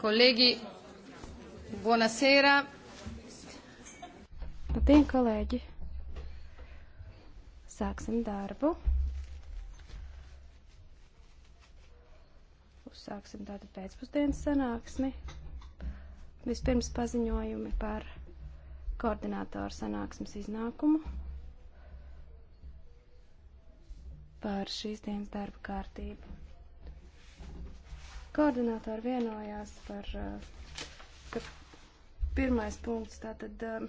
Kolēģi, buonasera. Labdien, kolēģi. Sāksim darbu. Uzsāksim tādu pēcpusdienas sanāksmi. Vispirms paziņojumi par koordinātoru sanāksmes iznākumu. Par šīs dienas darba kārtību. Koordinātori vienojās par, eh, ka pirmais punkts tātad eh,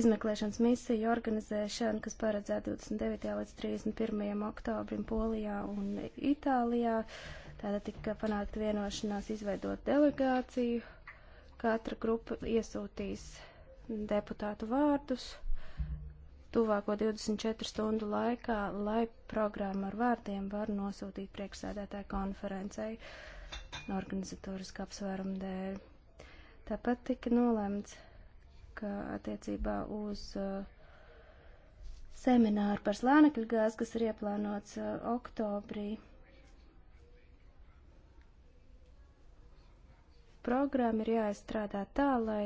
izmeklēšanas misiju organizēšana, kas paredzēta 29. līdz 31. oktobrim Polijā un Itālijā. Tātad tika panākta vienošanās izveidot delegāciju. Katra grupa iesūtīs deputātu vārdus tuvāko 24 stundu laikā, lai programmu ar vārdiem var nosūtīt priekšsēdētāju konferencei organizatoriska apsvēruma dēļ. Tāpat tika nolemts, ka attiecībā uz uh, semināru par slānekļu gāzi, kas ir ieplānots uh, oktobrī, programma ir jāizstrādā tā, lai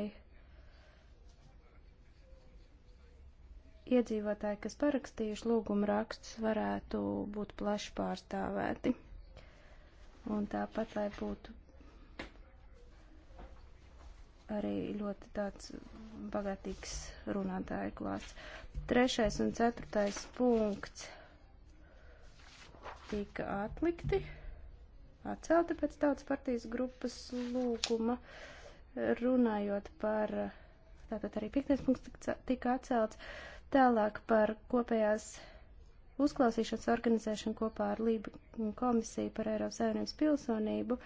iedzīvotāji, kas parakstījuši lūgumu rakstus, varētu būt plaši pārstāvēti. Un tāpat, lai būtu arī ļoti tāds bagātīgs runātāju klāsts. Trešais un ceturtais punkts tika atlikti, atcelti pēc tautas partijas grupas lūguma, runājot par, tātad arī piektais punkts tika atcelts, Tālāk par kopējās uzklausīšanas organizēšanu kopā ar Lību komisiju par Eiropas Savienības pilsonību,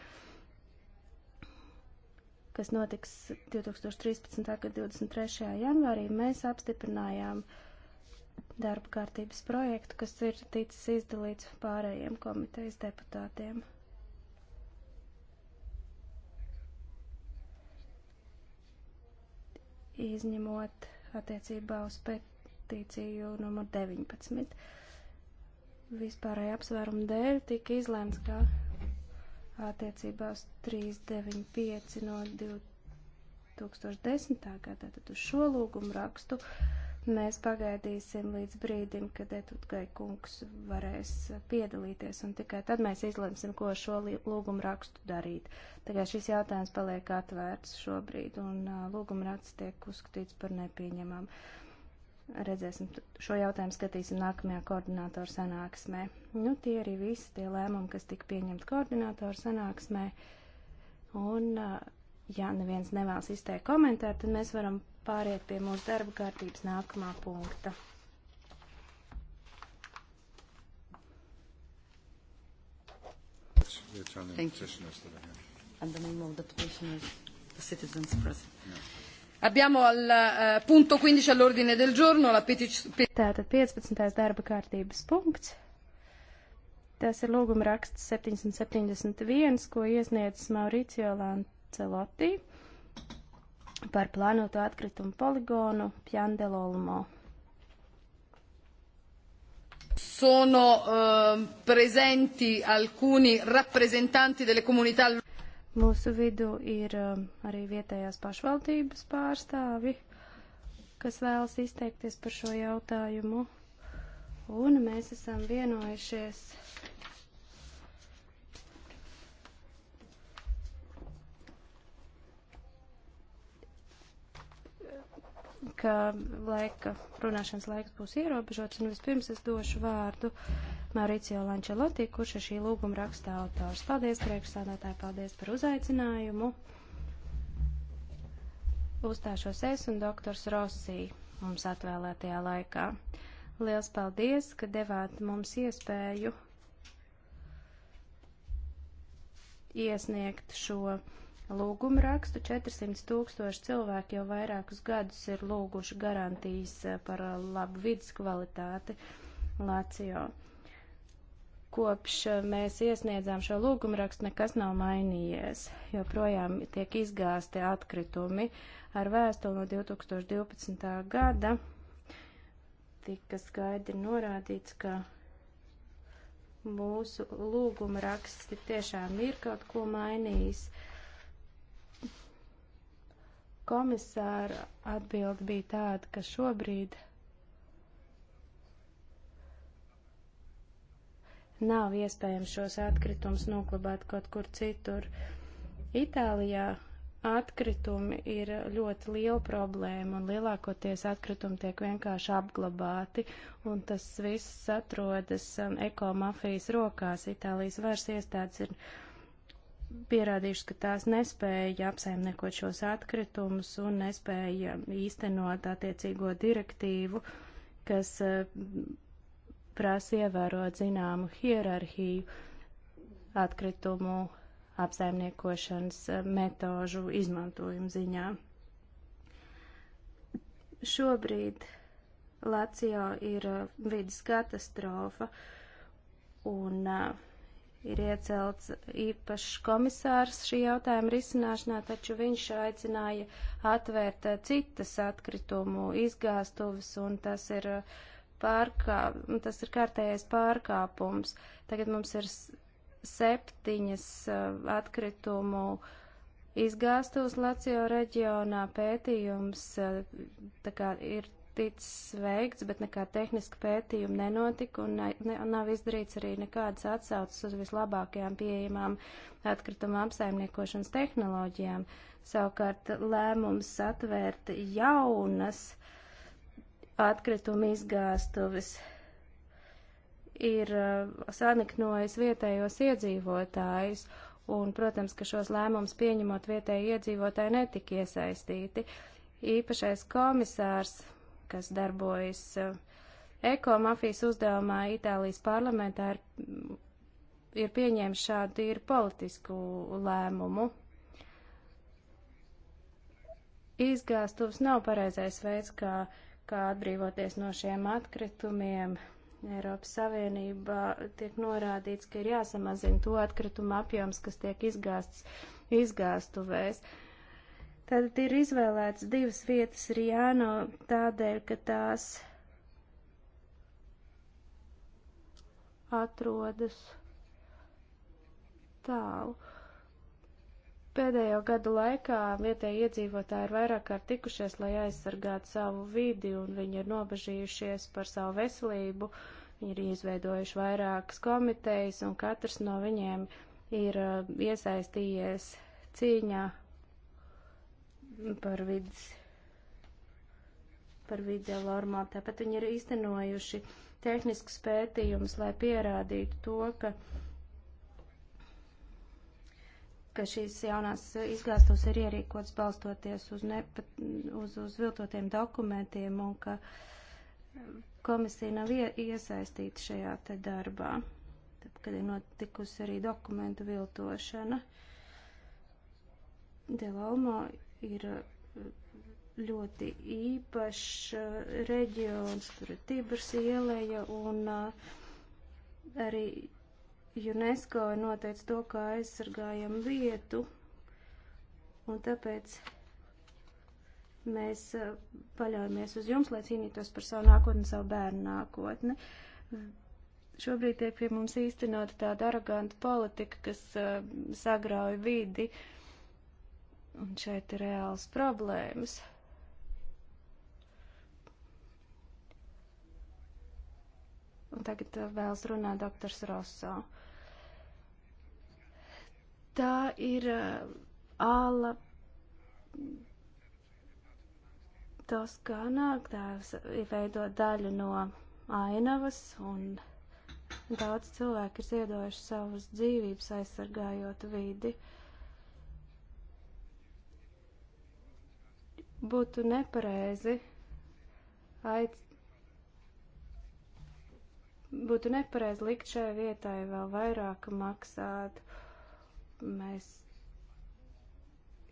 kas notiks 2013. gada 23. janvārī, mēs apstiprinājām darba kārtības projektu, kas ir ticis izdalīts pārējiem komitejas deputātiem. Izņemot attiecībā uz pēc petīciju numur 19. Vispārēja apsvēruma dēļ tika izlēmts, ka attiecībā uz 395 no 2010. gada, tad uz šo lūgumu rakstu mēs pagaidīsim līdz brīdim, kad Etutgai kungs varēs piedalīties, un tikai tad mēs izlemsim, ko šo lūgumu rakstu darīt. Tagad šis jautājums paliek atvērts šobrīd, un lūgumu raksts tiek uzskatīts par nepieņemamu redzēsim, šo jautājumu skatīsim nākamajā koordinātoru sanāksmē. Nu, tie arī visi tie lēmumi, kas tika pieņemti koordinātoru sanāksmē. Un, ja neviens nevēlas izteikt komentāru, tad mēs varam pāriet pie mūsu darba kārtības nākamā punkta. Thank you. And the name of the petition is the citizens present. Yeah. Abbiamo al uh, punto 15 all'ordine del giorno la petizione. Tātad 15. darba kārtības punkts. Tas ir lūguma raksts 771, ko iesniedz Mauricio Lancelotti par plānoto atkritumu poligonu Pjandelolmo. Sono uh, presenti alcuni rappresentanti delle comunità locali. Mūsu vidū ir um, arī vietējās pašvaldības pārstāvi, kas vēlas izteikties par šo jautājumu. Un mēs esam vienojušies ka laika, runāšanas laiks būs ierobežots, un vispirms es došu vārdu uh, Mauricio Lančeloti, kurš ir šī lūguma raksta autors. Paldies, priekšsādātāji, paldies par uzaicinājumu. Uzstāšos es un doktors Rosī mums atvēlētajā laikā. Liels paldies, ka devāt mums iespēju iesniegt šo lūgumu rakstu. 400 tūkstoši cilvēki jau vairākus gadus ir lūguši garantijas par labu vidas kvalitāti Lācijā kopš eh, mēs iesniedzām šo lūgumrakstu, nekas nav mainījies. Joprojām tiek izgāsti atkritumi ar vēstuli no 2012. gada. Tika skaidri norādīts, ka mūsu lūgumraksts tiešām ir kaut ko mainījis. Komisāra atbilde bija tāda, ka šobrīd nav iespējams šos atkritumus noklabāt kaut kur citur. Itālijā atkritumi ir ļoti liela problēma, un lielākoties atkritumi tiek vienkārši apglabāti, un tas viss atrodas um, ekomafijas rokās. Itālijas varas iestādes ir pierādījušas, ka tās nespēja apsaimniekot šos atkritumus un nespēja īstenot attiecīgo direktīvu, kas uh, prasa ievērot zināmu hierarhiju atkritumu apsaimniekošanas eh, metožu izmantojumu ziņā. Šobrīd Lācijā ir eh, vidas katastrofa un uh, ir iecelts īpašs komisārs šī jautājuma risināšanā, taču viņš aicināja atvērt citas atkritumu izgāstuves, un tas ir uh, pārkā, tas ir kārtējais pārkāpums. Tagad mums ir septiņas eh, atkritumu izgāstos Lācijo reģionā pētījums, eh, tā kā ir ticis veikts, bet nekā tehniska pētījuma nenotika un ne, nav izdarīts arī nekādas atsaucas uz vislabākajām pieejamām atkrituma apsaimniekošanas tehnoloģijām. Savukārt lēmums atvērt jaunas atkritumi izgāstuvis ir uh, saniknojis vietējos iedzīvotājus, un, protams, ka šos lēmumus pieņemot vietēji iedzīvotāji netika iesaistīti. Īpašais komisārs, kas darbojas uh, ekomafijas uzdevumā Itālijas parlamentā, ir, mm, ir pieņēmis šādu tīru politisku lēmumu. Izgāstuvs nav pareizais veids, kā uh, kā atbrīvoties no šiem atkritumiem. Eiropas Savienībā tiek norādīts, ka ir jāsamazina to atkritumu apjoms, kas tiek izgāsts izgāstuvēs. Tad ir izvēlēts divas vietas Rijāno tādēļ, ka tās atrodas tālu. Pēdējo gadu laikā vietēji iedzīvotāji ir vairāk kārt tikušies, lai aizsargātu savu vidi, un viņi ir nobežījušies par savu veselību. Viņi ir izveidojuši vairākas komitejas, un katrs no viņiem ir uh, iesaistījies cīņā par vidas, par vidi alarmā. Tāpat viņi ir iztenojuši tehniskus pētījumus, lai pierādītu to, ka ka šīs jaunās izgāstos ir ierīkots balstoties uz, nepat, uz, uz viltotiem dokumentiem un ka komisija nav iesaistīta šajā te darbā, tad, kad ir notikusi arī dokumentu viltošana. Delaumo ir ļoti īpašs uh, reģions, tur ir Tibras ieleja un uh, arī UNESCO ir noteicis to, kā aizsargājam vietu, un tāpēc mēs uh, paļaujamies uz jums, lai cīnītos par savu nākotni, savu bērnu nākotni. Šobrīd tiek pie mums īstenota tāda araganta politika, kas uh, sagrauj vidi, un šeit ir reāls problēmas. Un tagad uh, vēlas runāt doktors Rosso. Uh, Tā ir āla. Eh, Toskānā, tā veido daļu no ainavas, un daudz cilvēku ir ziedojuši savus dzīvības aizsargājot vidi. Būtu nepareizi aic... Būtu nepareizi likt šai vietai vēl vairāk maksātu mēs,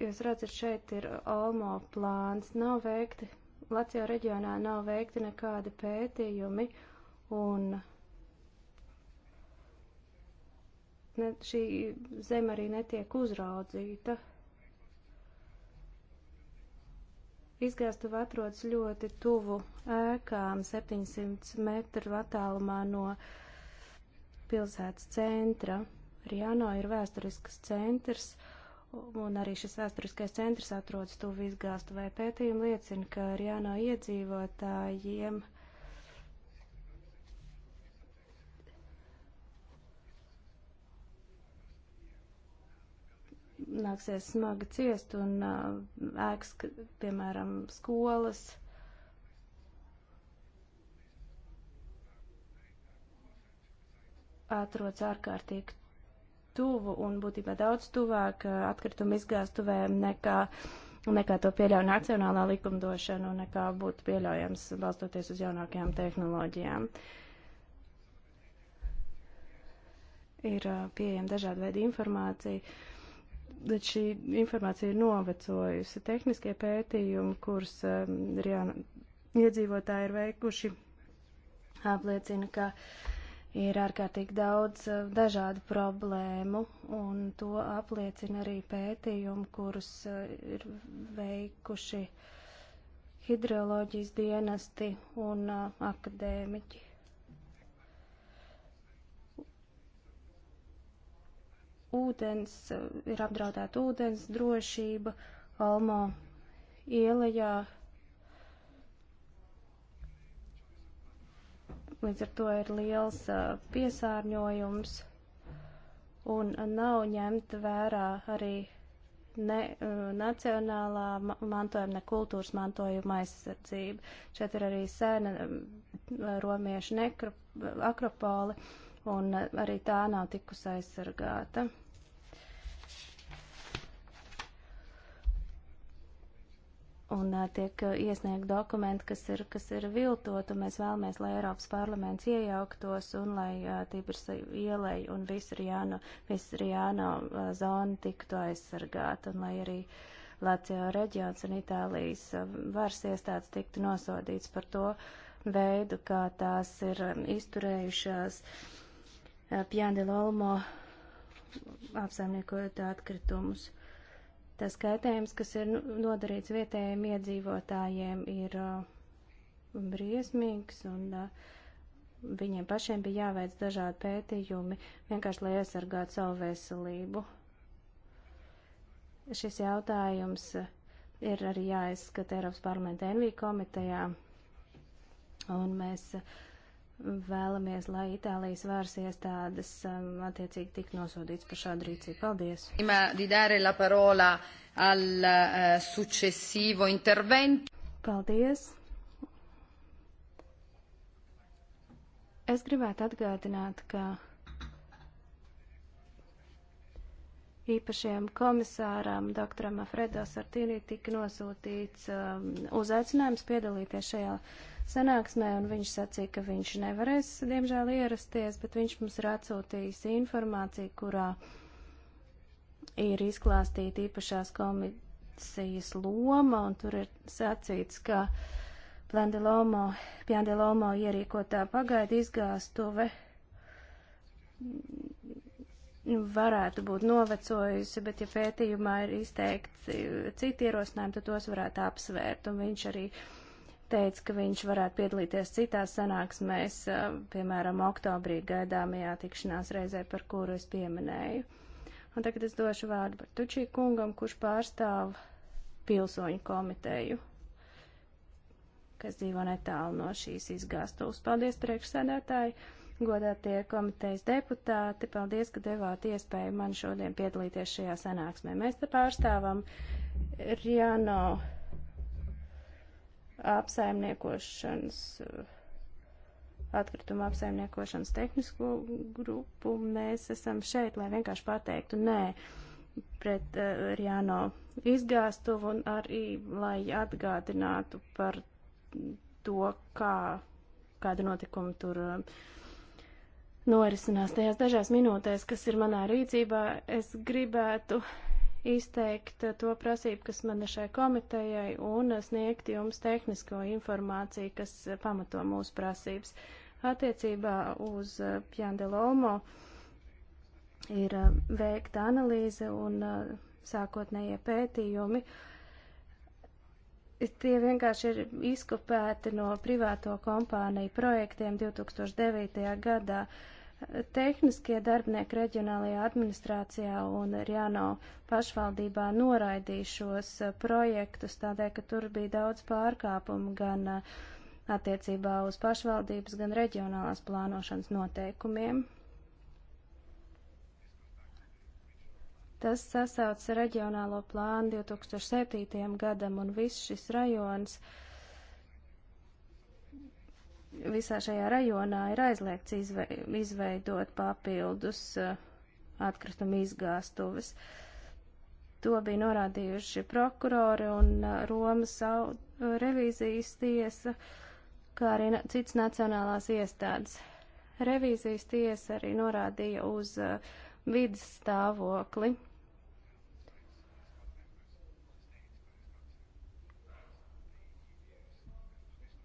jūs redzat, šeit ir Olmo plāns, nav veikti, Latvijā reģionā nav veikti nekādi pētījumi, un ne, šī zeme arī netiek uzraudzīta. Izgāstuva atrodas ļoti tuvu ēkām, 700 metru attālumā no pilsētas centra. Riano ir vēsturisks centrs, un arī šis vēsturiskais centrs atrodas tuvu izgāstu, vai pētījumi liecina, ka Riano iedzīvotājiem nāksies smagi ciest un ēks, piemēram, skolas. atrodas ārkārtīgi tuvu un būtībā daudz tuvāk eh, atkritumu izgāstuvēm nekā, nekā to pieļauj nacionālā likumdošana un nekā būtu pieļaujams balstoties uz jaunākajām tehnoloģijām. Ir eh, pieejama dažāda veida informācija, bet šī informācija ir novecojusi. Tehniskie pētījumi, kurus um, iedzīvotāji ir veikuši, apliecina, ka uh, ir ārkārtīgi daudz eh, dažādu problēmu, un to apliecina arī pētījumi, kurus eh, ir veikuši hidroloģijas dienesti un eh, akadēmiķi. Ūdens, ir apdraudēta ūdens drošība, Almo ielajā līdz ar to ir liels piesārņojums un nav ņemta vērā arī ne nacionālā mantojuma, ne kultūras mantojuma aizsardzība. Šeit ir arī sēna romiešu nekro, akropoli, un arī tā nav tikus aizsargāta. un tiek iesniegt dokumenti, kas ir, kas ir viltot, un mēs vēlamies, lai Eiropas parlaments iejauktos un lai Tibras ielai un Visriāno, Visriāno zona tiktu aizsargāta, un lai arī Lācijā reģions un Itālijas varas iestādes tiktu nosodīts par to veidu, kā tās ir izturējušās Pjandi Lolmo apsaimniekojot atkritumus. Tas kaitējums, kas ir nu, nodarīts vietējiem iedzīvotājiem, ir uh, briesmīgs un uh, viņiem pašiem bija jāveic dažādi pētījumi, vienkārši lai aizsargātu savu veselību. Šis jautājums uh, ir arī jāizskata Eiropas parlamenta NV komitejā, un mēs uh, vēlamies, lai Itālijas vārs iestādes um, attiecīgi tik nosodīts par šādu rīcību. Paldies. Eh, Paldies. Es gribētu atgādināt, ka īpašajam komisāram, doktoram Afredo Sartīnī, tika nosūtīts um, uzaicinājums piedalīties šajā uh, sanāksmē, un viņš sacīja, ka viņš nevarēs, diemžēl, ierasties, bet viņš mums ir atsūtījis informāciju, kurā ir izklāstīta īpašās komisijas loma, un tur ir sacīts, ka Plandelomo, Pjandelomo ierīkotā pagaida izgāstuve varētu būt novecojusi, bet ja pētījumā ir izteikti citi ierosinājumi, tad tos varētu apsvērt, un viņš arī uh, teica, ka viņš varētu piedalīties citās sanāksmēs, piemēram, oktobrī gaidāmajā tikšanās reizē, par kuru es pieminēju. Un tagad es došu vārdu Bartučī kungam, kurš pārstāv pilsoņu komiteju, kas dzīvo netālu no šīs izgāstuves. Paldies, priekšsēdētāji, godātie komitejas deputāti, paldies, ka devāt iespēju man šodien piedalīties šajā sanāksmē. Mēs te pārstāvam Riano apsaimniekošanas, atkrituma apsaimniekošanas tehnisko grupu. Mēs esam šeit, lai vienkārši pateiktu nē pret uh, Riano izgāstuvu un arī, lai atgādinātu par to, kā, kāda notikuma tur uh, norisinās tajās dažās minūtēs, kas ir manā rīcībā. Es gribētu uh, izteikt to prasību, kas man ir šai komitejai, un sniegt jums tehnisko informāciju, kas pamato mūsu prasības. Attiecībā uz eh, Pjandelomo ir eh, veikta analīze un eh, sākotnējie pētījumi. Tie vienkārši ir izkopēti no privāto kompāniju projektiem 2009. gadā. Uh, tehniskie darbinieki reģionālajā administrācijā un Rjano pašvaldībā noraidīja šos eh, projektus, tādēļ, ka tur bija daudz pārkāpumu gan eh, attiecībā uz pašvaldības, gan reģionālās plānošanas noteikumiem. Tas sasaucas reģionālo plānu 2007. gadam un viss šis rajons uh, visā šajā rajonā ir aizliegts izve izveidot papildus eh, atkritumu izgāstuves. To bija norādījuši prokurori un eh, Romas revīzijas tiesa, kā arī cits nacionālās iestādes. Revīzijas tiesa arī norādīja uz eh, vidas stāvokli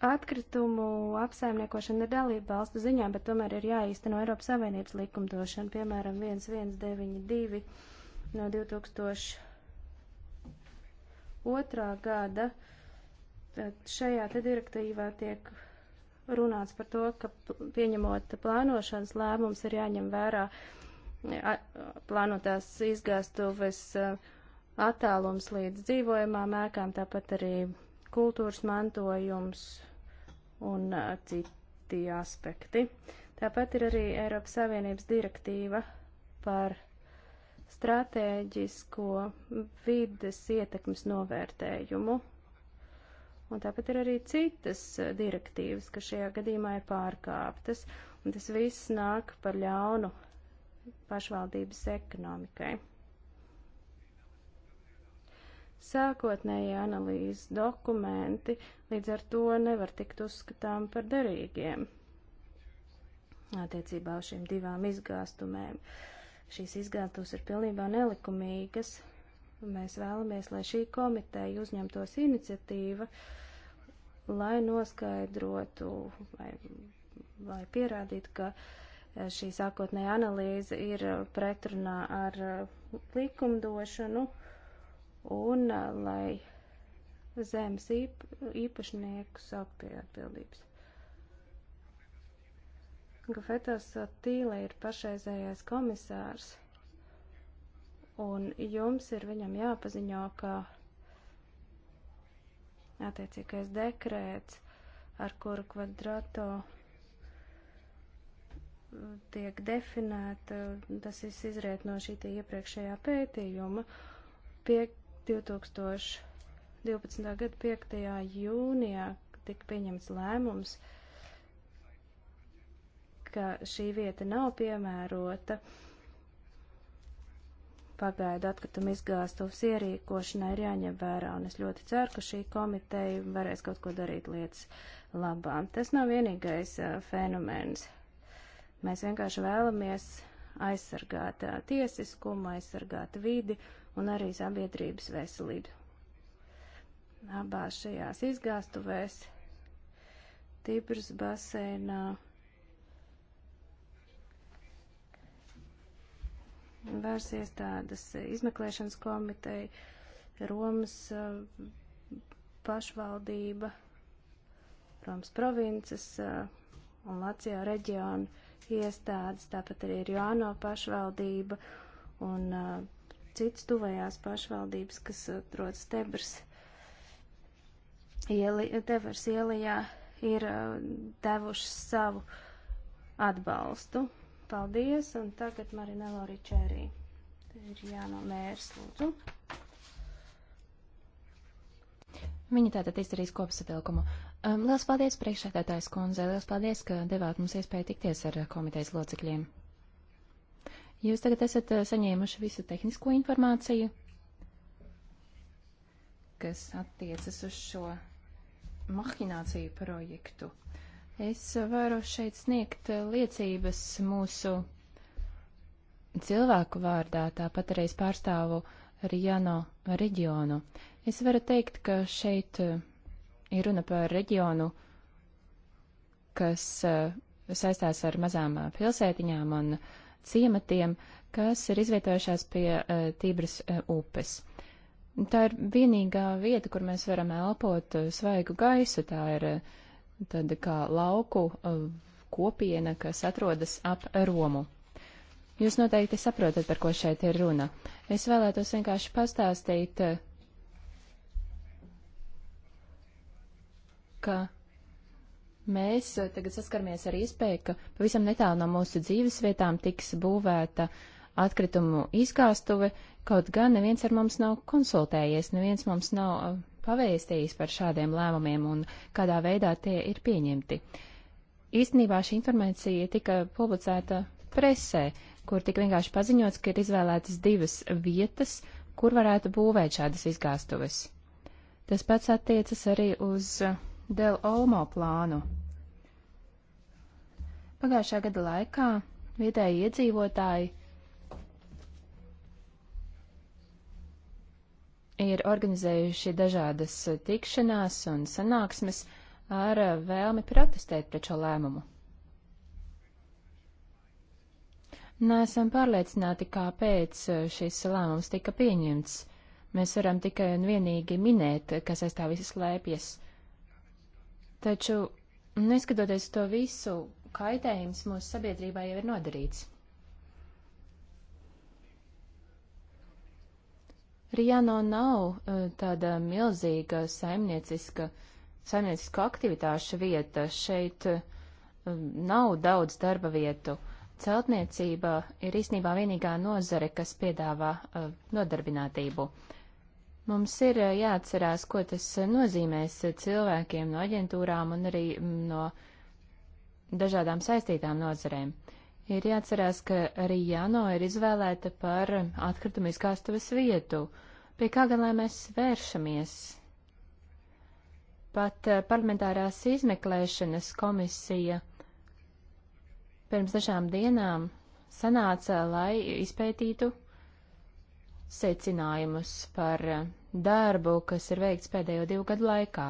Atkritumu apsaimniekošana ir dalība valstu ziņā, bet tomēr ir jāīsteno Eiropas Savienības likumdošana, piemēram, 1192 no 2002. gada. Tad šajā te direktīvā tiek runāts par to, ka pieņemot plānošanas lēmums ir jāņem vērā plānotās izgāstuves attālums līdz dzīvojamām ēkām, tāpat arī kultūras mantojums, un citi aspekti. Tāpat ir arī Eiropas Savienības direktīva par stratēģisko vides ietekmes novērtējumu. Un tāpat ir arī citas direktīvas, kas šajā gadījumā ir pārkāptas, un tas viss nāk par ļaunu pašvaldības ekonomikai sākotnējie analīzes dokumenti, līdz ar to nevar tikt uzskatām par derīgiem attiecībā uz šīm divām izgāstumēm. Šīs izgāstus ir pilnībā nelikumīgas. Mēs vēlamies, lai šī komiteja uzņemtos iniciatīva, lai noskaidrotu vai, vai pierādītu, ka e, šī sākotnēja analīze ir pretrunā ar e, likumdošanu. Uh, un lai zemes īp, īpašnieku saukt pie atbildības. Gafetos Tīle ir pašreizējais komisārs, un jums ir viņam jāpaziņo, ka attiecīgais dekrēts, ar kuru kvadrato tiek definēta, tas viss izriet no šī iepriekšējā pētījuma, pie 2012. gada 5. jūnijā tika pieņemts lēmums, ka šī vieta nav piemērota pagaidu atkritumu izgāstuvs ierīkošanai ir jāņem vērā, un es ļoti ceru, ka šī komiteja varēs kaut ko darīt lietas labā. Tas nav vienīgais uh, fenomens. Mēs vienkārši vēlamies aizsargāt uh, tiesiskumu, aizsargāt vidi un arī sabiedrības veselību. Abās šajās izgāstuvēs Tibras basēnā vērs iestādes izmeklēšanas komiteja, Romas eh, pašvaldība, Romas provinces eh, un Lācijā reģionu iestādes, tāpat arī ir Joāno pašvaldība un eh, cits tuvējās pašvaldības, kas eh, atrodas Tebras ieli, Tebras ielijā, ir eh, devuši savu atbalstu. Paldies, un tagad Marinelo Ričērī. Ir Jāno Mērs, lūdzu. Viņa tātad izdarīs kopsavilkumu. Um, liels paldies priekšsēdētājs kundze, liels paldies, ka devāt mums iespēju tikties ar eh, komitejas locekļiem. Jūs tagad esat eh, saņēmuši visu tehnisko informāciju, kas attiecas uz šo mahināciju projektu. Es varu šeit sniegt eh, liecības mūsu cilvēku vārdā, tāpat arī es pārstāvu Rijano reģionu. Es varu teikt, ka šeit eh, ir runa par reģionu, kas saistās ar mazām pilsētiņām un uh, ciematiem, kas ir izvietojušās pie uh, Tībras uh, upes. Tā ir vienīgā vieta, kur mēs varam elpot uh, svaigu gaisu. Tā ir uh, tāda kā lauku uh, kopiena, kas atrodas ap Romu. Jūs noteikti saprotat, par ko šeit ir runa. Es vēlētos vienkārši pastāstīt, ka Mēs eh, tagad saskaramies ar iespēju, ka pavisam netālu no mūsu dzīves vietām tiks būvēta atkritumu izkāstuve, kaut gan neviens ar mums nav konsultējies, neviens mums nav eh, pavēstījis par šādiem lēmumiem un kādā veidā tie ir pieņemti. Īstenībā šī informācija tika publicēta presē, kur tika vienkārši paziņots, ka ir izvēlētas divas vietas, kur varētu būvēt šādas izgāstuves. Tas pats attiecas arī uz Del Olmo plānu. Pagājušā gada laikā vietēji iedzīvotāji ir organizējuši dažādas tikšanās un sanāksmes ar vēlmi protestēt pret šo lēmumu. Nesam pārliecināti, kāpēc šis lēmums tika pieņemts. Mēs varam tikai un vienīgi minēt, kas aiz tā visas lēpjas. Taču, neskatoties nu, to visu, kaitējums mūsu sabiedrībā jau ir nodarīts. Rijano nav e, tāda milzīga saimnieciska, saimnieciska aktivitāšu vieta. Šeit e, nav daudz darba vietu. Celtniecība ir īstenībā vienīgā nozare, kas piedāvā e, nodarbinātību. Uh, Mums ir eh, jāatcerās, ko tas eh, nozīmēs eh, cilvēkiem no aģentūrām un arī mm, no dažādām saistītām nozarēm. Ir jāatcerās, ka arī Jāno ir izvēlēta par atkritumu izkāstuves vietu, pie kā gan lai mēs vēršamies. Pat parlamentārās izmeklēšanas komisija pirms dažām dienām sanāca, lai izpētītu secinājumus par eh, darbu, kas ir veikts pēdējo divu gadu laikā.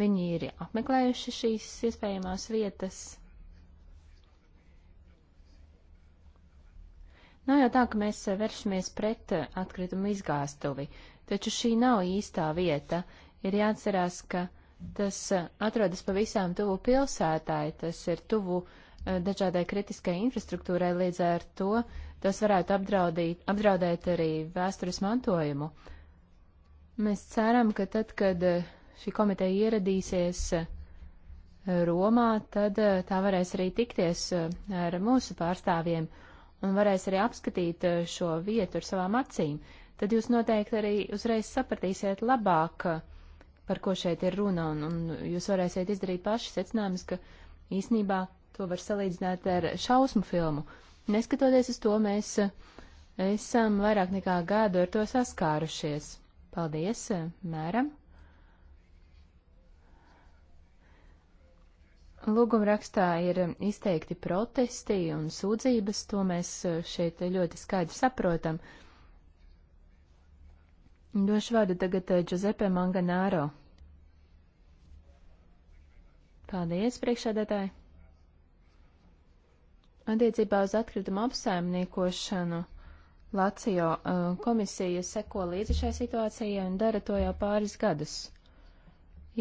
Viņi ir apmeklējuši šīs iespējamās vietas. Nav jau tā, ka mēs eh, vēršamies pret eh, atkritumu izgāstuvi, taču šī nav īstā vieta. Ir jāatcerās, ka tas atrodas pavisam tuvu pilsētāji, tas ir tuvu uh, dažādai kritiskai infrastruktūrai, līdz ar to tas varētu apdraudīt, apdraudēt arī vēstures mantojumu. Mēs ceram, ka tad, kad eh, šī komiteja ieradīsies eh, Romā, tad eh, tā varēs arī tikties ar mūsu pārstāvjiem un varēs arī apskatīt šo vietu ar savām acīm. Tad jūs noteikti arī uzreiz sapratīsiet labāk, par ko šeit ir runa, un, un jūs varēsiet izdarīt paši secinājumus, ka īsnībā To var salīdzināt ar šausmu filmu. Neskatoties uz to, mēs eh, esam vairāk nekā gadu ar to saskārušies. Paldies, eh, mēram! Lūguma rakstā ir eh, izteikti protesti un sūdzības, to mēs šeit ļoti skaidri saprotam. Došu vārdu tagad Giuseppe Manganāro. Paldies, priekšādātāji! Attiecībā uz atkritumu apsaimniekošanu Lācijo komisija seko līdzi šai situācijai un dara to jau pāris gadus.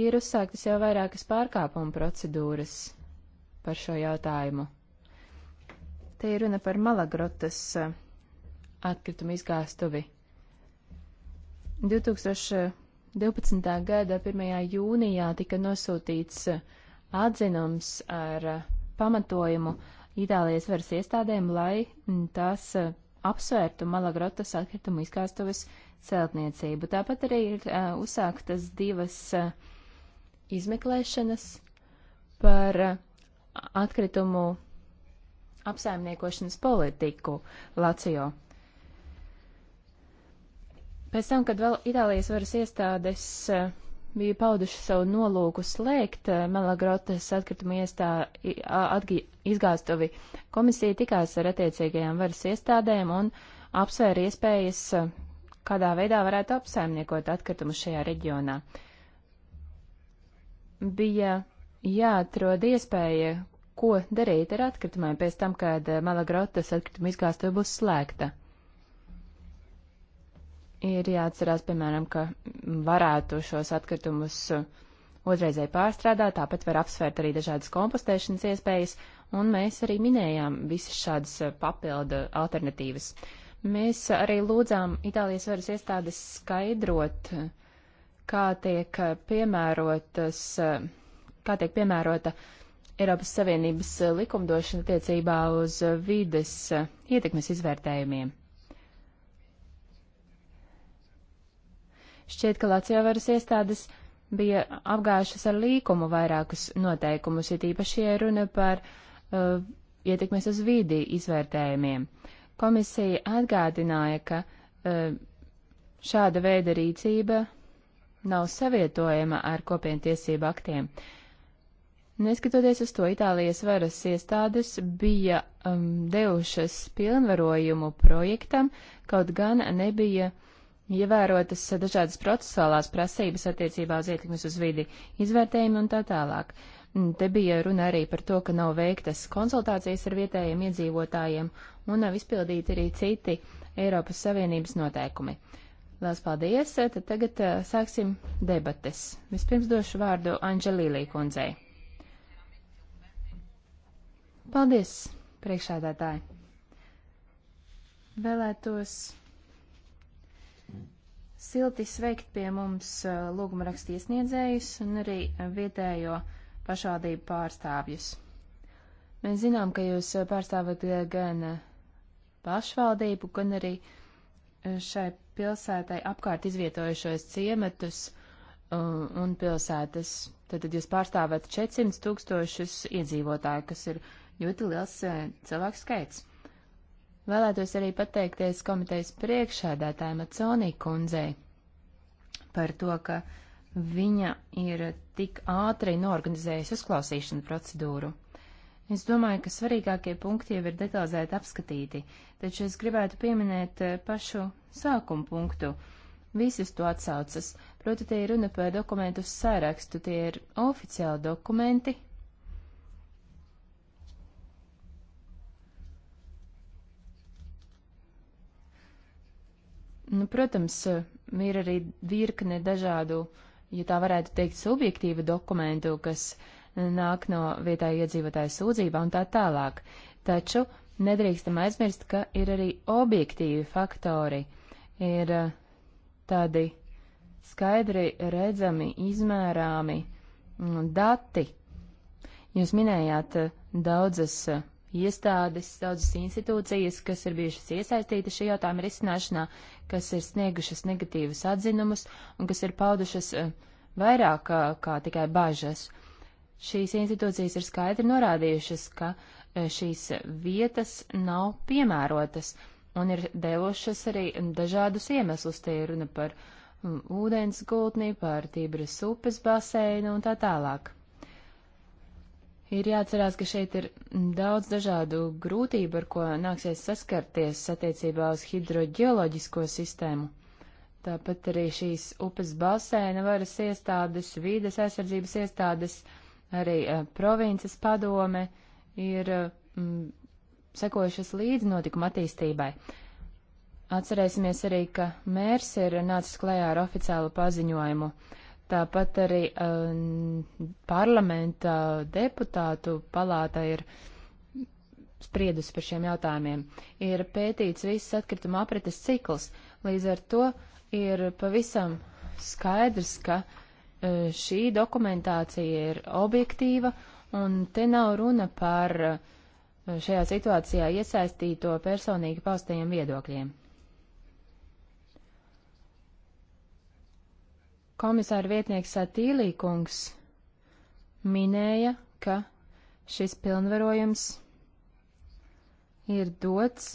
Ir uzsāktas jau vairākas pārkāpuma procedūras par šo jautājumu. Te ir runa par Malagrotas atkritumu izgāstuvi. 2012. gada 1. jūnijā tika nosūtīts atzinums ar pamatojumu, uh, Itālijas varas iestādēm, lai mm, tās eh, apsvērtu Malagrotas atkritumu izkāstuves celtniecību. Tāpat arī ir uh, uzsāktas divas uh, izmeklēšanas par uh, atkritumu apsaimniekošanas politiku Lācijā. Pēc tam, kad vēl Itālijas varas iestādes uh, bija pauduši savu nolūku slēgt eh, Melagrotas atkrituma iestā atgi, izgāstuvi. Komisija tikās ar attiecīgajām varas iestādēm un apsvēra iespējas, eh, kādā veidā varētu apsaimniekot atkritumus šajā reģionā. Bija jāatrod iespēja, ko darīt ar atkritumiem pēc tam, kad eh, Malagrotas atkrituma izgāstuve būs slēgta ir jāatcerās, piemēram, ka varētu šos atkritumus otrreizēji pārstrādāt, tāpat var apsvērt arī dažādas kompostēšanas iespējas, un mēs arī minējām visas šādas papildu alternatīvas. Mēs arī lūdzām Itālijas varas iestādes skaidrot, kā tiek piemērotas, kā tiek piemērota Eiropas Savienības likumdošana attiecībā uz vides ietekmes izvērtējumiem. Šķiet, ka Lācijā varas iestādes bija apgājušas ar līkumu vairākus noteikumus, ir ja īpaši runa par uh, ietekmes uz vīdī izvērtējumiem. Komisija atgādināja, ka uh, šāda veida rīcība nav savietojama ar kopientiesību aktiem. Neskatoties uz to, Itālijas varas iestādes bija um, devušas pilnvarojumu projektam, kaut gan nebija uh, ievērotas dažādas procesuālās prasības attiecībā uz ietekmes uz vidi, izvērtējumi un tā tālāk. Mm, te bija runa arī par to, ka nav veiktas konsultācijas ar vietējiem iedzīvotājiem un nav izpildīti arī citi Eiropas Savienības noteikumi. Lielas paldies! Tad tagad eh, sāksim debates. Vispirms došu vārdu Anģelīlī kundzei. Paldies, priekšādātāji! Vēlētos Silti sveikt pie mums eh, lūguma rakstiesniedzējus un arī vietējo pašvaldību pārstāvjus. Mēs zinām, ka jūs eh, pārstāvat eh, gan pašvaldību, gan arī šai pilsētai apkārt izvietojušos ciematus un pilsētas. Tad jūs pārstāvat 400 tūkstošus iedzīvotāju, kas ir ļoti liels cilvēku skaits. Vēlētos arī pateikties komitejas priekšādātājiem Aconī kundzei par to, ka viņa ir tik ātri norganizējusi uzklausīšanu procedūru. Es domāju, ka svarīgākie punkti jau ir detalizēti apskatīti, taču es gribētu pieminēt eh, pašu sākumu punktu. Visas to atsaucas, proti tie ir runa par dokumentu sarakstu, tie ir oficiāli dokumenti, Nu, protams, eh, ir arī virkne dažādu, ja tā varētu teikt, subjektīvu dokumentu, kas eh, nāk no vietēja iedzīvotāja sūdzībā un tā tālāk. Taču nedrīkstam aizmirst, ka ir arī objektīvi faktori, ir eh, tādi skaidri redzami, izmērāmi mm, dati. Jūs minējāt daudzas iestādes, daudzas institūcijas, kas ir bijušas iesaistītas šī jautājuma risināšanā, kas ir sniegušas negatīvas atzinumus un kas ir paudušas eh, vairāk kā, eh, kā tikai bažas. Šīs institūcijas ir skaidri norādījušas, ka eh, šīs vietas nav piemērotas un ir devušas arī dažādus iemeslus. Tie ir runa par mm, ūdens gultni, par Tībras upes basēnu un tā tālāk. Ir jāatcerās, ka šeit ir daudz dažādu grūtību, ar ko nāksies saskarties attiecībā uz hidroģeoloģisko sistēmu. Tāpat arī šīs upes basēna varas iestādes, vīdes aizsardzības iestādes, arī uh, provinces padome ir mm, sekojušas līdz notikuma attīstībai. Atcerēsimies arī, ka mērs ir nācis klajā ar oficiālu paziņojumu. Uh, Tāpat arī um, parlamenta deputātu palāta ir spriedusi par šiem jautājumiem. Ir pētīts viss atkrituma apretes cikls, līdz ar to ir pavisam skaidrs, ka uh, šī dokumentācija ir objektīva un te nav runa par uh, šajā situācijā iesaistīto personīgi paustajiem viedokļiem. komisāra vietnieks Satīlīkungs minēja, ka šis pilnvarojums ir dots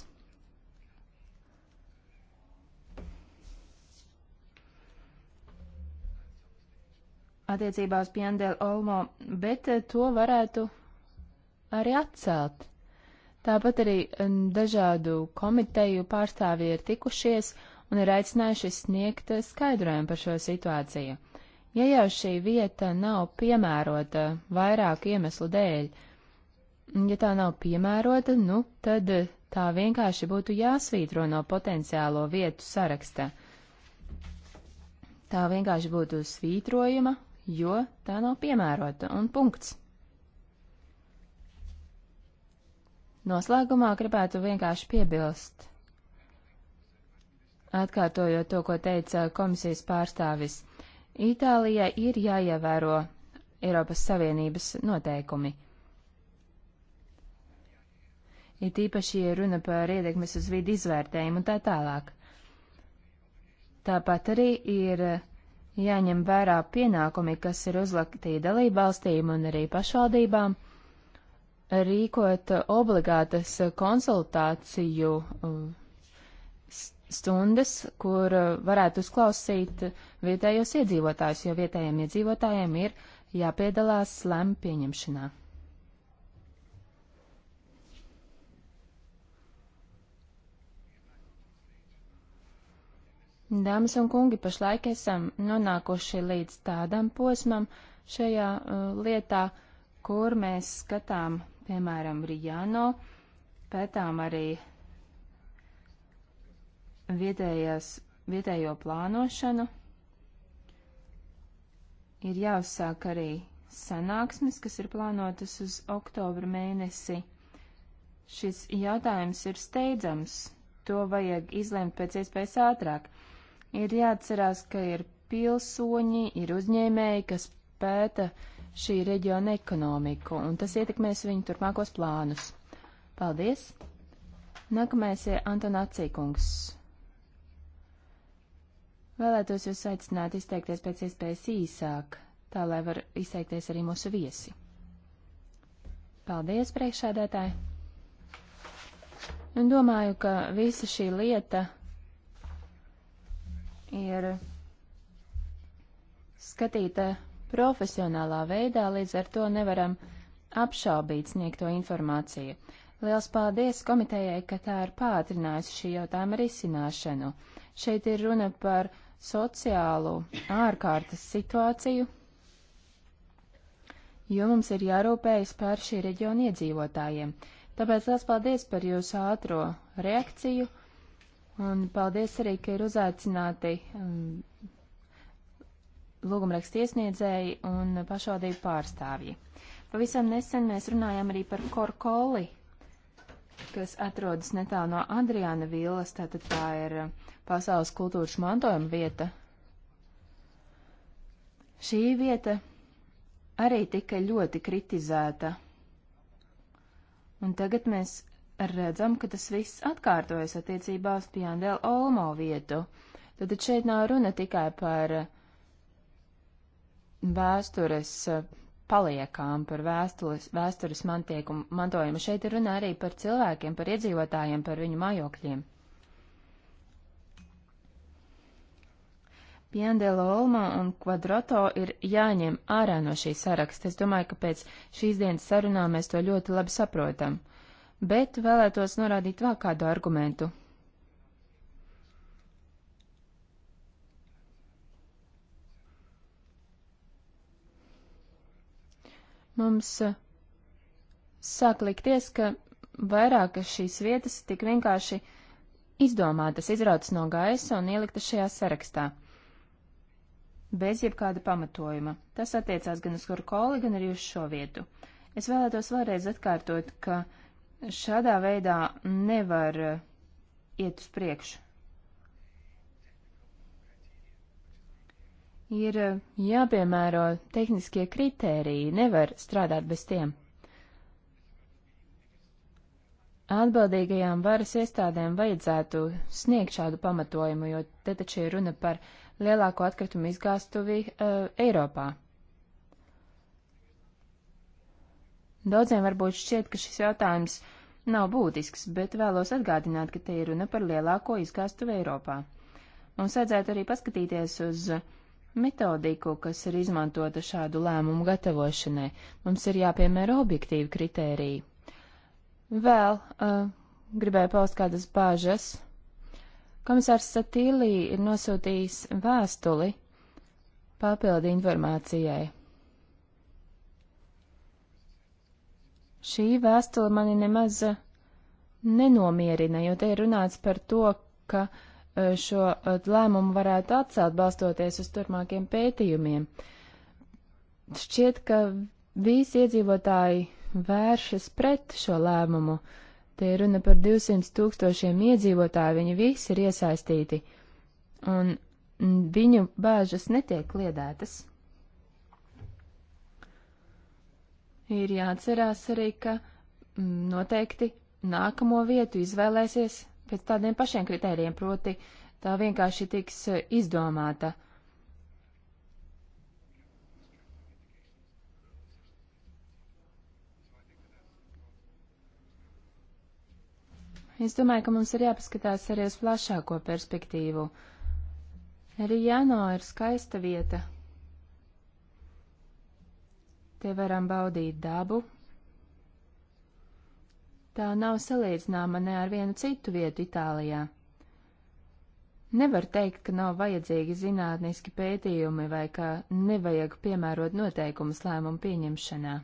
attiecībā uz Piendēlu Olmo, bet eh, to varētu arī atcelt. Tāpat arī dažādu komiteju pārstāvji ir tikušies, uh, un ir aicinājuši sniegt eh, skaidrojumu par šo situāciju. Ja jau šī vieta nav piemērota vairāku iemeslu dēļ, ja tā nav piemērota, nu, tad eh, tā vienkārši būtu jāsvītro no potenciālo vietu saraksta. Tā vienkārši būtu svītrojama, jo tā nav piemērota, un punkts. Noslēgumā gribētu vienkārši piebilst, atkārtojot to, ko teica komisijas pārstāvis. Itālijai ir jāievēro Eiropas Savienības noteikumi. It īpaši, ja runa par ietekmes uz vidi izvērtējumu un tā tālāk. Tāpat arī ir jāņem vērā pienākumi, kas ir uzliktīti dalībvalstīm un arī pašvaldībām, rīkot obligātas konsultāciju uh, stundas, kur uh, varētu uzklausīt vietējos iedzīvotājus, jo vietējiem iedzīvotājiem ir jāpiedalās lēmu pieņemšanā. Dāmas un kungi, pašlaik esam nonākuši līdz tādam posmam šajā uh, lietā, kur mēs skatām, piemēram, Rijāno, pētām arī vietējās, vietējo plānošanu. Ir jāuzsāk arī sanāksmes, kas ir plānotas uz oktobra mēnesi. Šis jautājums ir steidzams, to vajag izlemt pēc iespējas ātrāk. Ir jāatcerās, ka ir pilsoņi, ir uzņēmēji, kas pēta šī reģiona ekonomiku, un tas ietekmēs viņu turpmākos plānus. Paldies! Nākamais ir Antonācija kungs. Vēlētos jūs aicināt izteikties pēc iespējas īsāk, tā lai var izteikties arī mūsu viesi. Paldies, priekšādētāji! Un domāju, ka visa šī lieta ir skatīta profesionālā veidā, līdz ar to nevaram apšaubīt sniegto informāciju. Liels paldies komitejai, ka tā ir pātrinājusi šī jautājuma risināšanu. Šeit ir runa par sociālu ārkārtas situāciju, jo mums ir jārūpējas par šī reģiona iedzīvotājiem. Tāpēc liels paldies par jūsu ātro reakciju, un paldies arī, ka ir uzaicināti um, lūgumrakstu iesniedzēji un pašvaldību pārstāvji. Pavisam nesen mēs runājām arī par korkoli kas atrodas netālu no Adriāna vīlas, tātad tā ir uh, pasaules kultūras mantojuma vieta. Šī vieta arī tika ļoti kritizēta. Un tagad mēs redzam, ka tas viss atkārtojas attiecībā uz Pjandela Olmo vietu. Tad šeit nav runa tikai par uh, vēstures uh, paliekām, par vēstules, vēstures mantiekumu, mantojumu. Šeit ir runa arī par cilvēkiem, par iedzīvotājiem, par viņu mājokļiem. Piendela Olma un Quadrato ir jāņem ārā no šī saraksta. Es domāju, ka pēc šīs dienas sarunām mēs to ļoti labi saprotam. Bet vēlētos norādīt vēl kādu argumentu. mums eh, sāk likties, ka vairākas šīs vietas tik vienkārši izdomātas, izrautas no gaisa un ieliktas šajā sarakstā. Bez jebkāda pamatojuma. Tas attiecās gan uz Kurkoli, gan arī uz šo vietu. Es vēlētos vēlreiz atkārtot, ka šādā veidā nevar eh, iet uz priekšu ir eh, jāpiemēro tehniskie kritēriji, nevar strādāt bez tiem. Atbildīgajām varas iestādēm vajadzētu sniegt šādu pamatojumu, jo te taču ir runa par lielāko atkritumu izgāstuvi uh, Eiropā. Daudziem varbūt šķiet, ka šis jautājums nav būtisks, bet vēlos atgādināt, ka te ir runa par lielāko izgāstuvi Eiropā. Mums vajadzētu arī paskatīties uz uh, metodiku, kas ir izmantota šādu lēmumu gatavošanai. Mums ir jāpiemēra objektīvi kritēriji. Vēl uh, gribēju paust kādas bāžas. Komisārs Satīlī ir nosūtījis vēstuli papildi informācijai. Šī vēstule mani nemaz nenomierina, jo te ir runāts par to, ka uh, Eh, šo eh, lēmumu varētu atcelt balstoties uz turpmākiem pētījumiem. Šķiet, ka visi iedzīvotāji vēršas pret šo lēmumu. Te ir runa par 200 tūkstošiem iedzīvotāju, viņi visi ir iesaistīti, un viņu bāžas netiek kliedētas. Ir jāatcerās arī, ka noteikti nākamo vietu izvēlēsies pēc tādiem pašiem kritērijiem, proti tā vienkārši tiks eh, izdomāta. Es domāju, ka mums ir jāpaskatās arī uz plašāko perspektīvu. Arī Jāno ir skaista vieta. Te varam baudīt dabu, tā nav salīdzināma ne ar vienu citu vietu Itālijā. Nevar teikt, ka nav vajadzīgi zinātniski pētījumi vai ka nevajag piemērot noteikumus lēmumu pieņemšanā.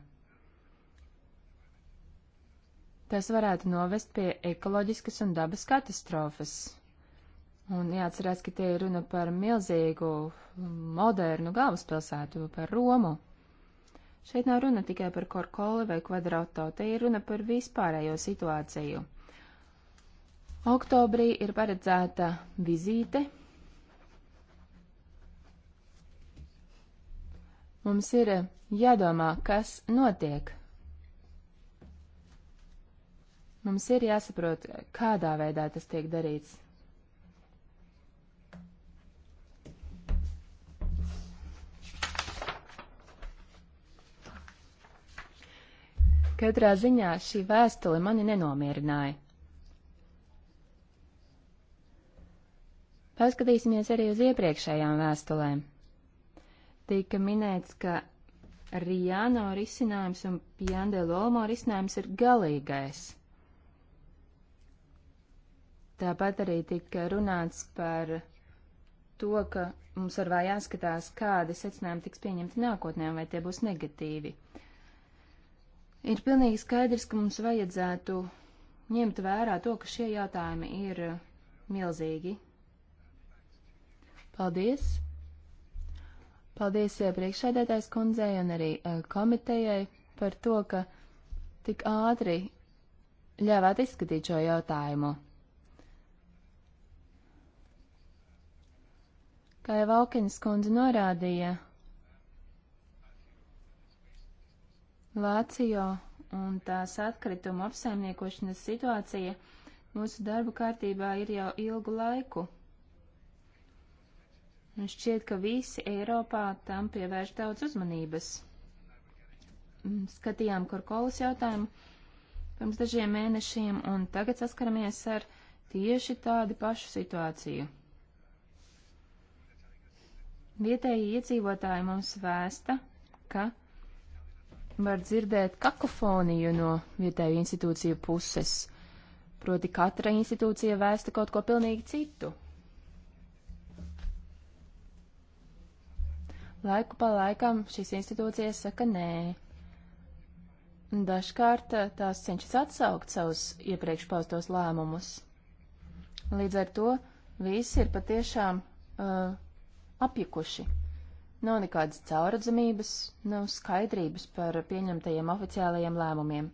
Tas varētu novest pie ekoloģiskas un dabas katastrofas. Un jāatcerās, ka tie ir runa par milzīgu, modernu galvaspilsētu, par Romu. Šeit nav runa tikai par korkoli vai kvadrato, te ir runa par vispārējo situāciju. Oktobrī ir paredzēta vizīte. Mums ir jādomā, kas notiek. Mums ir jāsaprot, kādā veidā tas tiek darīts. Katrā ziņā šī vēstule mani nenomierināja. Paskatīsimies arī uz iepriekšējām vēstulēm. Tika minēts, ka Rijāno risinājums un Piandelolmo risinājums ir galīgais. Tāpat arī tika runāts par to, ka mums ar vēl jāskatās, kādi secinājumi tiks pieņemti nākotnē, vai tie būs negatīvi. Ir pilnīgi skaidrs, ka mums vajadzētu ņemt vērā to, ka šie jautājumi ir uh, milzīgi. Paldies! Paldies uh, priekšsēdētājs kundzei un arī uh, komitejai par to, ka tik ātri ļāvāt izskatīt šo jautājumu. Kā jau Valkenis kundze norādīja, Vācijā un tās atkritumu apsaimniekošanas situācija mūsu darba kārtībā ir jau ilgu laiku. Un šķiet, ka visi Eiropā tam pievērš daudz uzmanības. Mm, skatījām Korkolas jautājumu pirms dažiem mēnešiem, un tagad saskaramies ar tieši tādu pašu situāciju. Vietēji iedzīvotāji mums vēsta, ka var dzirdēt kakofoniju no vietēju institūciju puses. Proti katra institūcija vēsta kaut ko pilnīgi citu. Laiku pa laikam šīs institūcijas saka nē. Dažkārt eh, tās cenšas atsaukt savus iepriekš paustos lēmumus. Līdz ar to visi ir patiešām uh, apjukuši. Nav nekādas cauradzamības, nav skaidrības par pieņemtajiem oficiālajiem lēmumiem.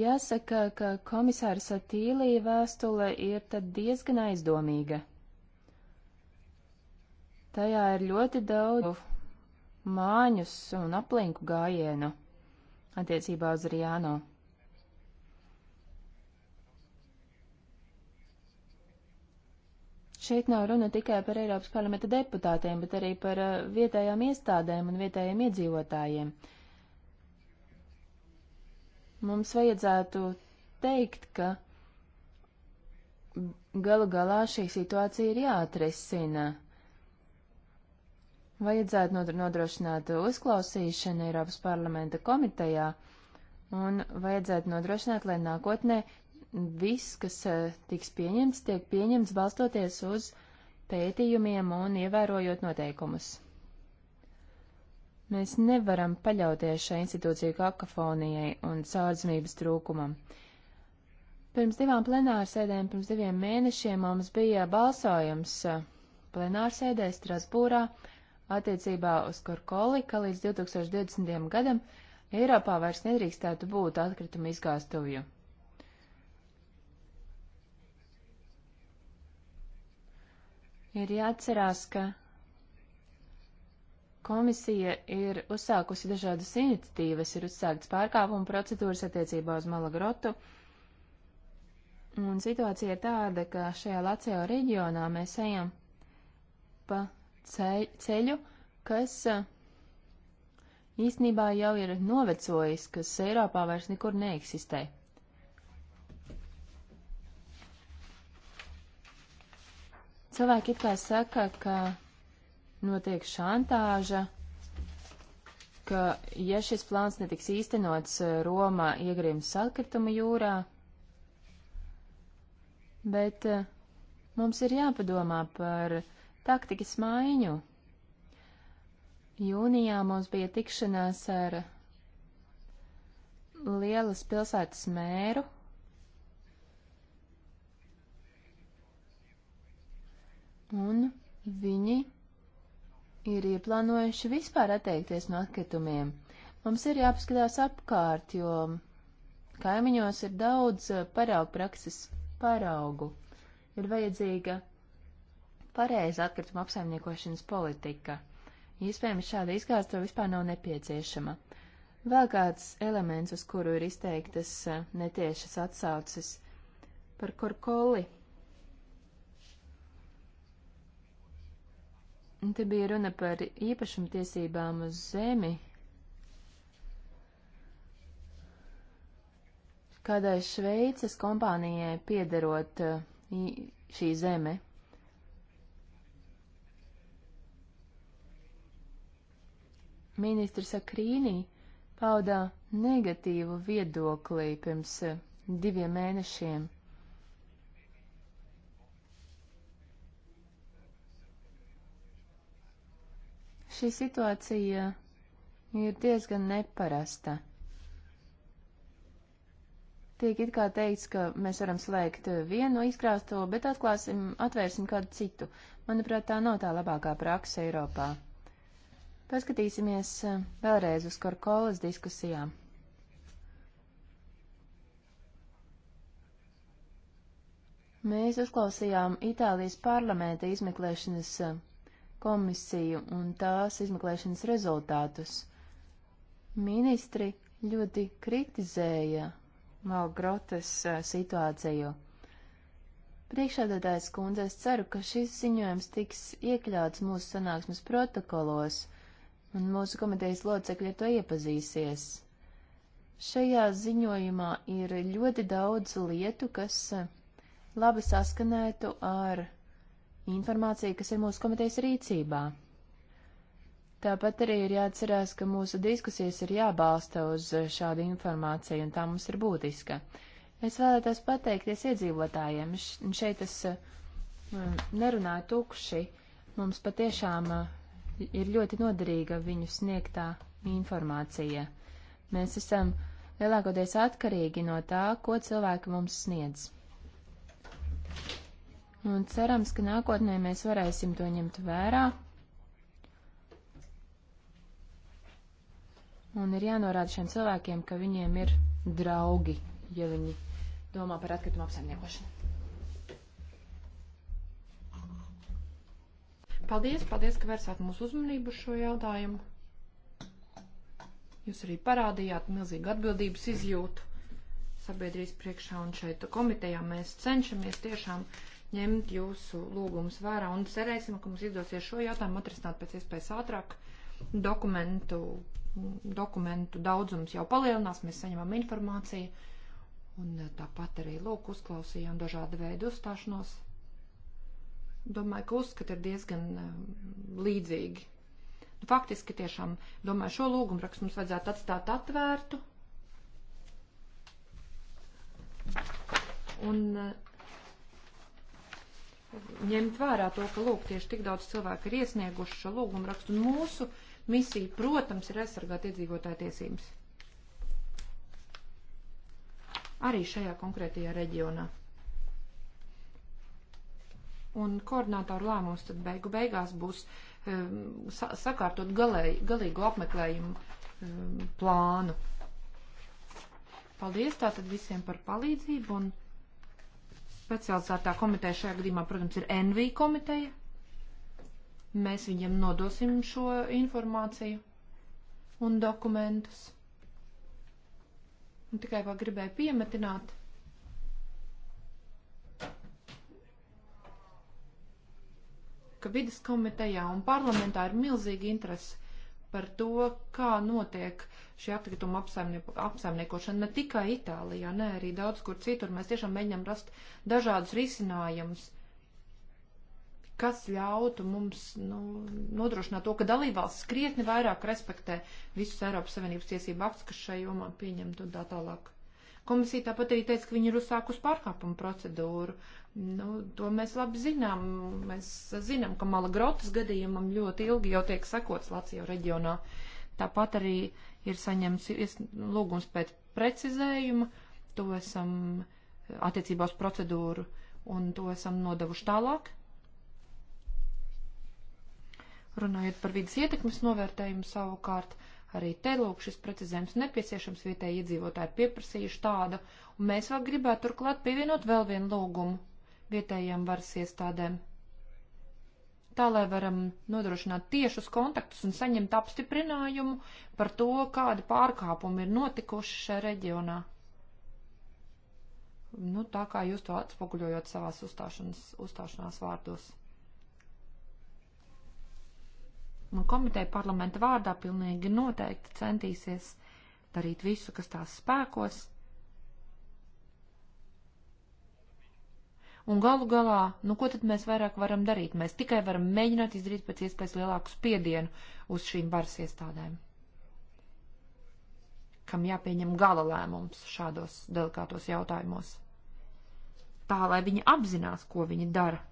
Jāsaka, ka komisāra Satīlija vēstule ir tad diezgan aizdomīga. Tajā ir ļoti daudz māņus un aplinku gājienu attiecībā uz Rijānu. šeit nav runa tikai par Eiropas parlamenta deputātiem, bet arī par uh, vietējām iestādēm un vietējiem iedzīvotājiem. Mums vajadzētu teikt, ka galu galā šī situācija ir jāatrisina. Vajadzētu nodrošināt uzklausīšanu Eiropas parlamenta komitejā un vajadzētu nodrošināt, lai nākotnē viss, kas eh, tiks pieņemts, tiek pieņemts balstoties uz pētījumiem un ievērojot noteikumus. Mēs nevaram paļauties šai institūciju kakofonijai un caurdzmības trūkumam. Pirms divām plenārsēdēm, pirms diviem mēnešiem mums bija balsojums eh, plenārsēdē Strasbūrā attiecībā uz Korkoli, ka līdz 2020. gadam Eiropā vairs nedrīkstētu būt atkritumu izgāstuvju. Ir jāatcerās, ka komisija ir uzsākusi dažādas iniciatīvas, ir uzsāktas pārkāpuma procedūras attiecībā uz Malagrotu. Un situācija ir tāda, ka šajā Lācijā reģionā mēs ejam pa ceļu, kas īsnībā jau ir novecojis, kas Eiropā vairs nekur neeksistē. Cilvēki it kā saka, ka notiek šantāža, ka ja šis plāns netiks īstenots, eh, Roma iegrims atkrituma jūrā, bet eh, mums ir jāpadomā par taktikas maiņu. Jūnijā mums bija tikšanās ar lielas pilsētas mēru un viņi ir ieplānojuši vispār atteikties no atkritumiem. Mums ir jāpaskatās apkārt, jo kaimiņos ir daudz eh, paraugu prakses paraugu. Ir vajadzīga pareiza atkrituma apsaimniekošanas politika. Iespējams, šāda izgāsta vispār nav nepieciešama. Vēl kāds elements, uz kuru ir izteiktas eh, netiešas atsauces par korkoli. Kur Te bija runa par īpašumtiesībām uz zemi. Kādai Šveices kompānijai piederot uh, šī zeme? Ministrs Akrīnī paudā negatīvu viedoklī pirms uh, diviem mēnešiem. Šī situācija ir diezgan neparasta. Tiek it kā teikts, ka mēs varam slēgt vienu izkrāsto, bet atklāsim, atvērsim kādu citu. Manuprāt, tā nav tā labākā praksa Eiropā. Paskatīsimies eh, vēlreiz uz Korkolas diskusijām. Mēs uzklausījām Itālijas parlamenta izmeklēšanas eh, komisiju un tās izmeklēšanas rezultātus. Ministri ļoti kritizēja Malgrotas situāciju. Priekšādātājs kundze, es ceru, ka šis ziņojums tiks iekļauts mūsu sanāksmes protokolos, un mūsu komitejas locekļi ar to iepazīsies. Šajā ziņojumā ir ļoti daudz lietu, kas labi saskanētu ar informācija, kas ir mūsu komitejas rīcībā. Tāpat arī ir jāatcerās, ka mūsu diskusijas ir jābalsta uz šādu informāciju, un tā mums ir būtiska. Es vēlētos pateikties iedzīvotājiem. Šeit es eh, nerunāju tukši. Mums patiešām eh, ir ļoti noderīga viņu sniegtā informācija. Mēs esam lielākoties atkarīgi no tā, ko cilvēki mums sniedz un cerams, ka nākotnē mēs varēsim to ņemt vērā. Un ir jānorāda šiem cilvēkiem, ka viņiem ir draugi, ja viņi domā par atkritumu apsaimniekošanu. Paldies, paldies, ka vērsāt mūsu uzmanību šo jautājumu. Jūs arī parādījāt milzīgu atbildības izjūtu sabiedrības priekšā un šeit komitejā mēs cenšamies tiešām ņemt jūsu lūgumus vērā un cerēsim, ka mums izdosies šo jautājumu atrisināt pēc iespējas ātrāk. Dokumentu, dokumentu daudzums jau palielinās, mēs saņemam informāciju un tāpat arī lūk uzklausījām dažādu veidu uzstāšanos. Domāju, ka uzskati ir diezgan um, līdzīgi. Nu, faktiski tiešām, domāju, šo lūgumrakstu mums vajadzētu atstāt atvērtu. Un uh, ņemt vērā to, ka, lūk, tieši tik daudz cilvēku ir iesnieguši šo lūgumu rakstu. Un mūsu misija, protams, ir aizsargāt iedzīvotāju tiesības. Arī šajā konkrētajā reģionā. Un koordinātoru lēmums tad beigu beigās būs um, sa sakārtot galēji, galīgu apmeklējumu um, plānu. Paldies tātad visiem par palīdzību un specializētā komiteja šajā gadījumā, protams, ir NV komiteja. Mēs viņiem nodosim šo informāciju un dokumentus. Un tikai vēl gribēju piemetināt. ka vidas komitejā un parlamentā ir milzīga interese par to, kā notiek šī atkrituma apsaimniekošana ne tikai Itālijā, ne arī daudz kur citur. Mēs tiešām mēģinām rast dažādus risinājumus, kas ļautu mums nu, nodrošināt to, ka dalībvalsts krietni vairāk respektē visus Eiropas Savienības tiesību aktus, kas šai jomā pieņemtu tā tālāk. Komisija tāpat arī teica, ka viņi ir uzsākus pārkāpumu procedūru. Nu, to mēs labi zinām. Mēs zinām, ka Malagrotas gadījumam ļoti ilgi jau tiek sekots Lācijā reģionā. Tāpat arī ir saņemts lūgums pēc precizējuma. To esam attiecībā uz procedūru un to esam nodevuši tālāk. Runājot par vidas ietekmes novērtējumu savukārt, uh, Arī te lūk šis precizējums nepieciešams vietēji iedzīvotāji pieprasījuši tādu, un mēs vēl gribētu turklāt pievienot vēl vienu lūgumu vietējiem varas iestādēm. Tā, lai varam nodrošināt tiešus kontaktus un saņemt apstiprinājumu par to, kādi pārkāpumi ir notikuši šajā reģionā. Nu, tā kā jūs to atspoguļojot savās uzstāšanās vārdos. Un nu, komiteja parlamenta vārdā pilnīgi noteikti centīsies darīt visu, kas tās spēkos. Un galu galā, nu ko tad mēs vairāk varam darīt? Mēs tikai varam mēģināt izdarīt pēc iespējas lielāku spiedienu uz šīm varas iestādēm, kam jāpieņem gala lēmums šādos delikātos jautājumos. Tā, lai viņi apzinās, ko viņi dara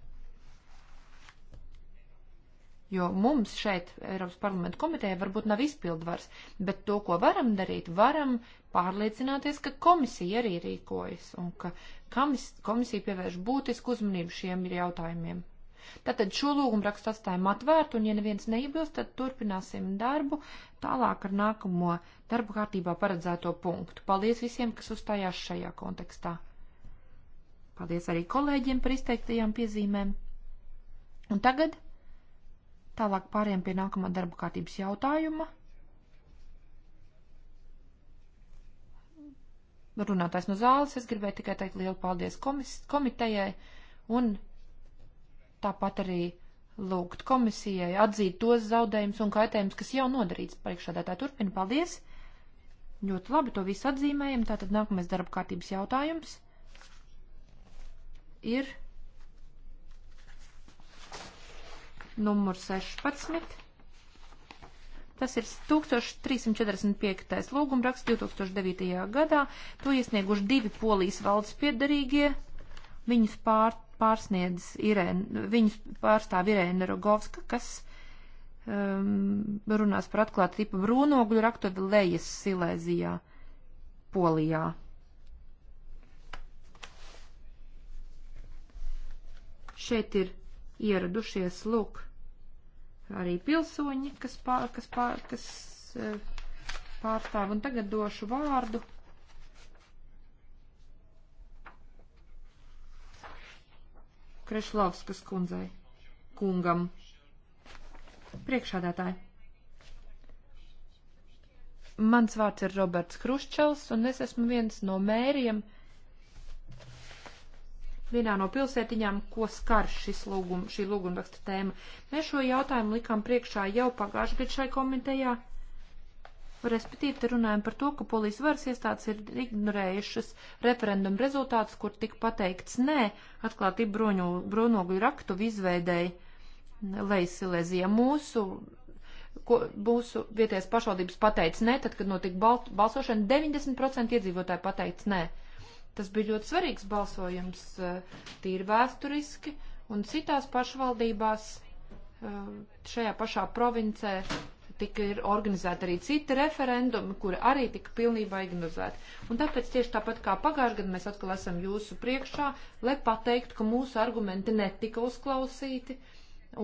Jo mums šeit, Eiropas parlamenta komitejā, varbūt nav izpildvars, bet to, ko varam darīt, varam pārliecināties, ka komisija arī rīkojas un ka komisija pievērš būtisku uzmanību šiem jautājumiem. Tātad šo lūgumu rakstu atstājam atvērtu, un ja neviens neiebilst, tad turpināsim darbu tālāk ar nākamo darbu kārtībā paredzēto punktu. Paldies visiem, kas uzstājās šajā kontekstā. Paldies arī kolēģiem par izteiktajām piezīmēm. Un tagad Tālāk pāriem pie nākamā darba kārtības jautājuma. Runātājs no zāles, es gribēju tikai teikt lielu paldies komis, komitejai un tāpat arī lūgt komisijai atzīt tos zaudējumus un kaitējumus, kas jau nodarīts priekšādātāji. Turpina, paldies! Ļoti labi, to visu atzīmējam. Tātad nākamais darba kārtības jautājums ir numur 16. Tas ir 1345. lūgumraksts 2009. gadā. To iesnieguši divi polijas valdes piedarīgie. Viņus pār, pārsniedz Irēna, viņus pārstāv Irēna Rogovska, kas um, runās par atklātu tipu brūnogļu raktovi lejas Silēzijā, Polijā. Šeit ir ieradušies, lūk, arī pilsoņi, kas, pār, kas, pār, kas eh, pārstāv. Un tagad došu vārdu. Krešlauskas kundzei, kungam, priekšādātāji. Mans vārds ir Roberts Kruščels, un es esmu viens no mēriem, uh, vienā no pilsētiņām, ko skar šis lūgum, šī lūgumraksta tēma. Mēs šo jautājumu likām priekšā jau pagājušajā gadā šai komitejā. Respektīvi, te runājam par to, ka polijas varas iestādes ir ignorējušas referendumu rezultātus, kur tika pateikts nē, atklāti broņu, bronoguļu raktu izveidēji Leisilēzija. Mūsu, ko, mūsu vietējais pašvaldības pateica nē, tad, kad notika balsošana, 90% iedzīvotāji pateica nē. Ne Tas bija ļoti svarīgs balsojums eh, tīri vēsturiski, un citās pašvaldībās eh, šajā pašā provincē tika ir organizēta arī citi referendumi, kuri arī tika pilnībā ignorēti. Un tāpēc tieši tāpat kā pagājušajā gadā mēs atkal esam jūsu priekšā, lai pateiktu, ka mūsu argumenti netika uzklausīti. Uh,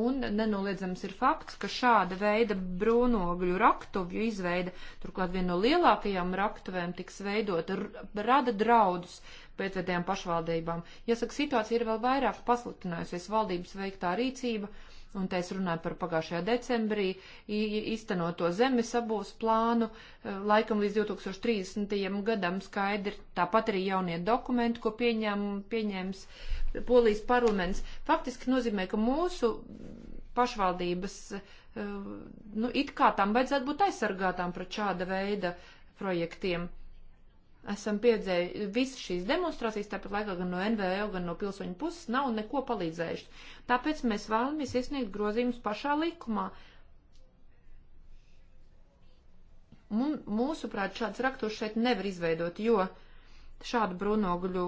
Un nenoliedzams ir fakts, ka šāda veida brūnogļu raktuvju izveida, turklāt viena no lielākajām raktuvēm tiks veidota, rada draudus pēcvedējām pašvaldībām. Jāsaka, situācija ir vēl vairāk pasliktinājusies valdības veiktā rīcība. Uh, un te es runāju par pagājušajā decembrī īstenoto zemes abūs plānu, e, laikam līdz 2030. gadam skaidri, tāpat arī jaunie dokumenti, ko pieņem, pieņēms Polijas parlaments, faktiski nozīmē, ka mūsu pašvaldības, e, nu, it kā tam vajadzētu būt aizsargātām pret šāda veida projektiem esam piedzējuši visas šīs demonstrācijas, tāpat laikā gan no NVO, gan no pilsoņu puses nav neko palīdzējuši. Tāpēc mēs vēlamies iesniegt grozījumus pašā likumā. Mūsuprāt, šāds raktos šeit nevar izveidot, jo šādu brūnogļu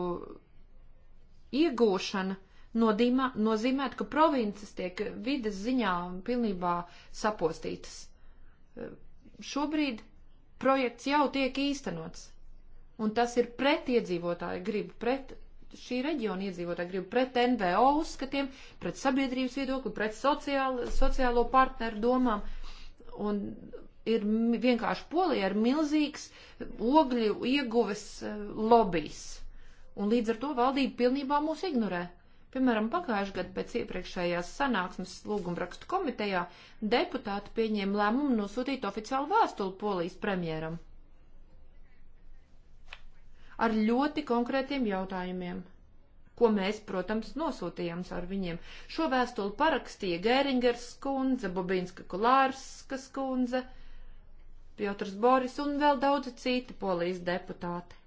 iegūšana nodīmā, nozīmē, ka provinces tiek vides ziņā pilnībā sapostītas. Šobrīd projekts jau tiek īstenots Un tas ir pret iedzīvotāju gribu, pret šī reģiona iedzīvotāju gribu, pret NVO uzskatiem, pret sabiedrības viedokli, pret sociālo, sociālo partneru domām. Un ir vienkārši polija ar milzīgs ogļu ieguves eh, lobijs. Un līdz ar to valdība pilnībā mūs ignorē. Piemēram, pagājušajā gadā pēc iepriekšējās sanāksmes lūgumrakstu komitejā deputāti pieņēma lēmumu nosūtīt oficiālu vēstuli Polijas premjeram ar ļoti konkrētiem jautājumiem, ko mēs, protams, nosūtījām ar viņiem. Šo vēstuli parakstīja Gēringers skundze, Bobinska Kolārskas skundze, Piotrs Boris un vēl daudzi citi polijas deputāti.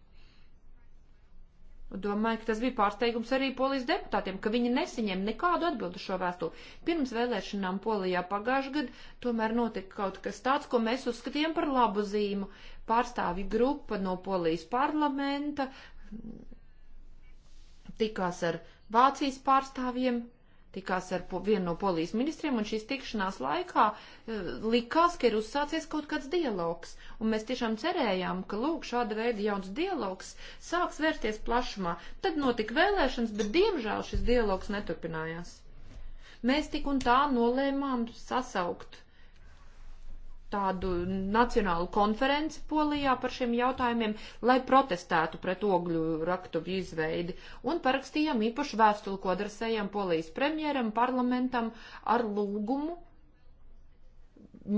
Domāju, ka tas bija pārsteigums arī polijas deputātiem, ka viņi nesaņem nekādu atbildu šo vēstuli. Pirms vēlēšanām Polijā pagājušajā gadā tomēr notika kaut kas tāds, ko mēs uzskatījām par labu zīmu. Pārstāvi grupa no Polijas parlamenta tikās ar Vācijas pārstāvjiem, tikās ar vienu no polijas ministriem, un šīs tikšanās laikā e, likās, ka ir uzsācies kaut kāds dialogs. Un mēs tiešām cerējām, ka lūk, šāda veida jauns dialogs sāks vērsties plašumā. Tad notika vēlēšanas, bet diemžēl šis dialogs neturpinājās. Mēs tik un tā nolēmām sasaukt tādu nacionālu konferenci Polijā par šiem jautājumiem, lai protestētu pret ogļu raktuvi izveidi, un parakstījām īpašu vēstuli, ko adresējām Polijas premjeram, parlamentam ar lūgumu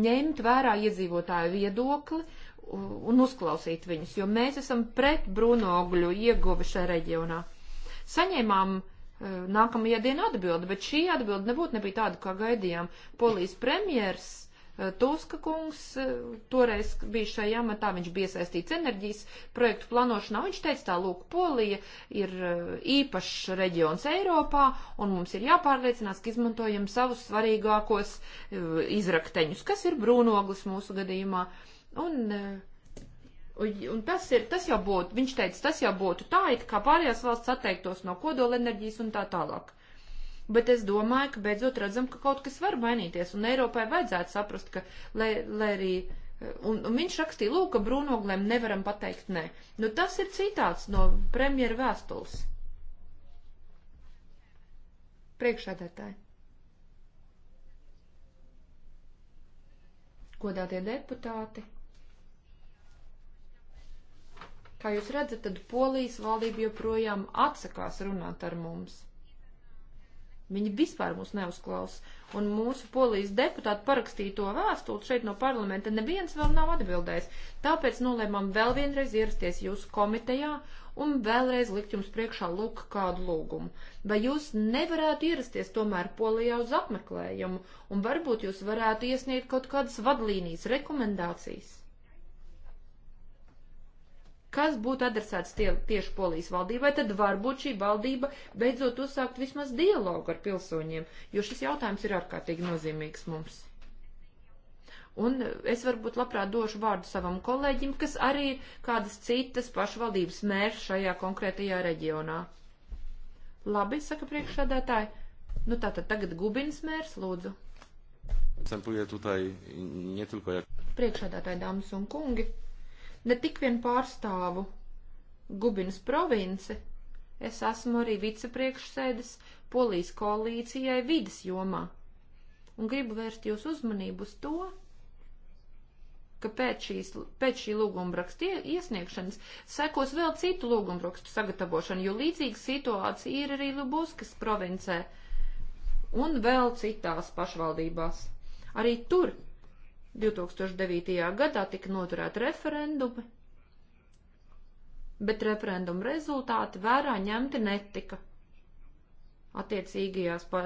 ņemt vērā iedzīvotāju viedokli un uzklausīt viņus, jo mēs esam pret brūno ogļu ieguvi šajā reģionā. Saņēmām e, nākamajā dienā atbildi, bet šī atbildi nebūtu nebija tāda, kā gaidījām. Polijas premjers Eh, Tuska kungs eh, toreiz bija šajā amatā, viņš bija iesaistīts enerģijas projektu plānošanā. Viņš teica tā, lūk, Polija ir eh, īpašs reģions Eiropā, un mums ir jāpārliecinās, ka izmantojam savus svarīgākos izrakteņus, kas ir brūnoglis mūsu gadījumā. Un, Un tas, ir, tas jau būtu, viņš teica, tas jau būtu tā, it kā pārējās valsts atteiktos no kodolenerģijas un tā tālāk bet es domāju, ka beidzot redzam, ka kaut kas var mainīties, un Eiropai vajadzētu saprast, ka, lai, lai arī, un, un viņš rakstīja, lūk, ka brūnoglēm nevaram pateikt nē. Nu, tas ir citāts no premjera vēstules. Priekšādētāji. Godātie deputāti. Kā jūs redzat, tad polijas valdība joprojām atsakās runāt ar mums. Viņi vispār mūs neuzklaus. Un mūsu polijas deputāti parakstīto vēstuli šeit no parlamenta neviens vēl nav atbildējis. Tāpēc nolēmām vēl vienreiz ierasties jūsu komitejā un vēlreiz likt jums priekšā lūk kādu lūgumu. Vai jūs nevarētu ierasties tomēr polijā uz apmeklējumu un varbūt jūs varētu iesniegt kaut kādas vadlīnijas, rekomendācijas? kas būtu adresēts tie, tieši polijas valdībai, tad varbūt šī valdība beidzot uzsākt vismaz dialogu ar pilsoņiem, jo šis jautājums ir ārkārtīgi nozīmīgs mums. Un es varbūt labprāt došu vārdu savam kolēģim, kas arī ir kādas citas pašvaldības mērs šajā konkrētajā reģionā. Labi, saka priekšsādātāji. Nu tātad tagad Gubinas mērs, lūdzu. Priekšsādātāji, dāmas un kungi ne tik vien pārstāvu Gubinas provinci, es esmu arī vicepriekšsēdis Polijas koalīcijai vidas jomā. Un gribu vērst jūs uzmanību uz to, ka pēc, šīs, pēc šī lūgumbraksta iesniegšanas sekos vēl citu lūgumbrakstu sagatavošanu, jo līdzīga situācija ir arī Lubuskas provincē un vēl citās pašvaldībās. Arī tur 2009. gadā tika noturēta referenduma, bet referenduma rezultāti vērā ņemti netika attiecīgajās pa,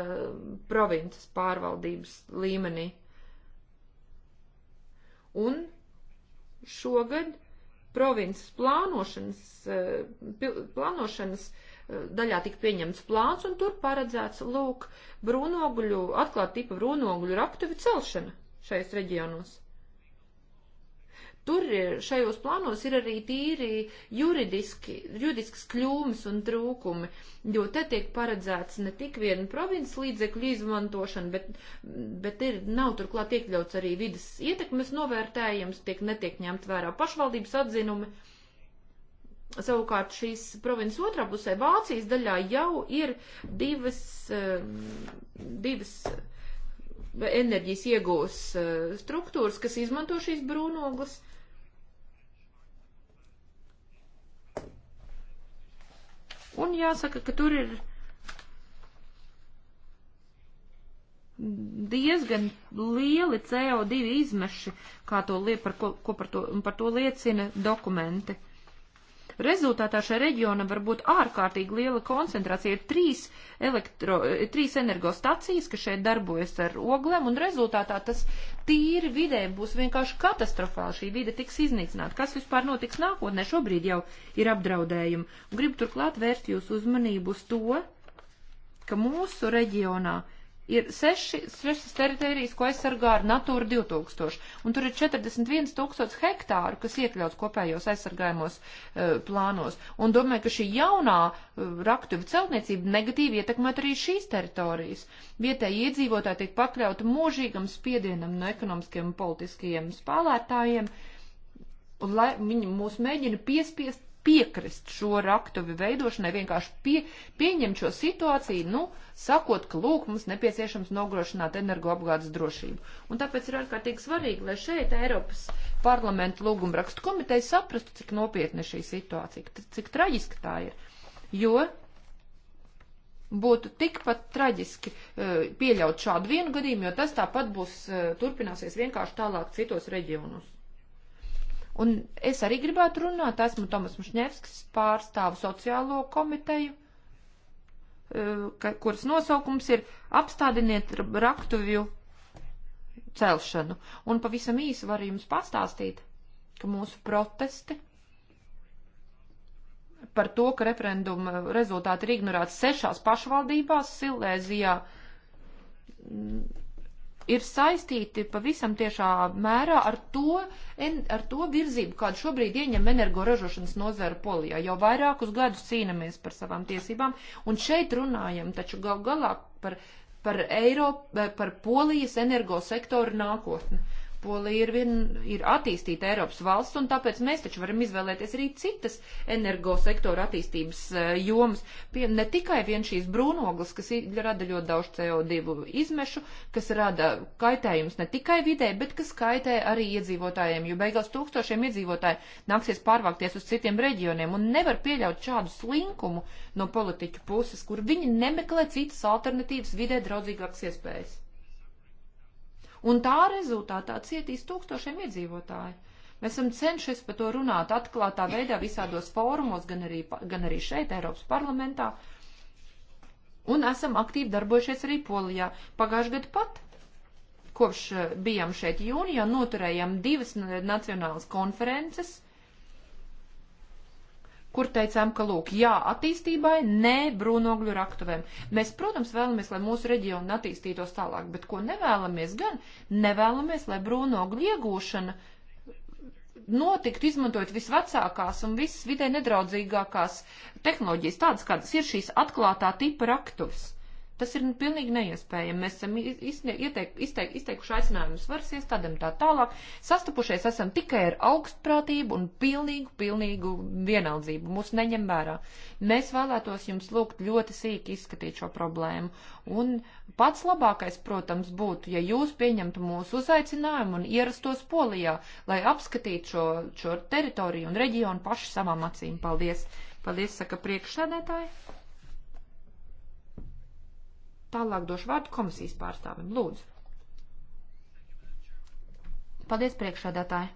provinces pārvaldības līmenī. Un šogad provinces plānošanas, eh, plānošanas eh, daļā tika pieņemts plāns, un tur paredzēts, lūk, brūnoguļu, atklāt tipa brūnoguļu raktuvi celšana šajos reģionos. Tur eh, šajos plānos ir arī tīri juridiski, juridisks kļūmes un trūkumi, jo te tiek paredzēts ne tik viena provinces līdzekļu izmantošana, bet, bet ir, nav turklāt iekļauts arī vidas ietekmes novērtējums, tiek netiek ņemt vērā pašvaldības atzinumi. Savukārt šīs provinces otrā pusē, Vācijas daļā, jau ir divas, eh, divas enerģijas iegūs eh, struktūras, kas izmanto šīs brūnogles. Un jāsaka, ka tur ir diezgan lieli CO2 izmeši, kā to, liep, par ko, ko par to, par to liecina dokumenti. Uh, Rezultātā šajā reģionā var būt ārkārtīgi liela koncentrācija. Ir trīs, elektro, trīs energostacijas, kas šeit darbojas ar oglēm, un rezultātā tas tīri vidē būs vienkārši katastrofāli. Šī vide tiks iznīcināta. Kas vispār notiks nākotnē? Šobrīd jau ir apdraudējumi. Un gribu turklāt vērst jūsu uzmanību uz to, ka mūsu reģionā ir seši, sešas teritorijas, ko aizsargā ar Natūra 2000, un tur ir 41 tūkstots hektāru, kas iekļauts kopējos aizsargājumos e, plānos. Un domāju, ka šī jaunā e, eh, raktuvi celtniecība negatīvi ietekmēt arī šīs teritorijas. Vietēji iedzīvotāji tiek pakļauti mūžīgam spiedienam no ekonomiskiem un politiskajiem spēlētājiem, un lai viņi mūs mēģina piespiest piekrist šo raktuvi veidošanai, vienkārši pie, pieņemt šo situāciju, nu, sakot, ka lūk, mums nepieciešams nogrošināt energoapgādes drošību. Un tāpēc ir ārkārtīgi svarīgi, lai šeit Eiropas parlamenta lūgumrakstu komiteja saprastu, cik nopietna šī situācija, cik traģiska tā ir. Jo būtu tikpat traģiski e, pieļaut šādu vienu gadījumu, jo tas tāpat būs, e, turpināsies vienkārši tālāk citos reģionos. Un es arī gribētu runāt, esmu Tomas Mušņevskis, pārstāvu sociālo komiteju, e, ka, kuras nosaukums ir apstādiniet raktuvju celšanu. Un pavisam īsi varu jums pastāstīt, ka mūsu protesti par to, ka referenduma rezultāti ir ignorēti sešās pašvaldībās Silēzijā ir saistīti pavisam tiešā mērā ar to, en, ar to virzību, kādu šobrīd ieņem energoražošanas nozara polijā. Jau vairākus gadus cīnāmies par savām tiesībām, un šeit runājam taču gal galā par, par, Eiropu, eh, par polijas energosektoru nākotni. Polija ir, vien, ir attīstīta Eiropas valsts, un tāpēc mēs taču varam izvēlēties arī citas energosektora attīstības eh, jomas. Pie, ne tikai vien šīs brūnoglas, kas rada ļoti daudz CO2 izmešu, kas rada kaitējums ne tikai vidē, bet kas kaitē arī iedzīvotājiem, jo beigās tūkstošiem iedzīvotāji nāksies pārvākties uz citiem reģioniem un nevar pieļaut šādu slinkumu no politiķu puses, kur viņi nemeklē citas alternatīvas vidē draudzīgākas iespējas un tā rezultātā cietīs tūkstošiem iedzīvotāju. Mēs esam cenšies par to runāt atklātā veidā visādos fórumos, gan arī, gan arī šeit, Eiropas parlamentā, un esam aktīvi darbojušies arī Polijā. Pagājuši gadu pat, kopš eh, bijām šeit jūnijā, noturējām divas nacionālas konferences kur teicām, ka lūk, jā, attīstībai, nē, brūnogļu raktuvēm. Mēs, protams, vēlamies, lai mūsu reģioni attīstītos tālāk, bet ko nevēlamies gan, nevēlamies, lai brūnogļu iegūšana notiktu izmantojot visvecākās un visvidē nedraudzīgākās tehnoloģijas, tādas, kādas ir šīs atklātā tipa raktuves. Tas ir nu, pilnīgi neiespējami. Mēs esam ieteik, izteik, izteikuši aicinājumus varas iestādēm tā tālāk. Sastapušies esam tikai ar augstprātību un pilnīgu, pilnīgu vienaldzību. Mūs neņem vērā. Mēs vēlētos jums lūgt ļoti sīki izskatīt šo problēmu. Un pats labākais, protams, būtu, ja jūs pieņemtu mūsu uzaicinājumu un ierastos Polijā, lai apskatītu šo, šo teritoriju un reģionu paši savām acīm. Paldies! Paldies, saka priekšsēdētāji! Tālāk došu vārdu komisijas pārstāvim. Lūdzu. Paldies, priekšādātāji.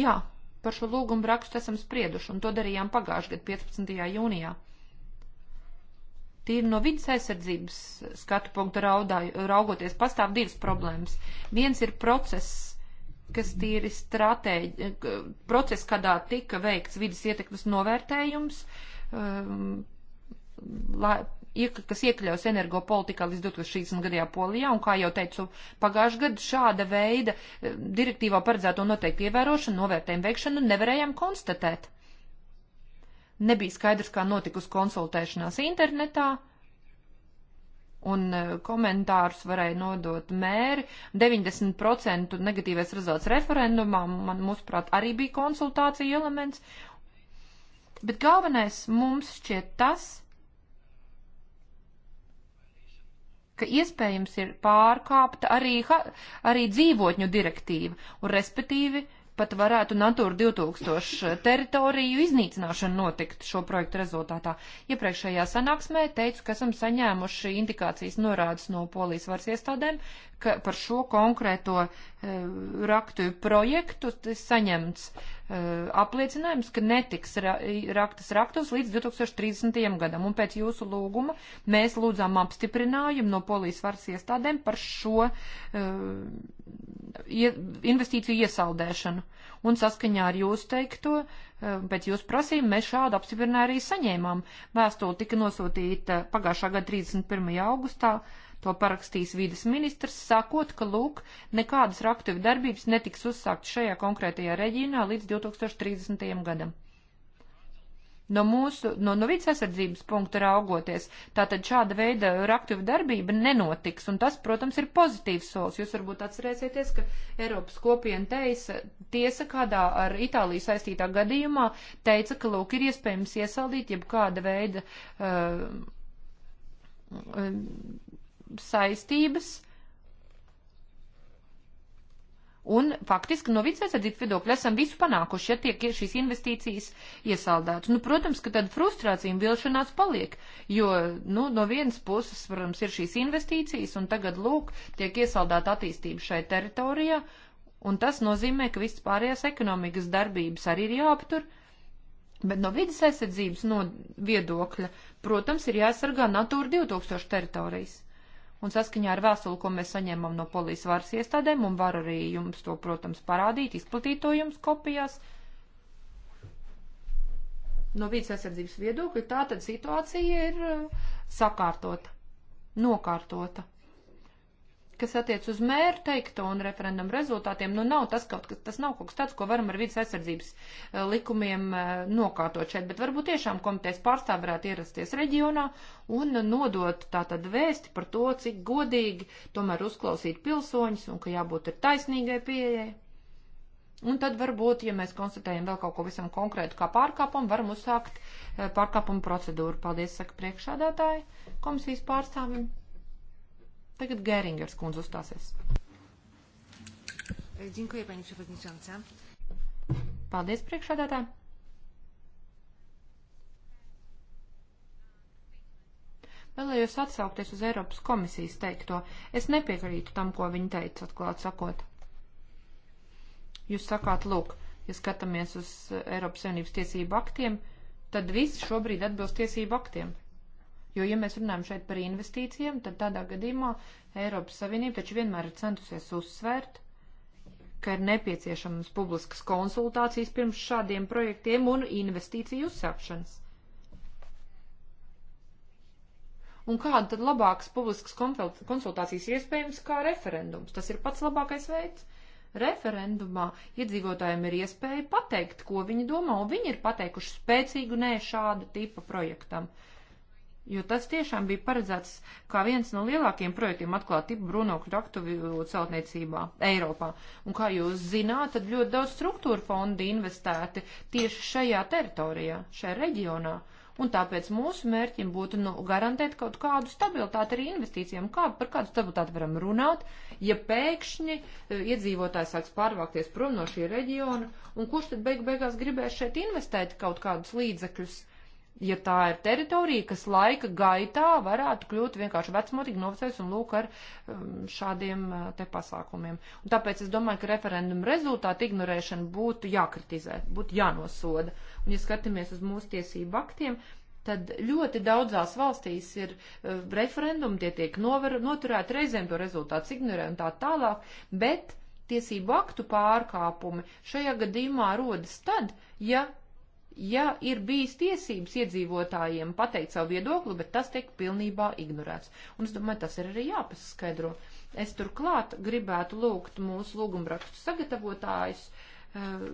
Jā, par šo lūgumu rakstu esam sprieduši, un to darījām pagājušajā gadā, 15. jūnijā. Tīri no vidas aizsardzības skatu punktu raudāju, raugoties, pastāv divas problēmas. Viens ir process, kas tīri stratēģi, process, kādā tika veikts vidas ietekmes novērtējums, um, lai, kas iekļaus energopolitikā līdz 2060. gadā Polijā, un, kā jau teicu, pagājušajā gadā šāda veida eh, direktīvā paredzēto noteikti ievērošanu, novērtējumu veikšanu nevarējām konstatēt. Nebija skaidrs, kā notikusi konsultēšanās internetā, un eh, komentārus varēja nodot mēri. 90% negatīvais rezultāts referendumā, man, mūsuprāt, arī bija konsultācija elements. Bet galvenais mums šķiet tas, ka iespējams ir pārkāpta arī, ha, arī dzīvotņu direktīva, un respektīvi pat varētu Natūra 2000 teritoriju iznīcināšana notikt šo projektu rezultātā. Iepriekšējā sanāksmē teicu, ka esam saņēmuši indikācijas norādes no polijas varas iestādēm, ka par šo konkrēto e, raktu projektu saņemts e, Eh, apliecinājums, ka netiks ra raktas raktos līdz 2030. gadam. Un pēc jūsu lūguma mēs lūdzām apstiprinājumu no polijas varas iestādēm par šo eh, investīciju iesaldēšanu. Un saskaņā ar jūsu teikto, eh, pēc jūsu prasību, mēs šādu apstiprinājumu arī saņēmām. Vēstule tika nosūtīta pagājušā gada 31. augustā To parakstīs vides ministrs, sakot, ka, lūk, nekādas raktuvi darbības netiks uzsākt šajā konkrētajā reģionā līdz 2030. gadam. No mūsu, no, no vidas aizsardzības punkta raugoties, tātad šāda veida raktuvi darbība nenotiks, un tas, protams, ir pozitīvs solis. Jūs varbūt atcerēsieties, ka Eiropas kopiena teisa, tiesa kādā ar Itāliju saistītā gadījumā teica, ka, lūk, ir iespējams iesaldīt jebkāda veida. Uh, uh saistības. Un faktiski no vidas aizsardzības viedokļa esam visu panākuši, ja tiek šīs investīcijas iesaldētas. Nu, protams, ka tad frustrācija un vilšanās paliek, jo, nu, no vienas puses, protams, ir šīs investīcijas, un tagad, lūk, tiek iesaldēta attīstība šai teritorijā, un tas nozīmē, ka viss pārējās ekonomikas darbības arī ir jāaptur. Bet no vidas aizsardzības no viedokļa, protams, ir jāsargā Natūra 2000 teritorijas un saskaņā ar vēstuli, ko mēs saņēmam no polijas varas iestādēm, un var arī jums to, protams, parādīt, izplatīt to jums kopijās. No vīdes aizsardzības viedokļa tā tad situācija ir uh, sakārtota, nokārtota kas attiec uz mēru teikto un referendumu rezultātiem, nu nav tas kaut kas, tas nav kaut kas tāds, ko varam ar vidas aizsardzības eh, likumiem eh, nokārtot šeit, bet varbūt tiešām komitejas pārstāv varētu ierasties reģionā un nodot tātad vēsti par to, cik godīgi tomēr uzklausīt pilsoņus un ka jābūt ir taisnīgai pieejai. Un tad varbūt, ja mēs konstatējam vēl kaut ko visam konkrētu kā pārkāpumu, varam uzsākt eh, pārkāpumu procedūru. Paldies, saka priekšādātāji komisijas pārstāvim. Tagad Gēringers kundze uzstāsies. E, Dziņkoja, paņi priekšsēdētājā. Paldies, priekšsēdētāji. Vēlējos atsaukties uz Eiropas komisijas teikto. Es nepiekrītu tam, ko viņi teica, atklāt sakot. Jūs sakāt, lūk, ja skatāmies uz Eiropas Savienības tiesību aktiem, tad viss šobrīd atbilst tiesību aktiem. Jo, ja mēs runājam šeit par investīcijiem, tad tādā gadījumā Eiropas Savienība taču vienmēr ir centusies uzsvērt, ka ir nepieciešamas publiskas konsultācijas pirms šādiem projektiem un investīciju uzsākšanas. Un kāda tad labākas publiskas konsultācijas iespējams kā referendums? Tas ir pats labākais veids. Referendumā iedzīvotājiem ir iespēja pateikt, ko viņi domā, un viņi ir pateikuši spēcīgu nē šāda tipa projektam. Uh, Jo tas tiešām bija paredzēts kā viens no lielākiem projektiem atklāt tipu brūnokļu aktuvu celtniecībā Eiropā. Un kā jūs zināt, tad ļoti daudz struktūra fondi investēti tieši šajā teritorijā, šajā reģionā. Un tāpēc mūsu mērķim būtu nu, garantēt kaut kādu stabilitāti arī investīcijām. Kā, par kādu stabilitāti varam runāt, ja pēkšņi e, iedzīvotāji sāks pārvākties prom no šī reģiona, un kurš tad beig beigās gribēs šeit investēt kaut kādus līdzekļus? Uh, ja tā ir teritorija, kas laika gaitā varētu kļūt vienkārši vecmotīgi novecojis un lūk ar um, šādiem uh, te pasākumiem. Un tāpēc es domāju, ka referenduma rezultātu ignorēšana būtu jākritizē, būtu jānosoda. Un ja skatāmies uz mūsu tiesību aktiem, tad ļoti daudzās valstīs ir uh, referendumi, tie tiek nover, noturēti, reizēm to rezultāts ignorē un tā tālāk, bet tiesību aktu pārkāpumi šajā gadījumā rodas tad, ja ja ir bijis tiesības iedzīvotājiem pateikt savu viedokli, bet tas tiek pilnībā ignorēts. Un es domāju, tas ir arī jāpaskaidro. Es turklāt gribētu lūgt mūsu lūgumrakstu sagatavotājus. Uh, eh,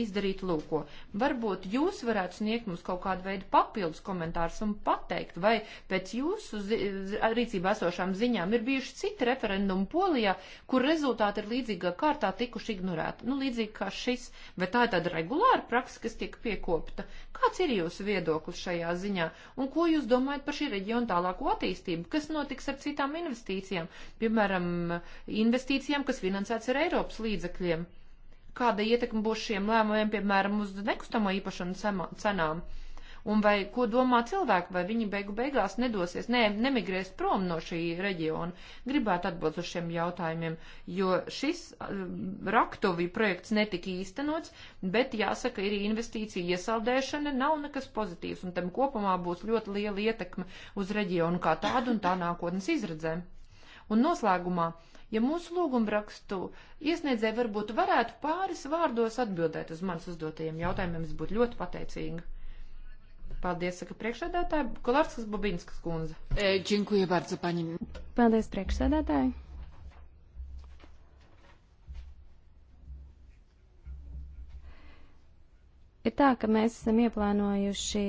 izdarīt lūko. Varbūt jūs varētu sniegt mums kaut kādu veidu papildus komentārus un pateikt, vai pēc jūsu rīcībā esošām ziņām ir bijuši citi referendumi Polijā, kur rezultāti ir līdzīgā kārtā tikuši ignorēti. Nu, līdzīgi kā šis, vai tā ir tāda regulāra praksa, kas tiek piekopta. Kāds ir jūsu viedoklis šajā ziņā? Un ko jūs domājat par šī reģiona tālāko attīstību? Kas notiks ar citām investīcijām? Piemēram, investīcijām, kas finansēts ar Eiropas līdzekļiem? kāda ietekme būs šiem lēmumiem, piemēram, uz nekustamo īpašumu cenām. Un vai ko domā cilvēki, vai viņi beigu beigās nedosies, ne, nemigrēs prom no šī reģiona? Gribētu atbildēt uz šiem jautājumiem, jo šis eh, raktovi projekts netika īstenots, bet jāsaka, ir investīcija iesaldēšana, nav nekas pozitīvs, un tam kopumā būs ļoti liela ietekme uz reģionu kā tādu un tā nākotnes izredzēm. Un noslēgumā, ja mūsu lūgumrakstu iesniedzēji varbūt varētu pāris vārdos atbildēt uz manas uzdotajiem jautājumiem, es būtu ļoti pateicīga. Paldies, saka priekšsēdētāja Kolārskas Bobinskas kundze. E, Džinkuja vārds paņem. Paldies, priekšsēdētāji. Ir tā, ka mēs esam ieplānojuši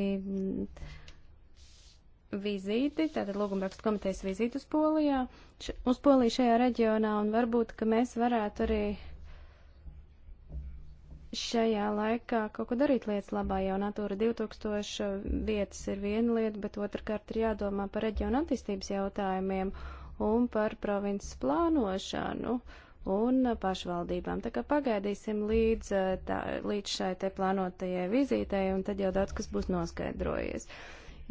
vizīti, tātad lūgumrakstu komitejas vizīti uz Polijā, š, uz Poliju šajā reģionā, un varbūt, ka mēs varētu arī šajā laikā kaut ko darīt lietas labā, jo Natūra 2000 vietas ir viena lieta, bet otrkārt ir jādomā par reģionu attīstības jautājumiem un par provinces plānošanu un pašvaldībām. Tā kā pagaidīsim līdz, tā, līdz šai te plānotajai vizītei, un tad jau daudz kas būs noskaidrojies. Uh,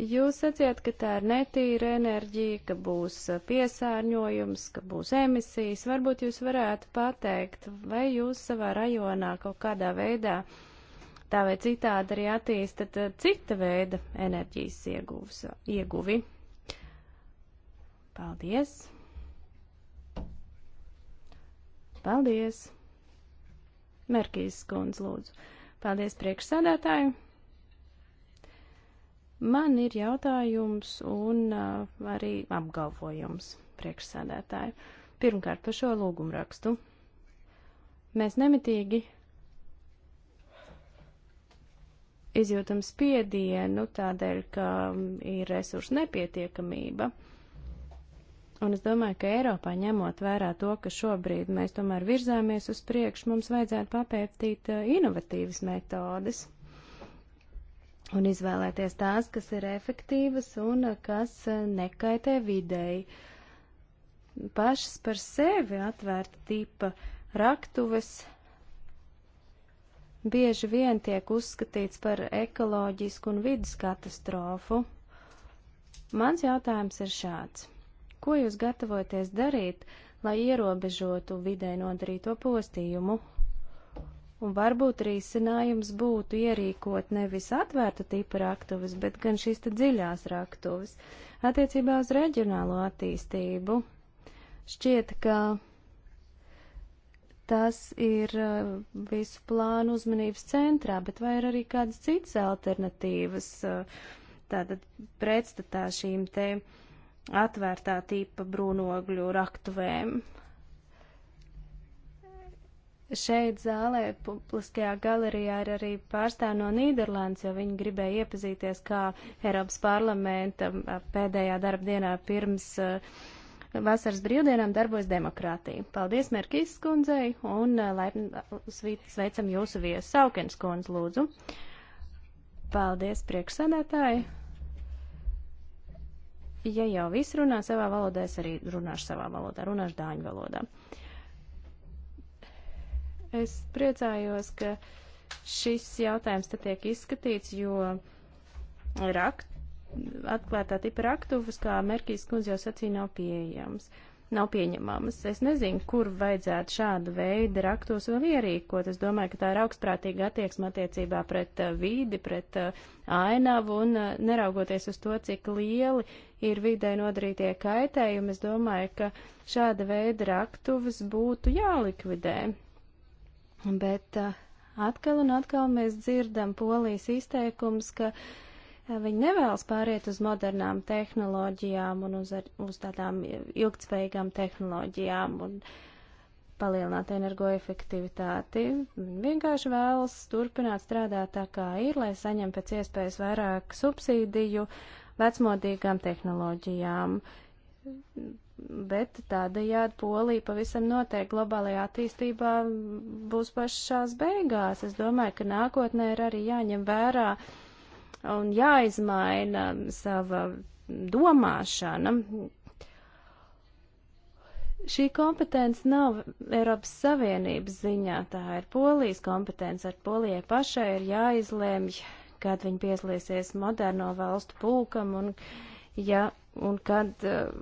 Jūs sacījāt, ka tā ir netīra enerģija, ka būs uh, piesārņojums, ka būs emisijas. Varbūt jūs varētu pateikt, vai jūs savā rajonā kaut kādā veidā tā vai citādi arī attīstat uh, cita veida enerģijas ieguvs, ieguvi. Paldies! Paldies! Merkīs skundz lūdzu. Paldies priekšsādātāju! Man ir jautājums un uh, arī apgalvojums priekšsēdētāju. Pirmkārt par šo lūgumrakstu. Mēs nemitīgi izjūtam spiedienu tādēļ, ka um, ir resursu nepietiekamība. Un es domāju, ka Eiropā ņemot vērā to, ka šobrīd mēs tomēr virzāmies uz priekšu, mums vajadzētu papētīt uh, inovatīvas metodes un izvēlēties tās, kas ir efektīvas un eh, kas eh, nekaitē videi. Pašas par sevi atvērta tipa raktuves bieži vien tiek uzskatīts par ekoloģisku un vidas katastrofu. Mans jautājums ir šāds. Ko jūs gatavoties darīt, lai ierobežotu vidē nodarīto postījumu? Un varbūt risinājums būtu ierīkot nevis atvērta tipa raktuves, bet gan šīs te dziļās raktuves. Attiecībā uz reģionālo attīstību šķiet, ka tas ir uh, visu plānu uzmanības centrā, bet vai ir arī kādas citas alternatīvas uh, tātad pretstatā šīm te atvērtā tipa brūnogļu raktuvēm? Šeit zālē, publiskajā galerijā, ir arī pārstāv no Nīderlandes, jo viņi gribēja iepazīties kā Eiropas parlamenta pēdējā darba dienā pirms uh, vasaras brīvdienām darbojas demokrātija. Paldies Merkīs skundzei un uh, laipni sveicam jūsu viesu Saukens skundz lūdzu. Paldies priekšsēdētāji. Ja jau viss runā savā valodā, es arī runāšu savā valodā, runāšu dāņu valodā. Uh, Es priecājos, ka šis jautājums te tiek izskatīts, jo rakt, atklātā tipa raktuvas, kā Merkīs kundze jau sacīja, nav pieejams. Nav pieņemamas. Es nezinu, kur vajadzētu šādu veidu raktos vēl ierīkot. Es domāju, ka tā ir augstprātīga attieksme attiecībā pret uh, vīdi, pret uh, ainavu un uh, neraugoties uz to, cik lieli ir vidē nodarītie kaitējumi, es domāju, ka šāda veida raktuvas būtu jālikvidē. Bet eh, atkal un atkal mēs dzirdam polijas izteikums, ka eh, viņi nevēlas pāriet uz modernām tehnoloģijām un uz, uz tādām ilgtspējīgām tehnoloģijām un palielināt energoefektivitāti. Viņi vienkārši vēlas turpināt strādāt tā, kā ir, lai saņem pēc iespējas vairāk subsīdiju vecmodīgām tehnoloģijām bet tādējādi Polija pavisam noteikti globālajā attīstībā būs pašās beigās. Es domāju, ka nākotnē ir arī jāņem vērā un jāizmaina sava domāšana. Šī kompetence nav Eiropas Savienības ziņā, tā ir Polijas kompetence. Ar Polijai pašai ir jāizlēmj, kad viņi pieslēsies moderno valstu pulkam un, ja, un kad uh,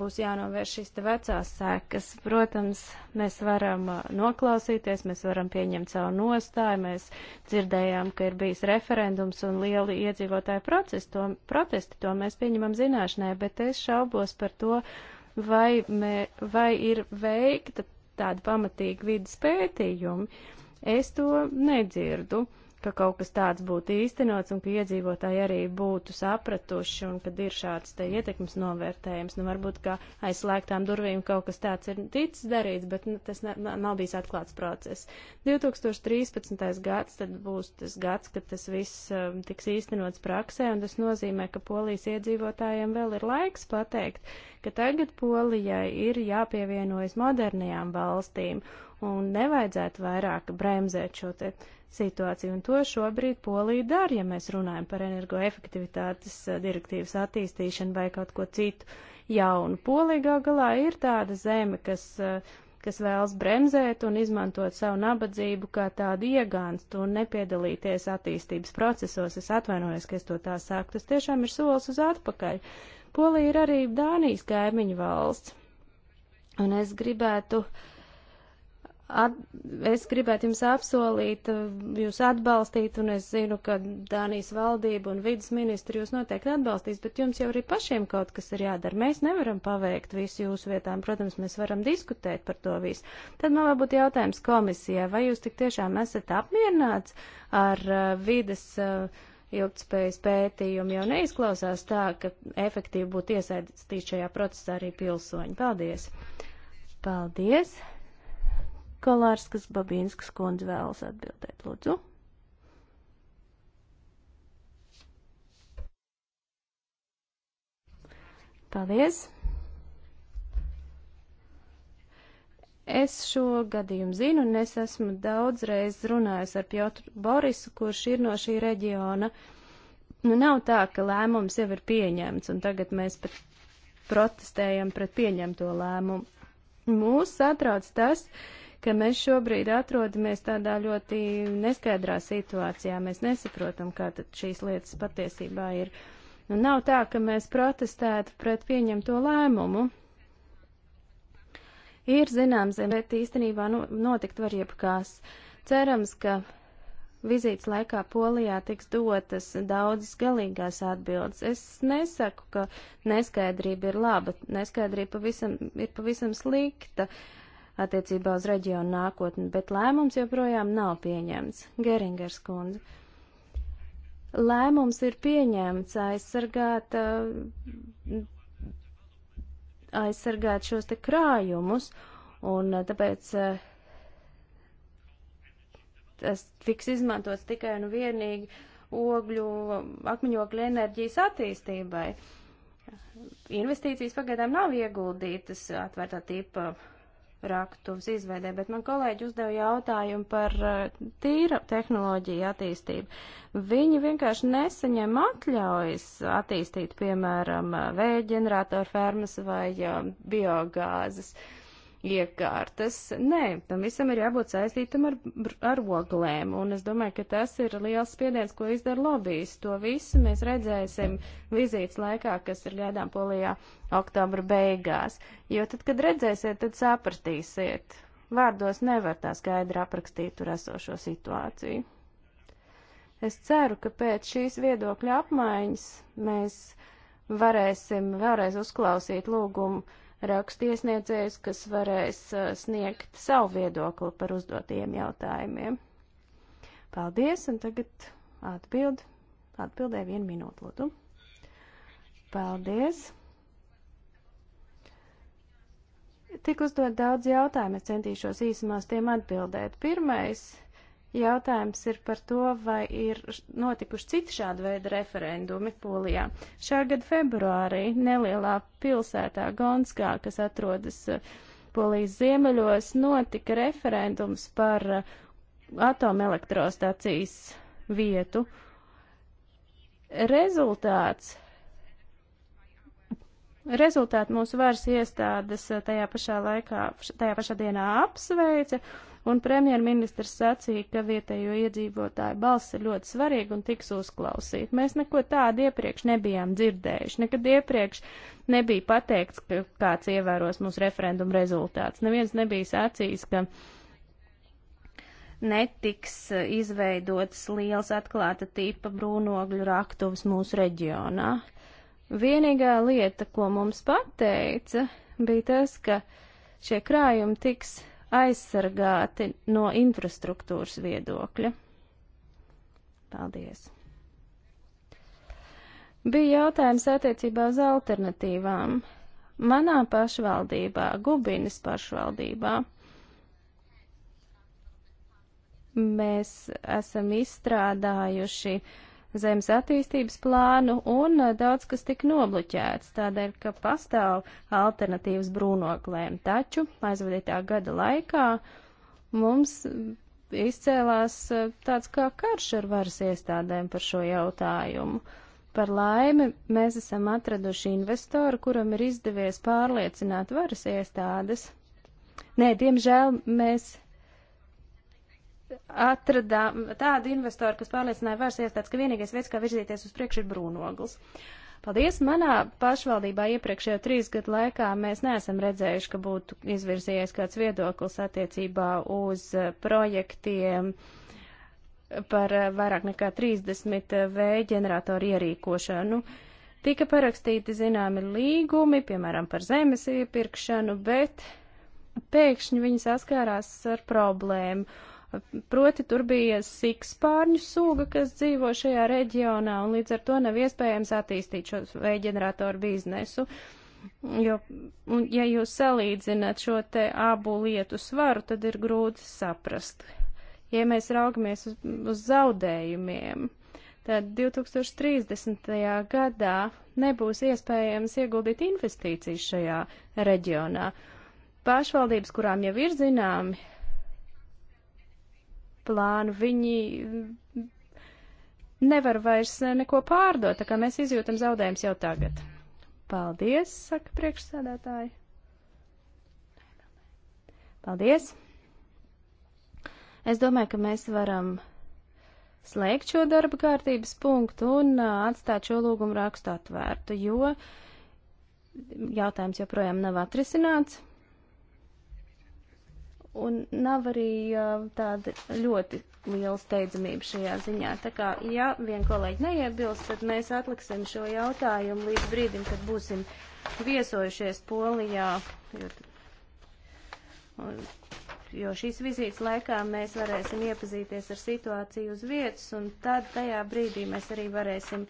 būs jānovērš šīs te vecās sēkas. Protams, mēs varam uh, noklausīties, mēs varam pieņemt savu nostāju, mēs dzirdējām, ka ir bijis referendums un lieli iedzīvotāju procesi, to, protesti, to mēs pieņemam zināšanai, bet es šaubos par to, vai, mē, vai ir veikta tāda pamatīga vidas pētījumi. Es to nedzirdu. Uh, ka kaut kas tāds būtu īstenots un ka iedzīvotāji arī būtu sapratuši un kad ir šāds te ietekmes novērtējums. Nu, varbūt, ka aizslēgtām durvīm kaut kas tāds ir ticis darīts, bet nu, tas nav bijis atklāts process. 2013. gads tad būs tas gads, kad tas viss um, tiks īstenots praksē, un tas nozīmē, ka polijas iedzīvotājiem vēl ir laiks pateikt, ka tagad polijai ir jāpievienojas modernajām valstīm un nevajadzētu vairāk bremzēt šo te situāciju. Un to šobrīd Polija dara, ja mēs runājam par energoefektivitātes eh, direktīvas attīstīšanu vai kaut ko citu jaunu. Polija gal galā ir tāda zeme, kas uh, kas vēlas bremzēt un izmantot savu nabadzību kā tādu iegānstu un nepiedalīties attīstības procesos. Es atvainojos, ka es to tā saku. Tas tiešām ir solis uz atpakaļ. Polija ir arī Dānijas kaimiņu valsts. Un es gribētu uh, At, es gribētu jums apsolīt, eh, jūs atbalstīt, un es zinu, ka Dānijas valdība un vidas ministri jūs noteikti atbalstīs, bet jums jau arī pašiem kaut kas ir jādara. Mēs nevaram paveikt visu jūsu vietām, protams, mēs varam diskutēt par to visu. Tad man varbūt jautājums komisijai, vai jūs tik tiešām esat apmierināts ar uh, vidas. Uh, Ilgtspējas pētījumi jau neizklausās tā, ka efektīvi būtu iesaistīti šajā procesā arī pilsoņi. Paldies! Paldies! Kolārskas Babīnskas kundze vēlas atbildēt, lūdzu. Paldies! Es šo gadījumu zinu, un es esmu daudzreiz runājusi ar Piotru Borisu, kurš ir no šī reģiona. Nu, nav tā, ka lēmums jau ir pieņemts, un tagad mēs pat protestējam pret pieņemto lēmumu. Mūs satrauc tas, ka ka mēs šobrīd atrodamies tādā ļoti neskaidrā situācijā. Mēs nesaprotam, kā tad šīs lietas patiesībā ir. Nu, nav tā, ka mēs protestētu pret pieņemto lēmumu. Ir zināms, bet īstenībā nu, notikt var jebkās. Cerams, ka vizītes laikā Polijā tiks dotas daudzas galīgās atbildes. Es nesaku, ka neskaidrība ir laba, neskaidrība pavisam, ir pavisam slikta. Uh, attiecībā uz reģionu nākotni, bet lēmums joprojām nav pieņemts. Geringers kundze. Lēmums ir pieņemts aizsargāt, eh, aizsargāt šos te krājumus, un eh, tāpēc eh, tas tiks izmantots tikai un vienīgi ogļu, akmeņokļu enerģijas attīstībai. Investīcijas pagaidām nav ieguldītas atvērtā tipa raktuves izveidē, bet man kolēģi uzdeva jautājumu par eh, tīra tehnoloģiju attīstību. Viņi vienkārši nesaņem atļaujas attīstīt, piemēram, vēja ģeneratoru fermas vai eh, biogāzes. Uh, iekārtas. Nē, tam visam ir jābūt saistītam ar, ar oglēm, un es domāju, ka tas ir liels spiediens, ko izdara lobbyis. To visu mēs redzēsim vizītes laikā, kas ir gaidām polijā oktobra beigās. Jo tad, kad redzēsiet, tad sapratīsiet. Vārdos nevar tā skaidri aprakstīt tur esošo situāciju. Es ceru, ka pēc šīs viedokļa apmaiņas mēs varēsim vēlreiz uzklausīt lūgumu rakstiesniedzējus, kas varēs sniegt savu viedokli par uzdotiem jautājumiem. Paldies, un tagad atbild, atbildē vienu minūtu, lūdzu. Paldies! Tik uzdot daudz jautājumu, es centīšos īsumās tiem atbildēt. Pirmais Jautājums ir par to, vai ir notikuši citi šāda veida referendumi Polijā. Šā gada februārī nelielā pilsētā Gonskā, kas atrodas eh, Polijas ziemeļos, notika referendums par eh, atomelektrostacijas vietu. Rezultāts Rezultāti mūsu varas iestādes eh, tajā pašā laikā, tajā pašā dienā apsveica, un premjerministrs sacīja, ka vietējo iedzīvotāju balss ir ļoti svarīga un tiks uzklausīt. Mēs neko tādu iepriekš nebijām dzirdējuši, nekad iepriekš nebija pateikts, ka kāds ievēros mūsu referendumu rezultāts. Neviens nebija sacījis, ka netiks izveidotas liels atklāta tipa brūnogļu raktuvs mūsu reģionā. Vienīgā lieta, ko mums pateica, bija tas, ka šie krājumi tiks aizsargāti no infrastruktūras viedokļa. Paldies! Bija jautājums attiecībā uz alternatīvām. Manā pašvaldībā, Gubinas pašvaldībā, mēs esam izstrādājuši uh, zemes attīstības plānu un eh, daudz kas tika nobloķēts, tādēļ, ka pastāv alternatīvas brūnoklēm. Taču aizvadītā gada laikā mums izcēlās eh, tāds kā karš ar varas iestādēm par šo jautājumu. Par laimi mēs esam atraduši investoru, kuram ir izdevies pārliecināt varas iestādes. Nē, diemžēl mēs atradām tādu investoru, kas pārliecināja varas iestādes, ka vienīgais veids, kā virzīties uz priekšu, ir brūnoglis. Paldies! Manā pašvaldībā iepriekšējo trīs gadu laikā mēs neesam redzējuši, ka būtu izvirzījies kāds viedoklis attiecībā uz uh, projektiem par uh, vairāk nekā 30 uh, V ģeneratoru ierīkošanu. Tika parakstīti zināmi līgumi, piemēram, par zemes iepirkšanu, bet pēkšņi viņi saskārās ar problēmu Proti tur bija sikspārņu suga, kas dzīvo šajā reģionā, un līdz ar to nav iespējams attīstīt šo vējģeneratoru biznesu. Jo, un, ja jūs salīdzināt šo te abu lietu svaru, tad ir grūti saprast. Ja mēs raugamies uz, uz zaudējumiem, tad 2030. gadā nebūs iespējams ieguldīt investīcijas šajā reģionā. Pašvaldības, kurām jau ir zināmi plānu, viņi nevar vairs neko pārdot, tā kā mēs izjūtam zaudējums jau tagad. Paldies, saka priekšsēdētāji. Paldies. Es domāju, ka mēs varam slēgt šo darba kārtības punktu un uh, atstāt šo lūgumu rakstu atvērtu, jo jautājums joprojām nav atrisināts un nav arī tāda ļoti liela steidzamība šajā ziņā. Tā kā, ja vien kolēģi neiebilst, tad mēs atliksim šo jautājumu līdz brīdim, kad būsim viesojušies Polijā, jo, jo šīs vizītes laikā mēs varēsim iepazīties ar situāciju uz vietas, un tad tajā brīdī mēs arī varēsim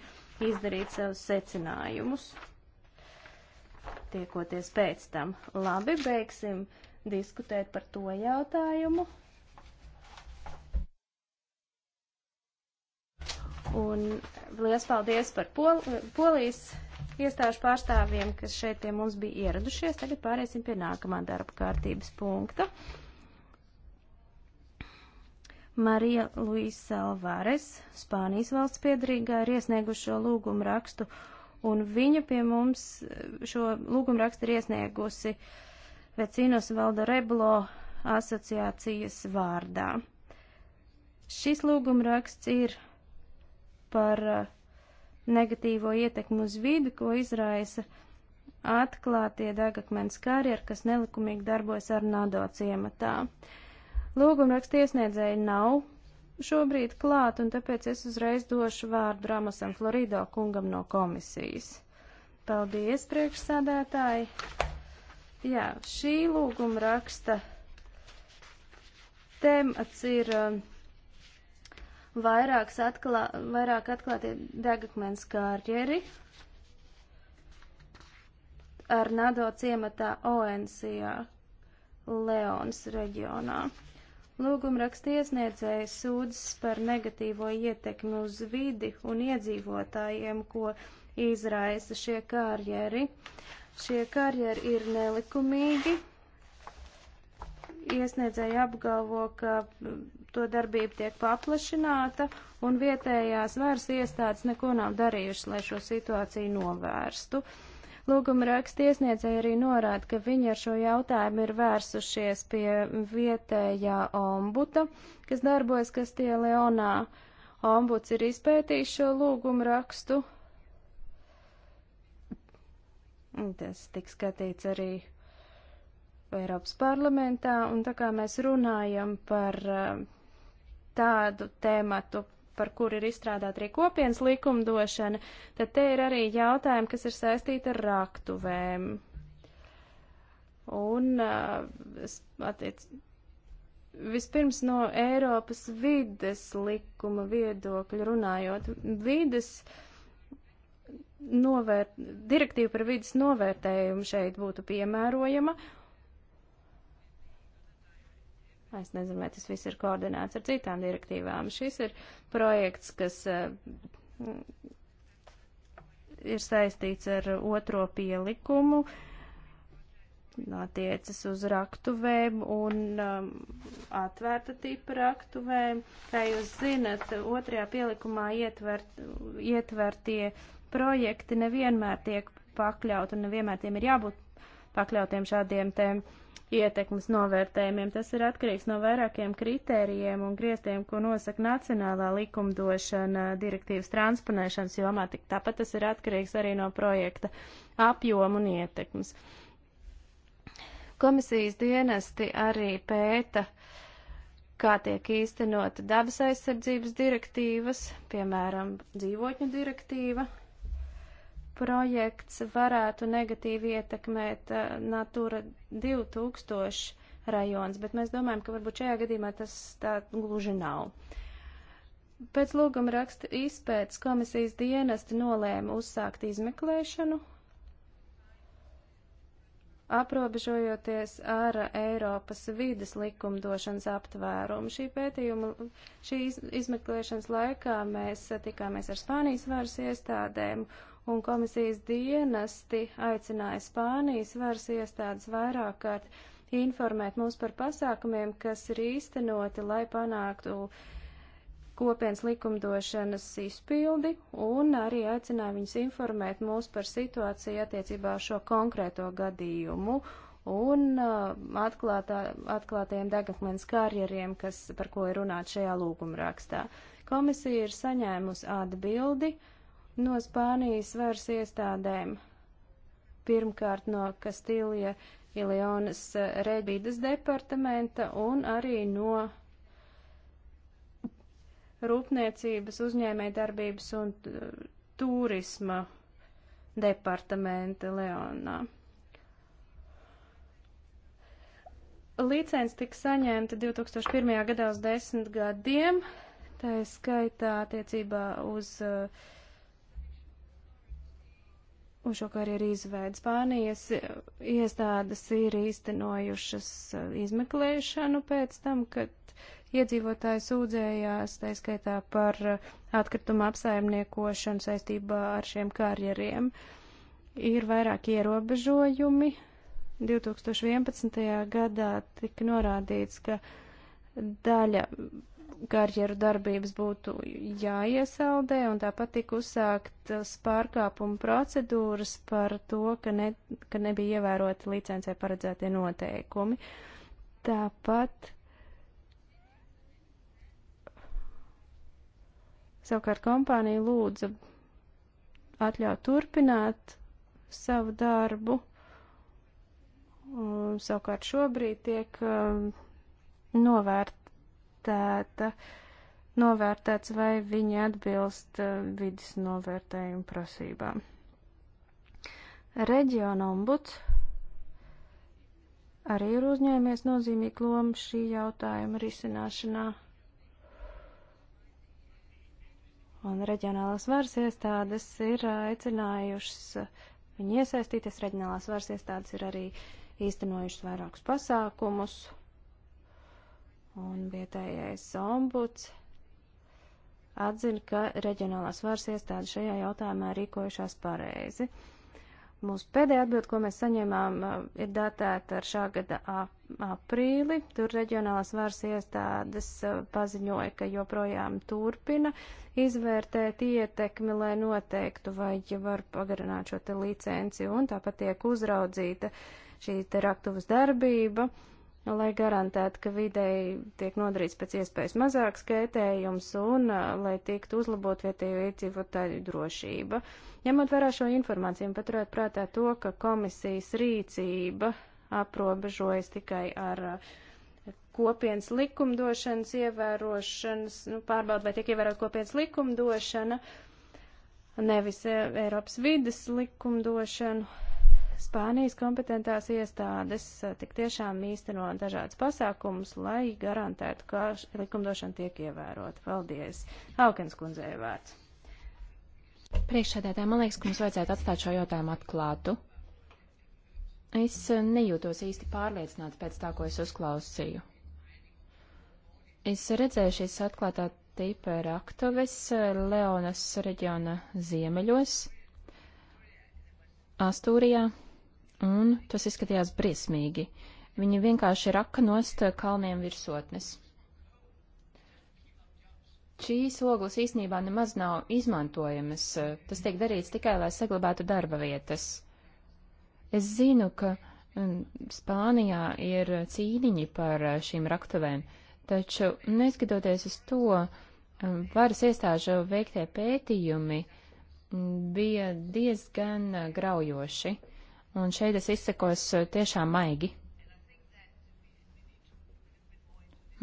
izdarīt savus secinājumus tiekoties pēc tam. Labi, beigsim diskutēt par to jautājumu. Un liels paldies par pol polijas iestāžu pārstāvjiem, kas šeit pie mums bija ieradušies. Tagad pāriesim pie nākamā darba kārtības punkta. Marija Luisa Alvarez, Spānijas valsts piedrīgā, ir iesniegušo lūgumu rakstu, un viņa pie mums šo lūgumu rakstu ir iesniegusi uh, Vecinos Valdareblo asociācijas vārdā. Šis lūgumraksts ir par uh, negatīvo ietekmu uz vidi, ko izraisa atklātie degakmens karjeri, kas nelikumīgi darbojas ar nado ciematā. Lūgumraksta iesniedzēji nav šobrīd klāt, un tāpēc es uzreiz došu vārdu Ramasam Florido kungam no komisijas. Paldies, priekšsādātāji! Jā, šī lūguma raksta temats ir um, vairāks atklā, vairāk atklātie degakmens kārjeri ar Nado ciematā Oensijā, Leons reģionā. Lūguma rakstiesniedzēja sūdzas par negatīvo ietekmi uz vidi un iedzīvotājiem, ko izraisa šie kārjeri. Uh, Šie karjeri ir nelikumīgi. Iesniedzēji apgalvo, ka to darbība tiek paplašināta, un vietējās varas iestādes neko nav darījušas, lai šo situāciju novērstu. Lūguma raksta iesniedzēja arī norāda, ka viņi ar šo jautājumu ir vērsušies pie vietējā ombuta, kas darbojas Kastie Leonā. Ombuds ir izpētījis šo lūgumu rakstu Tas tiks skatīts arī Eiropas parlamentā, un tā kā mēs runājam par eh, tādu tēmatu, par kur ir izstrādāta arī kopienas likumdošana, tad te ir arī jautājumi, kas ir saistīti ar raktuvēm. Un, eh, attiec, vispirms no Eiropas vides likuma viedokļa runājot, vides uh, novērt, direktīva par vidas novērtējumu šeit būtu piemērojama. Es nezinu, vai tas viss ir koordinēts ar citām direktīvām. Šis ir projekts, kas eh, ir saistīts ar otro pielikumu, attiecas uz raktuvēm un um, atvērta tipa raktuvēm. Kā jūs zinat, otrajā pielikumā ietvert, ietvertie projekti nevienmēr tiek pakļauti un nevienmēr tiem ir jābūt pakļautiem šādiem tēm ietekmes novērtējumiem. Tas ir atkarīgs no vairākiem kritērijiem un grieztiem, ko nosaka nacionālā likumdošana direktīvas transponēšanas jomā. Tik tāpat tas ir atkarīgs arī no projekta apjoma un ietekmes. Komisijas dienesti arī pēta, kā tiek īstenota dabas aizsardzības direktīvas, piemēram, dzīvotņu direktīva, projekts varētu negatīvi ietekmēt uh, Natūra 2000 rajons, bet mēs domājam, ka varbūt šajā gadījumā tas tā gluži nav. Pēc lūguma raksta izpētes komisijas dienesti nolēma uzsākt izmeklēšanu, aprobežojoties ar Eiropas vides likumdošanas aptvērumu. Šī pētījuma, šī izmeklēšanas laikā mēs eh, tikāmies ar Spānijas varas iestādēm un komisijas dienesti aicināja Spānijas varas iestādes vairāk kārt informēt mūs par pasākumiem, kas ir īstenoti, lai panāktu kopienas likumdošanas izpildi, un arī aicināja viņus informēt mūs par situāciju attiecībā ar šo konkrēto gadījumu un uh, atklātā, atklātajiem degakmens karjeriem, kas, par ko ir runāts šajā lūgumrakstā. Komisija ir saņēmusi atbildi, uh, no Spānijas varas iestādēm. Pirmkārt no Kastīlija Ilionas eh, Reģīdas departamenta un arī no Rūpniecības uzņēmē darbības un eh, turisma departamenta Leonā. Licence tika saņemta 2001. gadā uz desmit gadiem, tā ir skaitā attiecībā uz uh, Un šo kā arī ir izveid. Spānijas iestādes ir īstenojušas uh, izmeklēšanu pēc tam, kad iedzīvotāji sūdzējās, tā skaitā par uh, atkrituma apsaimniekošanu saistībā ar šiem karjeriem. Ir vairāk ierobežojumi. 2011. gadā tika norādīts, ka daļa karjeru darbības būtu jāiesaldē, un tāpat tika uzsāktas pārkāpuma procedūras par to, ka, ne, ka nebija ievēroti licencē paredzētie noteikumi. Tāpat savukārt kompānija lūdza atļaut turpināt savu darbu, un savukārt šobrīd tiek um, novērt novērtēta, novērtēts, vai viņi atbilst eh, vidas novērtējumu prasībām. Reģiona ombuds arī ir uzņēmies nozīmīgu lomu šī jautājuma risināšanā. un reģionālās varas iestādes ir aicinājušas viņu iesaistīties. Reģionālās varas iestādes ir arī īstenojušas vairākus pasākumus, un vietējais ombuds atzina, ka reģionālās varas iestādes šajā jautājumā rīkojušās pareizi. Mūsu pēdējā atbilde, ko mēs saņēmām, uh, ir datēta ar šā gada aprīli. Tur reģionālās varas iestādes uh, paziņoja, ka joprojām turpina izvērtēt ietekmi, lai noteiktu, vai ja var pagarināt šo te licenci, un tāpat tiek uzraudzīta šī te raktuvas darbība. Uh, lai garantētu, ka videi tiek nodarīts pēc iespējas mazāks kaitējums un uh, lai tiktu uzlabot vietējo iedzīvotāju drošība. Ņemot vērā šo informāciju un paturēt prātā to, ka komisijas rīcība aprobežojas tikai ar uh, kopienas likumdošanas ievērošanas, nu, pārbaud, vai tiek ievērot kopienas likumdošana, nevis uh, Eiropas vides likumdošanu Spānijas kompetentās iestādes eh, tik tiešām īsteno dažādas pasākumus, lai garantētu, ka likumdošana tiek ievērota. Paldies! Haukens kundzei vārds. Priekšsēdētāji, man liekas, ka mums vajadzētu atstāt šo jautājumu atklātu. Es eh, nejūtos īsti pārliecināts pēc tā, ko es uzklausīju. Es redzēju šīs atklātā tipa raktuves eh, Leonas reģiona ziemeļos, Astūrijā un tas izskatījās briesmīgi. Viņi vienkārši raka nost kalniem virsotnes. Šīs ogles īsnībā nemaz nav izmantojamas, tas tiek darīts tikai, lai saglabātu darba vietas. Es zinu, ka mm, Spānijā ir cīniņi par eh, šīm raktuvēm, taču neskatoties uz to, mm, varas iestāžu veiktie pētījumi mm, bija diezgan eh, graujoši. Uh, Un šeit es izsakos eh, tiešām maigi.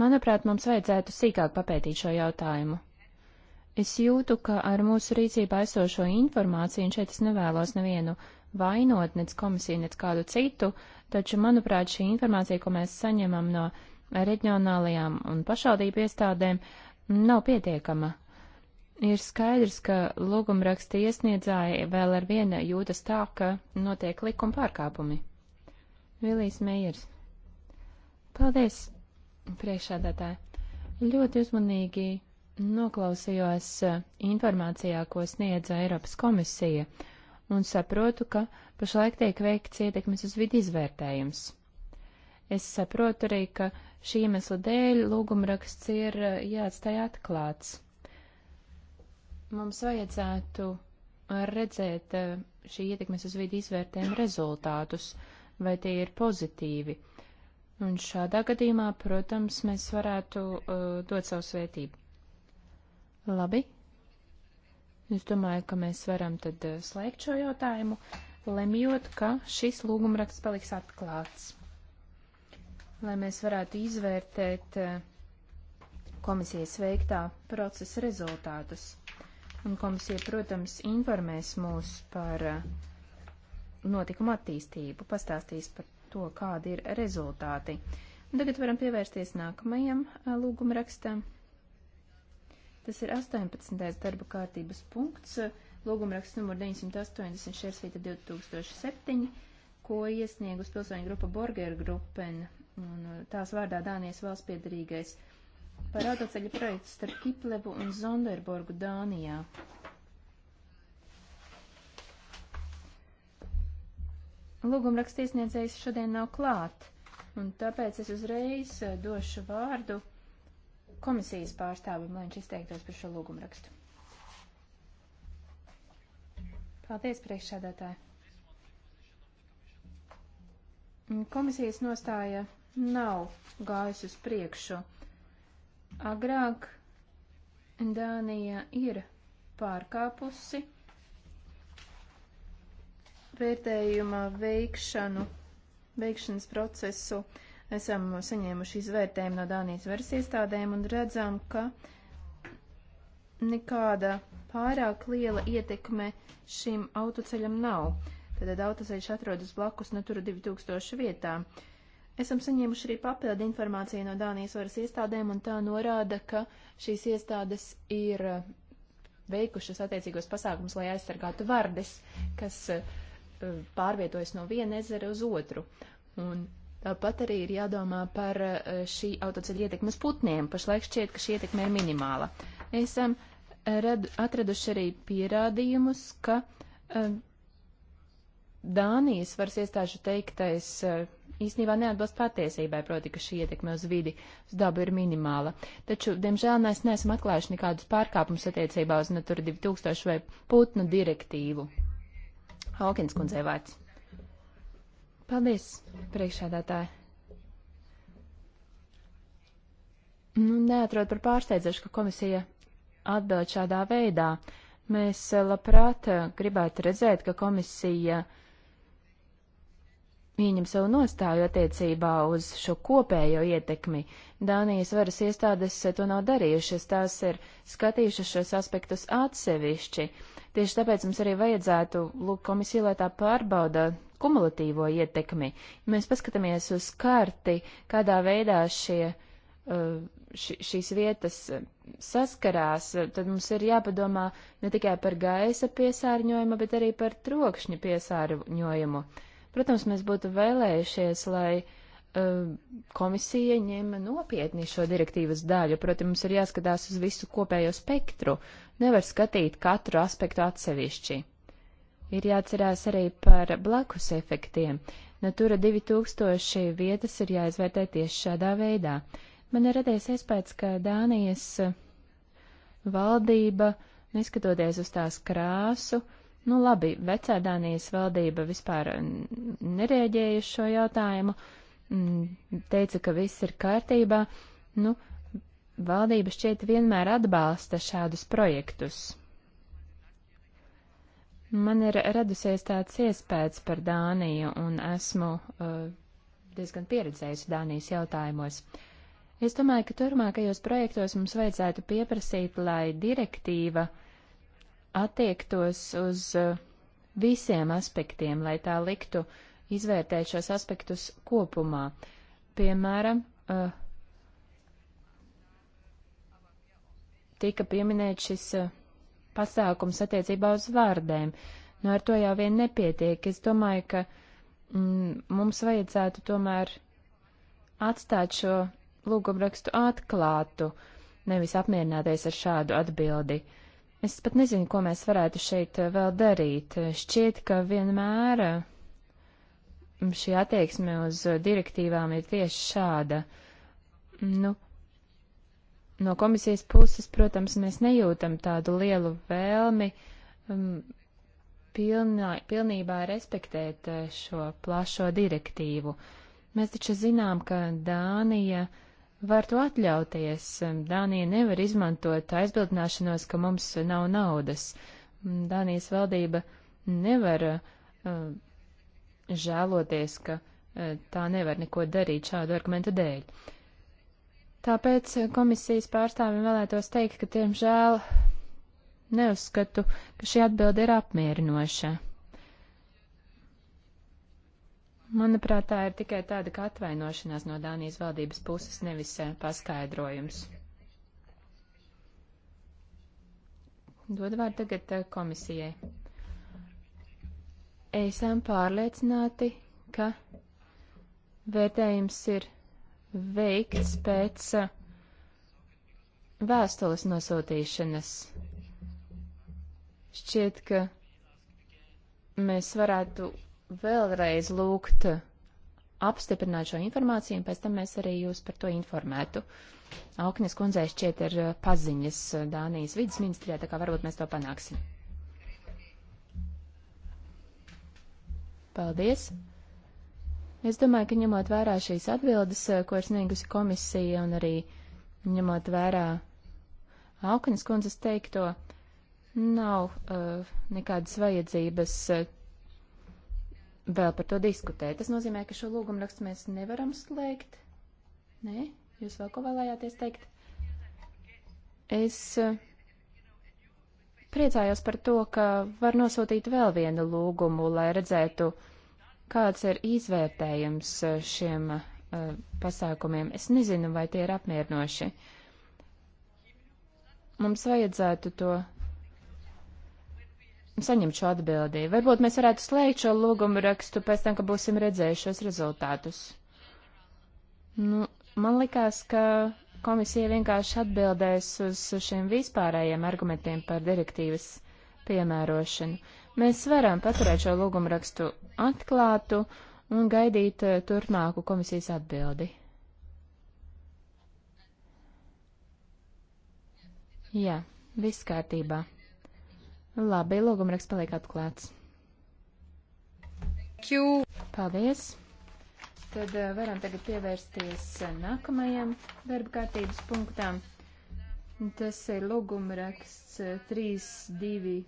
Manuprāt, mums vajadzētu sīkāk papētīt šo jautājumu. Es jūtu, ka ar mūsu rīcībā esošo informāciju, un šeit es nevēlos nevienu vainot, nec komisiju, nec kādu citu, taču, manuprāt, šī informācija, ko mēs saņemam no reģionālajām un pašvaldību iestādēm, nav pietiekama. Ir skaidrs, ka lūgumraksta iesniedzāji vēl ar vienu jūtas tā, ka notiek likuma pārkāpumi. Vilijas Meijers. Paldies, priekšādātāji. Ļoti uzmanīgi noklausījos eh, informācijā, ko sniedza Eiropas komisija, un saprotu, ka pašlaik tiek veikts ietekmes uz vidi izvērtējums. Es saprotu arī, ka šī iemesla dēļ lūgumraksts ir eh, jāatstāj atklāts. Mums vajadzētu redzēt eh, šī ietekmes uz vidi izvērtējuma rezultātus, vai tie ir pozitīvi. Un šādā gadījumā, protams, mēs varētu uh, dot savu svētību. Labi. Es domāju, ka mēs varam tad eh, slēgt šo jautājumu, lemjot, ka šis lūgumraksts paliks atklāts. Lai mēs varētu izvērtēt komisijas veiktā procesa rezultātus un komisija, protams, informēs mūs par uh, notikuma attīstību, pastāstīs par to, kādi ir rezultāti. Un tagad varam pievērsties nākamajam uh, lūguma rakstam. Tas ir 18. darba kārtības punkts, uh, lūguma raksts numur 980 šersvīta 2007, ko iesniegus pilsoņu grupa Borger Gruppen un tās vārdā Dānijas valsts piedarīgais par autoceļa projektu starp Kiplevu un Zonderborgu Dānijā. Lūguma rakstīsniedzējs šodien nav klāt, un tāpēc es uzreiz eh, došu vārdu komisijas pārstāvim, lai viņš izteiktos par šo lūgumu rakstu. Paldies, priekšsēdētāji. Komisijas nostāja nav gājusi uz priekšu. Agrāk Dānija ir pārkāpusi vērtējuma veikšanu, veikšanas procesu. Esam saņēmuši izvērtējumu no Dānijas varas iestādēm un redzam, ka nekāda pārāk liela ietekme šim autoceļam nav. Tad autoceļš atrodas blakus Natura 2000 vietām. Esam saņēmuši arī papildu informāciju no Dānijas varas iestādēm, un tā norāda, ka šīs iestādes ir uh, veikušas attiecīgos pasākums, lai aizsargātu vardes, kas uh, pārvietojas no viena ezera uz otru. Un tāpat arī ir jādomā par uh, šī autoceļa ietekmes putniem. Pašlaik šķiet, ka šī ietekme ir minimāla. Esam red, atraduši arī pierādījumus, ka Dānijas varas iestāžu teiktais īstenībā neatbilst patiesībai, proti, ka šī ietekme uz vidi, uz dabu ir minimāla. Taču, diemžēl, mēs neesam atklājuši nekādus pārkāpumus attiecībā uz Natura 2000 vai putnu direktīvu. Haukins kundzei vārds. Paldies, priekšādātāji. Nu, neatrod par pārsteidzošu, ka komisija atbild šādā veidā. Mēs eh, labprāt eh, gribētu redzēt, ka komisija uh, ieņem savu nostāju attiecībā uz šo kopējo ietekmi. Dānijas varas iestādes to nav darījušas, tās ir skatījušas šos aspektus atsevišķi. Tieši tāpēc mums arī vajadzētu lūk komisiju, lai tā pārbauda kumulatīvo ietekmi. Ja mēs paskatāmies uz karti, kādā veidā šie, uh, ši, šīs vietas uh, saskarās, tad mums ir jāpadomā ne tikai par gaisa piesārņojumu, bet arī par trokšņa piesārņojumu. Protams, mēs būtu vēlējušies, lai eh, komisija ņem nopietni šo direktīvas daļu. Protams, mums ir jāskatās uz visu kopējo spektru. Nevar skatīt katru aspektu atsevišķi. Ir jāatcerās arī par blakus efektiem. Natura 2000 vietas ir jāizvērtē tieši šādā veidā. Man ir radies iespējas, ka Dānijas valdība, neskatoties uz tās krāsu, uh, Nu labi, vecā Dānijas valdība vispār nereaģēja uz šo jautājumu, teica, ka viss ir kārtībā. Nu, valdība šķiet vienmēr atbalsta šādus projektus. Man ir radusies tāds iespējas par Dāniju un esmu uh, diezgan pieredzējusi Dānijas jautājumos. Es domāju, ka turmākajos projektos mums vajadzētu pieprasīt, lai direktīva uh, attiektos uz eh, visiem aspektiem, lai tā liktu izvērtēt šos aspektus kopumā. Piemēram, eh, tika pieminēts šis eh, pasākums attiecībā uz vārdēm. Nu, ar to jau vien nepietiek. Es domāju, ka mm, mums vajadzētu tomēr atstāt šo lūgumrakstu atklātu, nevis apmierināties ar šādu atbildi. Uh, Es pat nezinu, ko mēs varētu šeit eh, vēl darīt. Šķiet, ka vienmēr mm, šī attieksme uz direktīvām ir tieši šāda. Nu, no komisijas puses, protams, mēs nejūtam tādu lielu vēlmi um, pilnā, pilnībā respektēt eh, šo plašo direktīvu. Mēs taču zinām, ka Dānija uh, var to atļauties. Dānija nevar izmantot aizbildināšanos, ka mums nav naudas. Dānijas valdība nevar uh, žēloties, ka uh, tā nevar neko darīt šādu argumentu dēļ. Tāpēc komisijas pārstāvim vēlētos teikt, ka, tiemžēl, neuzskatu, ka šī atbilde ir apmierinoša. Manuprāt, tā ir tikai tāda kā atvainošanās no Dānijas valdības puses, nevis eh, paskaidrojums. Dod vārdu tagad eh, komisijai. Esam pārliecināti, ka vērtējums ir veikts pēc eh, vēstules nosūtīšanas. Šķiet, ka mēs varētu vēlreiz lūgt apstiprināt šo informāciju, un pēc tam mēs arī jūs par to informētu. Auknes kundzei šķiet ir uh, paziņas uh, Dānijas vidas ministrijā, tā kā varbūt mēs to panāksim. Paldies! Es domāju, ka ņemot vērā šīs atbildes, uh, ko ir sniegusi komisija, un arī ņemot vērā Auknes kundzes teikto, nav uh, nekādas vajadzības uh, vēl par to diskutēt. Tas nozīmē, ka šo lūgumu rakstu mēs nevaram slēgt. Nē, jūs vēl ko vēlējāties teikt? Es eh, priecājos par to, ka var nosūtīt vēl vienu lūgumu, lai redzētu, kāds ir izvērtējums eh, šiem uh, pasākumiem. Es nezinu, vai tie ir apmierinoši. Mums vajadzētu to saņemt šo atbildi. Varbūt mēs varētu slēgt šo lūgumu rakstu pēc tam, ka būsim redzējušos rezultātus. Nu, man likās, ka komisija vienkārši atbildēs uz šiem vispārējiem argumentiem par direktīvas piemērošanu. Mēs varam paturēt šo lūgumu rakstu atklātu un gaidīt eh, turpmāku komisijas atbildi. Jā, viss kārtībā. Labi, lūgumraksts paliek atklāts. Q. Paldies! Tad eh, varam tagad pievērsties eh, nākamajam darba kārtības punktam. Tas ir lūgumraksts 321,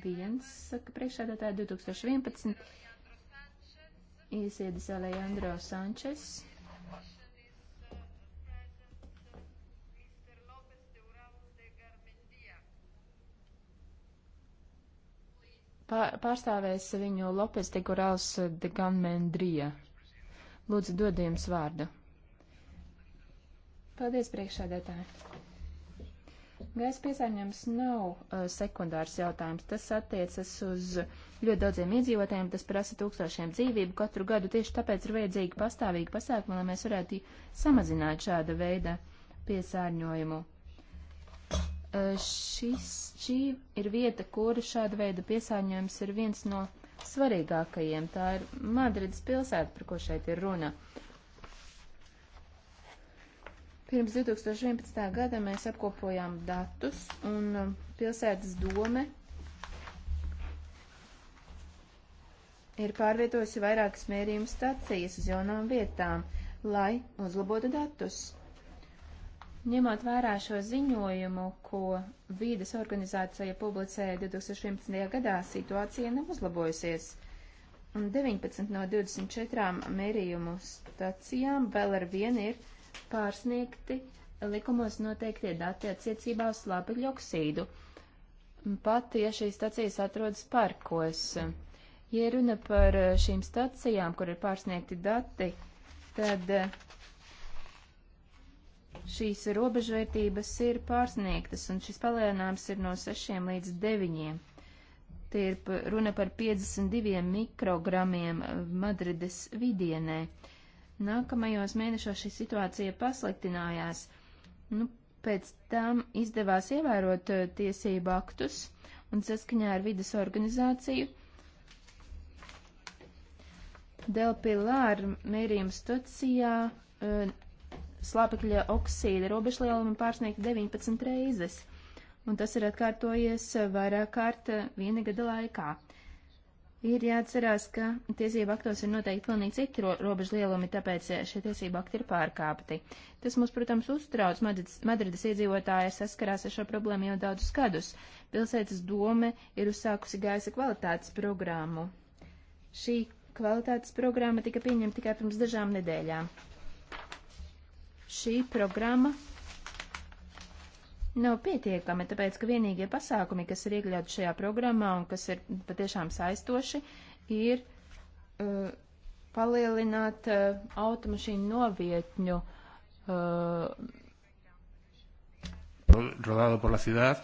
eh, saka priekšādātāja 2011. Iesiedas Alejandro Sančes. pārstāvēs viņu Lopes de Gorals de Ganmendrija. Lūdzu, dod jums vārdu. Paldies, priekšādētāji. Gaisa piesārņojums nav uh, sekundārs jautājums. Tas attiecas uz ļoti daudziem iedzīvotājiem, tas prasa tūkstošiem dzīvību katru gadu. Tieši tāpēc ir vajadzīga pastāvīga pasākuma, lai mēs varētu samazināt šāda veida piesārņojumu. Eh, šis, šī ir vieta, kuru šāda veida piesāņojums ir viens no svarīgākajiem. Tā ir Madrides pilsēta, par ko šeit ir runa. Pirms 2011. gada mēs apkopojām datus un eh, pilsētas dome ir pārvietojusi vairākas mērījuma stacijas uz jaunām vietām, lai uzlabotu datus. Ņemot vērā šo ziņojumu, ko vīdes organizācija publicēja 2011. gadā, situācija nav uzlabojusies. 19 no 24 mērījumu stacijām vēl ar vienu ir pārsniegti likumos noteiktie dati attiecībā uz slāpekļu oksīdu. Pat, ja šīs stacijas atrodas parkos, ja runa par šīm stacijām, kur ir pārsniegti dati, tad šīs robežvērtības ir pārsniegtas, un šis palielinājums ir no 6 līdz 9. Tie ir runa par 52 mikrogramiem eh, Madrides vidienē. Nākamajos mēnešos šī situācija pasliktinājās. Nu, pēc tam izdevās ievērot eh, tiesību aktus un saskaņā ar vidas organizāciju. Delpilāra mērījums Stacijā eh, slāpekļa oksīda robežlieluma pārsniegt 19 reizes, un tas ir atkārtojies vairāk kārt eh, viena gada laikā. Ir jāatcerās, ka tiesību aktos ir noteikti pilnīgi citi ro robežlielumi, tāpēc eh, šie tiesību akti ir pārkāpti. Tas mums, protams, uztrauc. Madrids, Madridas iedzīvotāji saskarās ar šo problēmu jau daudzus gadus. Pilsētas dome ir uzsākusi gaisa kvalitātes programmu. Šī kvalitātes programma tika pieņemta tikai pirms dažām nedēļām šī programma nav pietiekami, tāpēc ka vienīgie pasākumi, kas ir iekļauti šajā programmā un kas ir patiešām saistoši, ir uh, palielināt uh, automašīnu novietņu. Uh, rodado por la ciudad,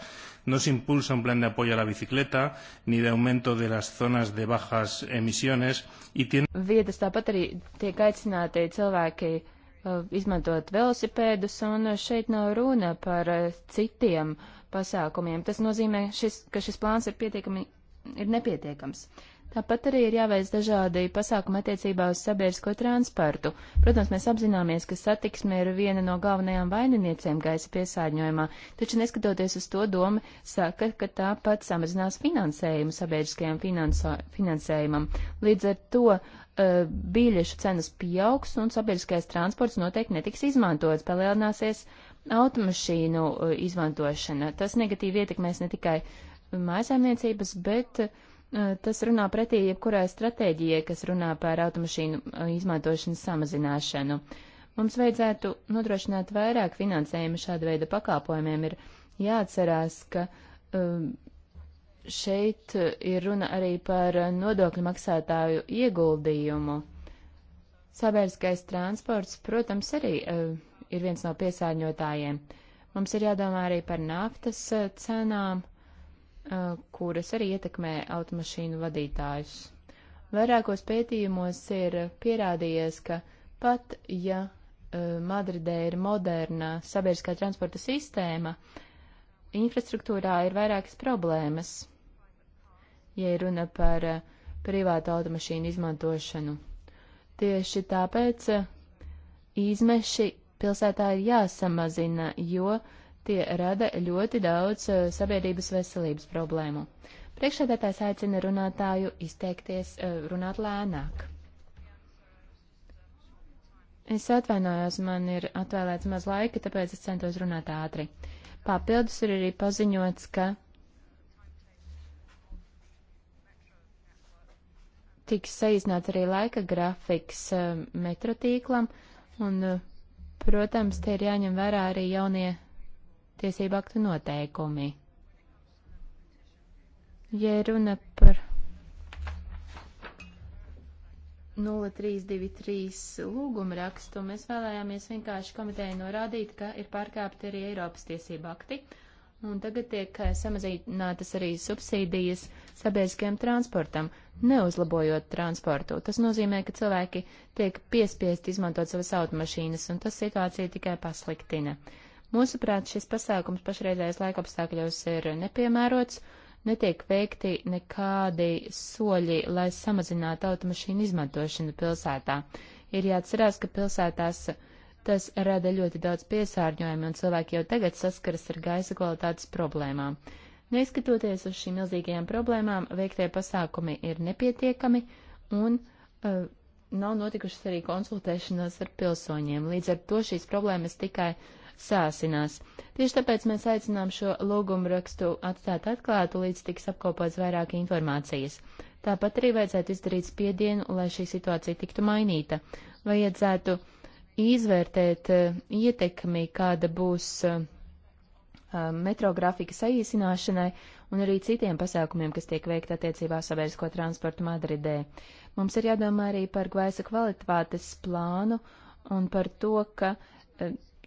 no se impulsa un plan de apoyo a la bicicleta ni de aumento de las zonas de bajas emisiones y tiene... Vietas tāpat arī tiek aicināti cilvēki uh, Eh, izmantot velosipēdus, un šeit nav runa par eh, citiem pasākumiem. Tas nozīmē, šis, ka šis plāns ir pietiekami, ir nepietiekams. Tāpat arī ir jāveic dažādi pasākumi attiecībā uz sabiedrisko transportu. Protams, mēs apzināmies, ka satiksme ir viena no galvenajām vaininiecēm gaisa piesārņojumā, taču neskatoties uz to domu, saka, ka tā pat samazinās finansējumu sabiedriskajam finansējumam. Līdz ar to uh, uh, biļešu cenas pieaugs un sabiedriskais transports noteikti netiks izmantots, palielināsies automašīnu uh, izmantošana. Tas negatīvi ietekmēs ne tikai mājasēmniecības, bet uh, tas runā pretī jebkurai stratēģijai, kas runā par automašīnu izmantošanas samazināšanu. Mums vajadzētu nodrošināt vairāk finansējumu šāda veida pakāpojumiem. Ir jāatcerās, ka um, šeit eh, ir runa arī par eh, nodokļu maksātāju ieguldījumu. Sabiedriskais transports, protams, arī eh, ir viens no piesārņotājiem. Mums ir jādomā arī par naftas cenām, kuras arī ietekmē automašīnu vadītājus. Vairākos pētījumos ir pierādījies, ka pat ja Madridē ir moderna sabiedriskā transporta sistēma, infrastruktūrā ir vairākas problēmas ja runa par eh, privātu automašīnu izmantošanu. Tieši tāpēc eh, izmeši pilsētā ir jāsamazina, jo tie rada ļoti daudz eh, sabiedrības veselības problēmu. Priekšsēdētājs aicina runātāju izteikties, runāt lēnāk. Es atvainojos, man ir atvēlēts maz laika, tāpēc es centos runāt ātri. Papildus ir arī paziņots, ka tiks saīsināts arī laika grafiks eh, metrotīklam, un, eh, protams, te ir jāņem vērā arī jaunie tiesību aktu noteikumi. Ja runa par 0323 lūgumu rakstu, mēs vēlējāmies vienkārši komitejai norādīt, ka ir pārkāpti arī Eiropas tiesību akti. Uh, un tagad tiek eh, samazinātas arī subsīdijas sabiedriskajam transportam, neuzlabojot transportu. Tas nozīmē, ka cilvēki tiek piespiest izmantot savas automašīnas, un tas situācija tikai pasliktina. Mūsuprāt, šis pasākums pašreizējais laikapstākļos ir nepiemērots, netiek veikti nekādi soļi, lai samazinātu automašīnu izmantošanu pilsētā. Ir jāatcerās, ka pilsētās uh, Tas rada ļoti daudz piesārņojumu, un cilvēki jau tagad saskaras ar gaisa kvalitātes problēmām. Neskatoties uz šīm milzīgajām problēmām, veiktie pasākumi ir nepietiekami un uh, nav notikušas arī konsultēšanās ar pilsoņiem. Līdz ar to šīs problēmas tikai sāsinās. Tieši tāpēc mēs aicinām šo lūgumu rakstu atstāt atklātu, līdz tiks apkopots vairāk informācijas. Tāpat arī vajadzētu izdarīt spiedienu, lai šī situācija tiktu mainīta. Vajadzētu uh, izvērtēt eh, ietekmi, kāda būs eh, eh, metro grafika saīsināšanai un arī citiem pasākumiem, kas tiek veikti attiecībā sabiedrisko transportu Madridē. Mums ir jādomā arī par gaisa kvalitātes plānu un par to, ka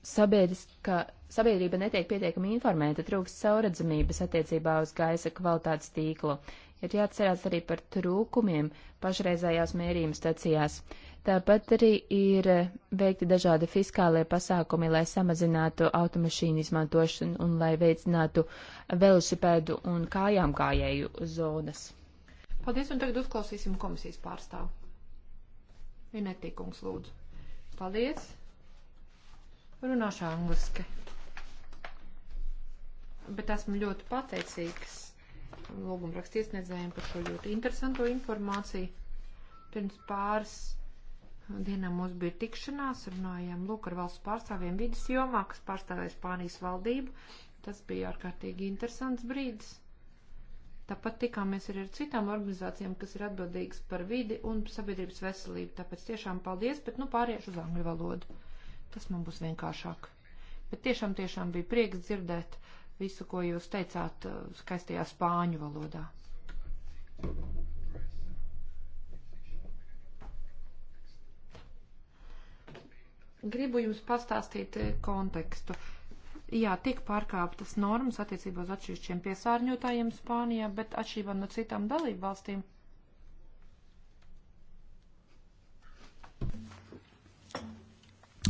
sabiedrība netiek pietiekami informēta, trūkst sauredzamības attiecībā uz gaisa kvalitātes tīklu. Ir jāatcerās arī par trūkumiem pašreizējās mērījuma stacijās. Tāpat arī ir veikti dažādi fiskālie pasākumi, lai samazinātu automašīnu izmantošanu un lai veicinātu velosipēdu un kājām kājēju zonas. Paldies, un tagad uzklausīsim komisijas pārstāvu. Inetīkums lūdzu. Paldies. Runāšu angliski. Bet esmu ļoti pateicīgs lūgumrakstiesniedzējiem par šo ļoti interesanto informāciju. Pirms pāris dienā mums bija tikšanās, runājām lūk ar valsts pārstāvjiem vidas jomā, kas pārstāvēja Spānijas valdību. Tas bija ārkārtīgi interesants brīdis. Tāpat tikāmies arī ar citām organizācijām, kas ir atbildīgas par vidi un sabiedrības veselību. Tāpēc tiešām paldies, bet nu pāriešu uz angļu valodu. Tas man būs vienkāršāk. Bet tiešām, tiešām bija prieks dzirdēt visu, ko jūs teicāt uh, skaistajā spāņu valodā. Thank you. Gribu jums pastāstīt eh, kontekstu. Jā, tiek pārkāptas normas attiecībā uz atsevišķiem piesārņotājiem Spānijā, bet atšķirībā no citām dalību valstīm.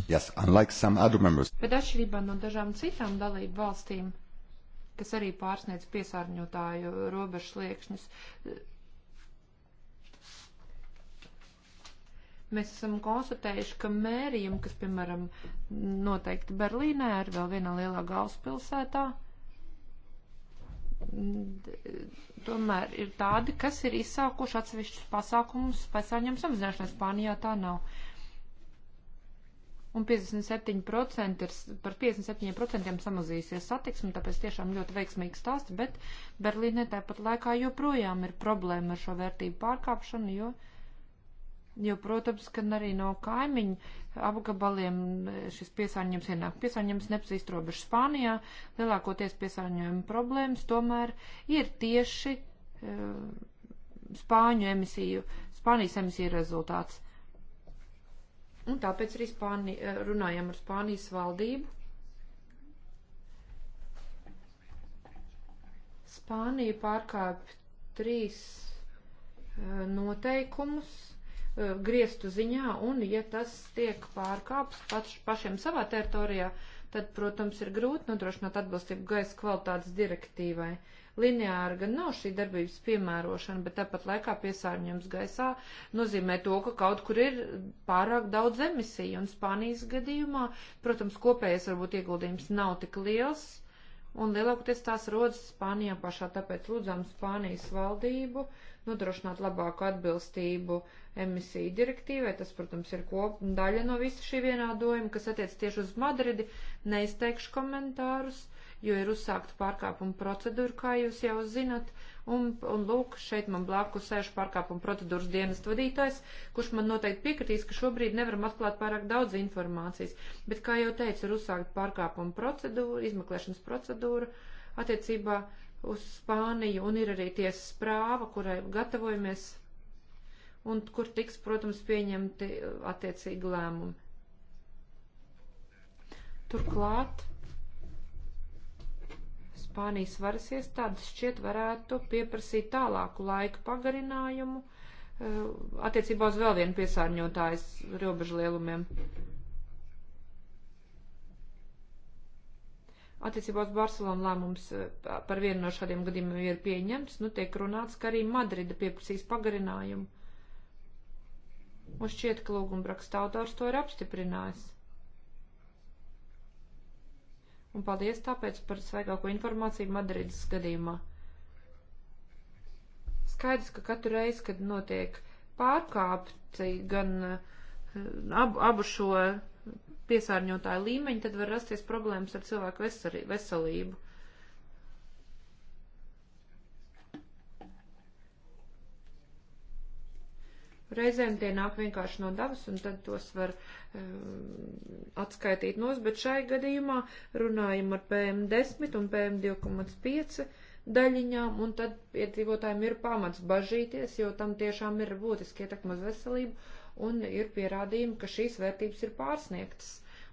Yes, unlike some other members. Bet atšķirībā no dažām citām dalību valstīm, kas arī pārsniedz piesārņotāju robežu sliekšņus, Mēs esam konstatējuši, ka mērījumi, kas, piemēram, noteikti Berlīnē ir vēl vienā lielā galvaspilsētā, mm, tomēr ir tādi, kas ir izsākuši atsevišķus pasākumus pēcāņiem samazināšanai. Spānijā tā nav. Un 57% ir, par 57% samazīsies satiksmi, tāpēc tiešām ļoti veiksmīgs stāsts, bet Berlīnē tāpat laikā joprojām ir problēma ar šo vērtību pārkāpšanu, jo jo, protams, ka arī no kaimiņu apgabaliem šis piesārņojums ienāk. Piesārņojums nepazīst robežu Spānijā, lielākoties piesārņojuma problēmas tomēr ir tieši uh, Spāņu emisiju, Spānijas emisiju rezultāts. Un tāpēc arī Spāni, e, runājam ar Spānijas valdību. Spānija pārkāp trīs uh, noteikumus E, griestu ziņā, un ja tas tiek pārkāps paš, pašiem savā teritorijā, tad, protams, ir grūti nodrošināt atbilstību gaisa kvalitātes direktīvai. Lineāra gan nav šī darbības piemērošana, bet tāpat laikā piesārņojums gaisā nozīmē to, ka kaut kur ir pārāk daudz emisiju, un Spānijas gadījumā, protams, kopējais varbūt ieguldījums nav tik liels, un lielākoties tās rodas Spānijā pašā, tāpēc lūdzām Spānijas valdību nodrošināt labāku atbilstību uh, emisiju direktīvai. Tas, protams, ir kop, daļa no visa šī vienādojuma, kas attiec tieši uz Madridi. Neizteikšu komentārus, jo ir uzsākta pārkāpuma procedūra, kā jūs jau zinat. Un, un lūk, šeit man blākus sēž pārkāpuma procedūras dienas vadītājs, kurš man noteikti piekritīs, ka šobrīd nevaram atklāt pārāk daudz informācijas. Bet, kā jau teicu, ir uzsākta pārkāpuma procedūra, izmeklēšanas procedūra attiecībā uz Spāniju, un ir arī tiesas prāva, kurai gatavojamies un kur tiks, protams, pieņemti uh, attiecīgi lēmumi. Turklāt Spānijas varas iestādes šķiet varētu pieprasīt tālāku laiku pagarinājumu uh, attiecībā uz vēl vienu piesārņotājs robežlielumiem. Attiecībā uz Barcelonu lēmums uh, par vienu no šādiem gadījumiem ir pieņemts. Nu, tiek runāts, ka arī Madrida pieprasīs pagarinājumu. Un šķiet, ka lūgumraksta autors to ir apstiprinājis. Un paldies tāpēc par svaigāko informāciju Madrides gadījumā. Skaidrs, ka katru reizi, kad notiek pārkāpti gan eh, ab, abu šo piesārņotāju līmeņi, tad var rasties problēmas ar cilvēku veselību. Reizēm tie nāk vienkārši no dabas, un tad tos var um, atskaitīt nos, bet šai gadījumā runājam ar PM10 un PM2,5 daļiņām, un tad iedzīvotājiem ir pamats bažīties, jo tam tiešām ir būtiski ietekma uz veselību, un ir pierādījumi, ka šīs vērtības ir pārsniegtas.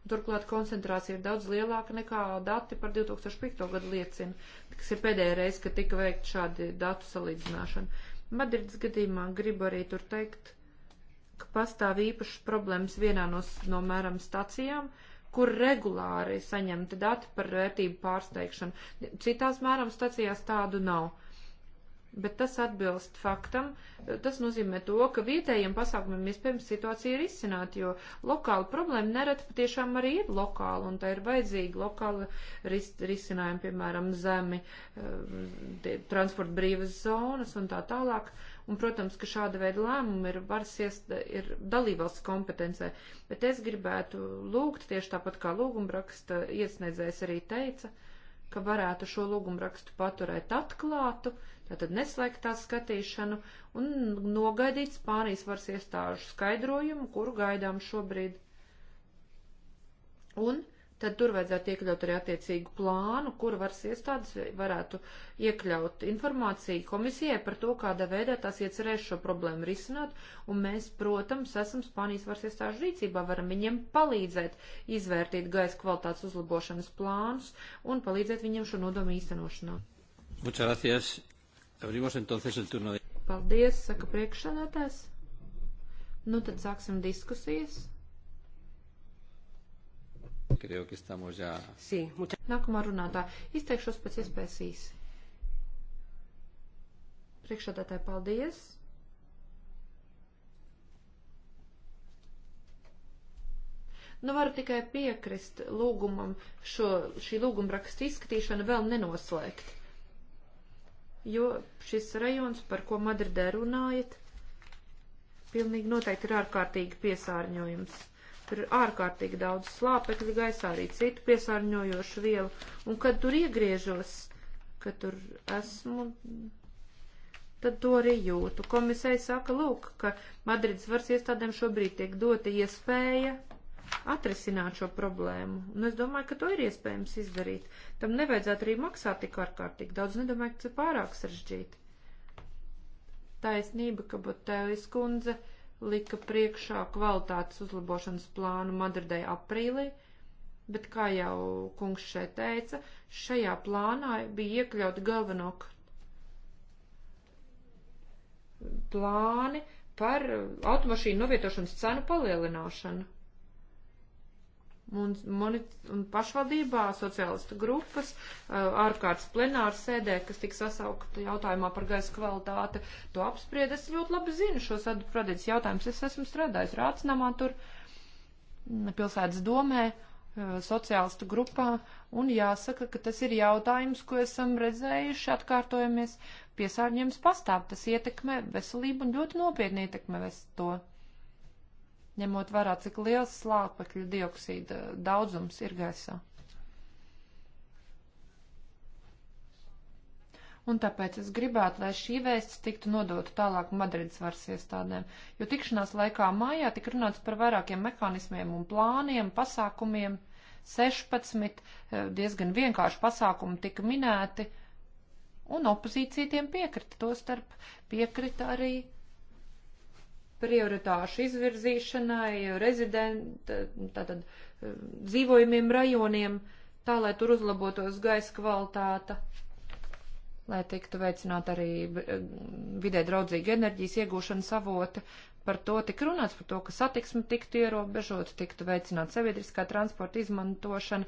Turklāt koncentrācija ir daudz lielāka nekā dati par 2005. gadu liecina, kas ir pēdējā reize, kad tika veikt šādi datu salīdzināšana. Madrids gadījumā gribu arī tur teikt, ka pastāv īpašas problēmas vienā no, no mēram stacijām, kur regulāri saņemti dati par vērtību pārsteigšanu. Citās mēram stacijās tādu nav bet tas atbilst faktam. Tas nozīmē to, ka vietējiem pasākumiem iespējams situācija ir izcināta, jo lokāla problēma nereti patiešām arī ir lokāla, un tā ir vajadzīga lokāla ris risinājuma, piemēram, zemi, eh, transporta brīvas zonas un tā tālāk. Un, protams, ka šāda veida lēmumi ir varas iest, ir dalībvalsts kompetencē, bet es gribētu lūgt tieši tāpat kā lūgumraksta iesniedzējs arī teica, uh, ka varētu šo lūgumrakstu paturēt atklātu, tātad neslēgt tā skatīšanu un nogaidīt Spānijas varas iestāžu skaidrojumu, kuru gaidām šobrīd. Un tad tur vajadzētu iekļaut arī attiecīgu plānu, kur varas iestādes varētu iekļaut informāciju komisijai par to, kādā veidā tās iecerēs šo problēmu risināt, un mēs, protams, esam Spānijas varas iestāžu rīcībā, varam viņiem palīdzēt izvērtīt gaisa kvalitātes uzlabošanas plānus un palīdzēt viņiem šo nodomu īstenošanā. Muchas gracias. Abrimos entonces el turno de... Paldies, saka priekšsēdētājs. Nu tad sāksim diskusijas. Creo que estamos ya. Sí, mucha... Nākamā runātā. Izteikšos pēc iespējas īsi. Priekšādātāji, paldies! Nu, varu tikai piekrist lūgumam šo, šī lūguma raksta izskatīšanu vēl nenoslēgt. Jo šis rajons, par ko Madridē runājat, pilnīgi noteikti ir ārkārtīgi piesārņojums. Tur ir ārkārtīgi daudz slāpekļu gaisā, arī citu piesārņojošu vielu. Un kad tur iegriežos, kad tur esmu, tad to arī jūtu. Komisija saka, lūk, ka Madrids varas iestādēm šobrīd tiek dota iespēja atrisināt šo problēmu. Un es domāju, ka to ir iespējams izdarīt. Tam nevajadzētu arī maksāt tik ārkārtīgi daudz. Nedomāju, ka tas ir pārāk sarežģīti. Taisnība, ka Botēlis kundze. Uh, lika priekšā kvalitātes uzlabošanas plānu Madridai aprīlī, bet, kā jau kungs šeit teica, šajā plānā bija iekļauti galvenokārt plāni par automašīnu novietošanas cenu palielināšanu un, un pašvaldībā sociālistu grupas uh, ārkārtas plenāra sēdē, kas tika sasaukta jautājumā par gaisa kvalitāti, to apspried. Es ļoti labi zinu šos atbildības jautājumus. Es esmu strādājis Rācinamā tur, mm, pilsētas domē, uh, sociālistu grupā, un jāsaka, ka tas ir jautājums, ko esam redzējuši, atkārtojamies, piesārņojums pastāv, tas ietekmē veselību un ļoti nopietni ietekmē to ņemot vērā, cik liels slāpekļu dioksīda daudzums ir gaisā. Un tāpēc es gribētu, lai šī vēsts tiktu nodota tālāk Madrides varas iestādēm, jo tikšanās laikā mājā tika runāts par vairākiem mehānismiem un plāniem, pasākumiem, 16 eh, diezgan vienkārši pasākumi tika minēti, un opozīcija tiem piekrita, to starp piekrita arī prioritāšu izvirzīšanai, rezidenta, tātad eh, dzīvojumiem rajoniem, tā lai tur uzlabotos gaisa kvalitāte, lai tiktu veicināt arī eh, vidē draudzīgi enerģijas iegūšana savoti. Par to tik runāts, par to, ka satiksme tiktu ierobežota, tiktu veicināta sabiedriskā transporta izmantošana,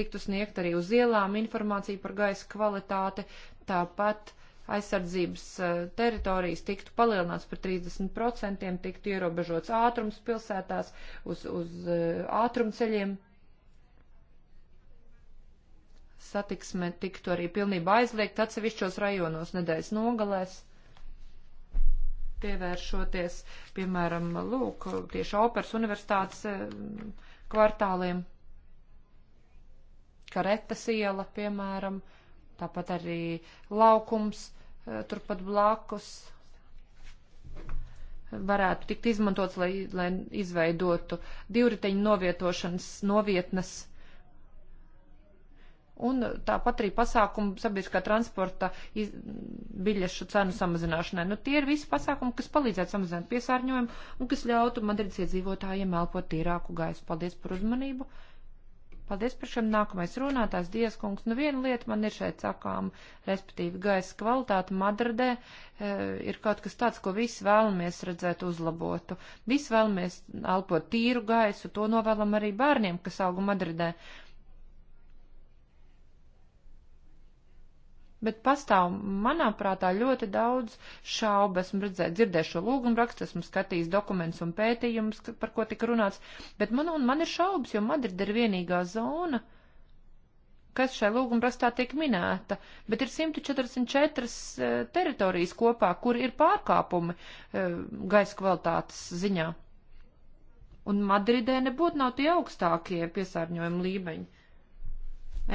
tiktu sniegt arī uz ielām informācija par gaisa kvalitāti, tāpat uh, aizsardzības eh, teritorijas tiktu palielināts par 30%, tiktu ierobežots ātrums pilsētās uz, uz eh, ātrumceļiem. Satiksme tiktu arī pilnībā aizliegt atsevišķos rajonos nedēļas nogalēs pievēršoties, piemēram, lūk, tieši operas universitātes eh, kvartāliem, karetas iela, piemēram, tāpat arī laukums Eh, turpat blakus varētu tikt izmantots, lai, lai izveidotu divriteņu novietošanas novietnes. Un tāpat arī pasākumu sabiedriskā transporta iz, biļešu cenu samazināšanai. Nu, tie ir visi pasākumi, kas palīdzētu samazināt piesārņojumu un kas ļautu Madrids iedzīvotājiem elpot tīrāku gaisu. Paldies par uzmanību! Paldies par šiem nākamais runātājs Dieskungs. Nu, viena lieta man ir šeit sakām, respektīvi gaisa kvalitāte Madridē e, ir kaut kas tāds, ko visi vēlamies redzēt uzlabotu. Visi vēlamies elpot tīru gaisu, to novēlam arī bērniem, kas auga Madridē. Bet pastāv, manāprātā, ļoti daudz šaubu. Esmu redzējis, dzirdējuši šo lūgumu rakstu, esmu skatījis dokumentus un pētījumus, par ko tika runāts. Bet man, man ir šaubas, jo Madrida ir vienīgā zona, kas šai lūgumu rakstā tiek minēta. Bet ir 144 e, teritorijas kopā, kur ir pārkāpumi e, gaisa kvalitātes ziņā. Un Madridē nebūtu nav tie augstākie piesārņojuma līmeņi.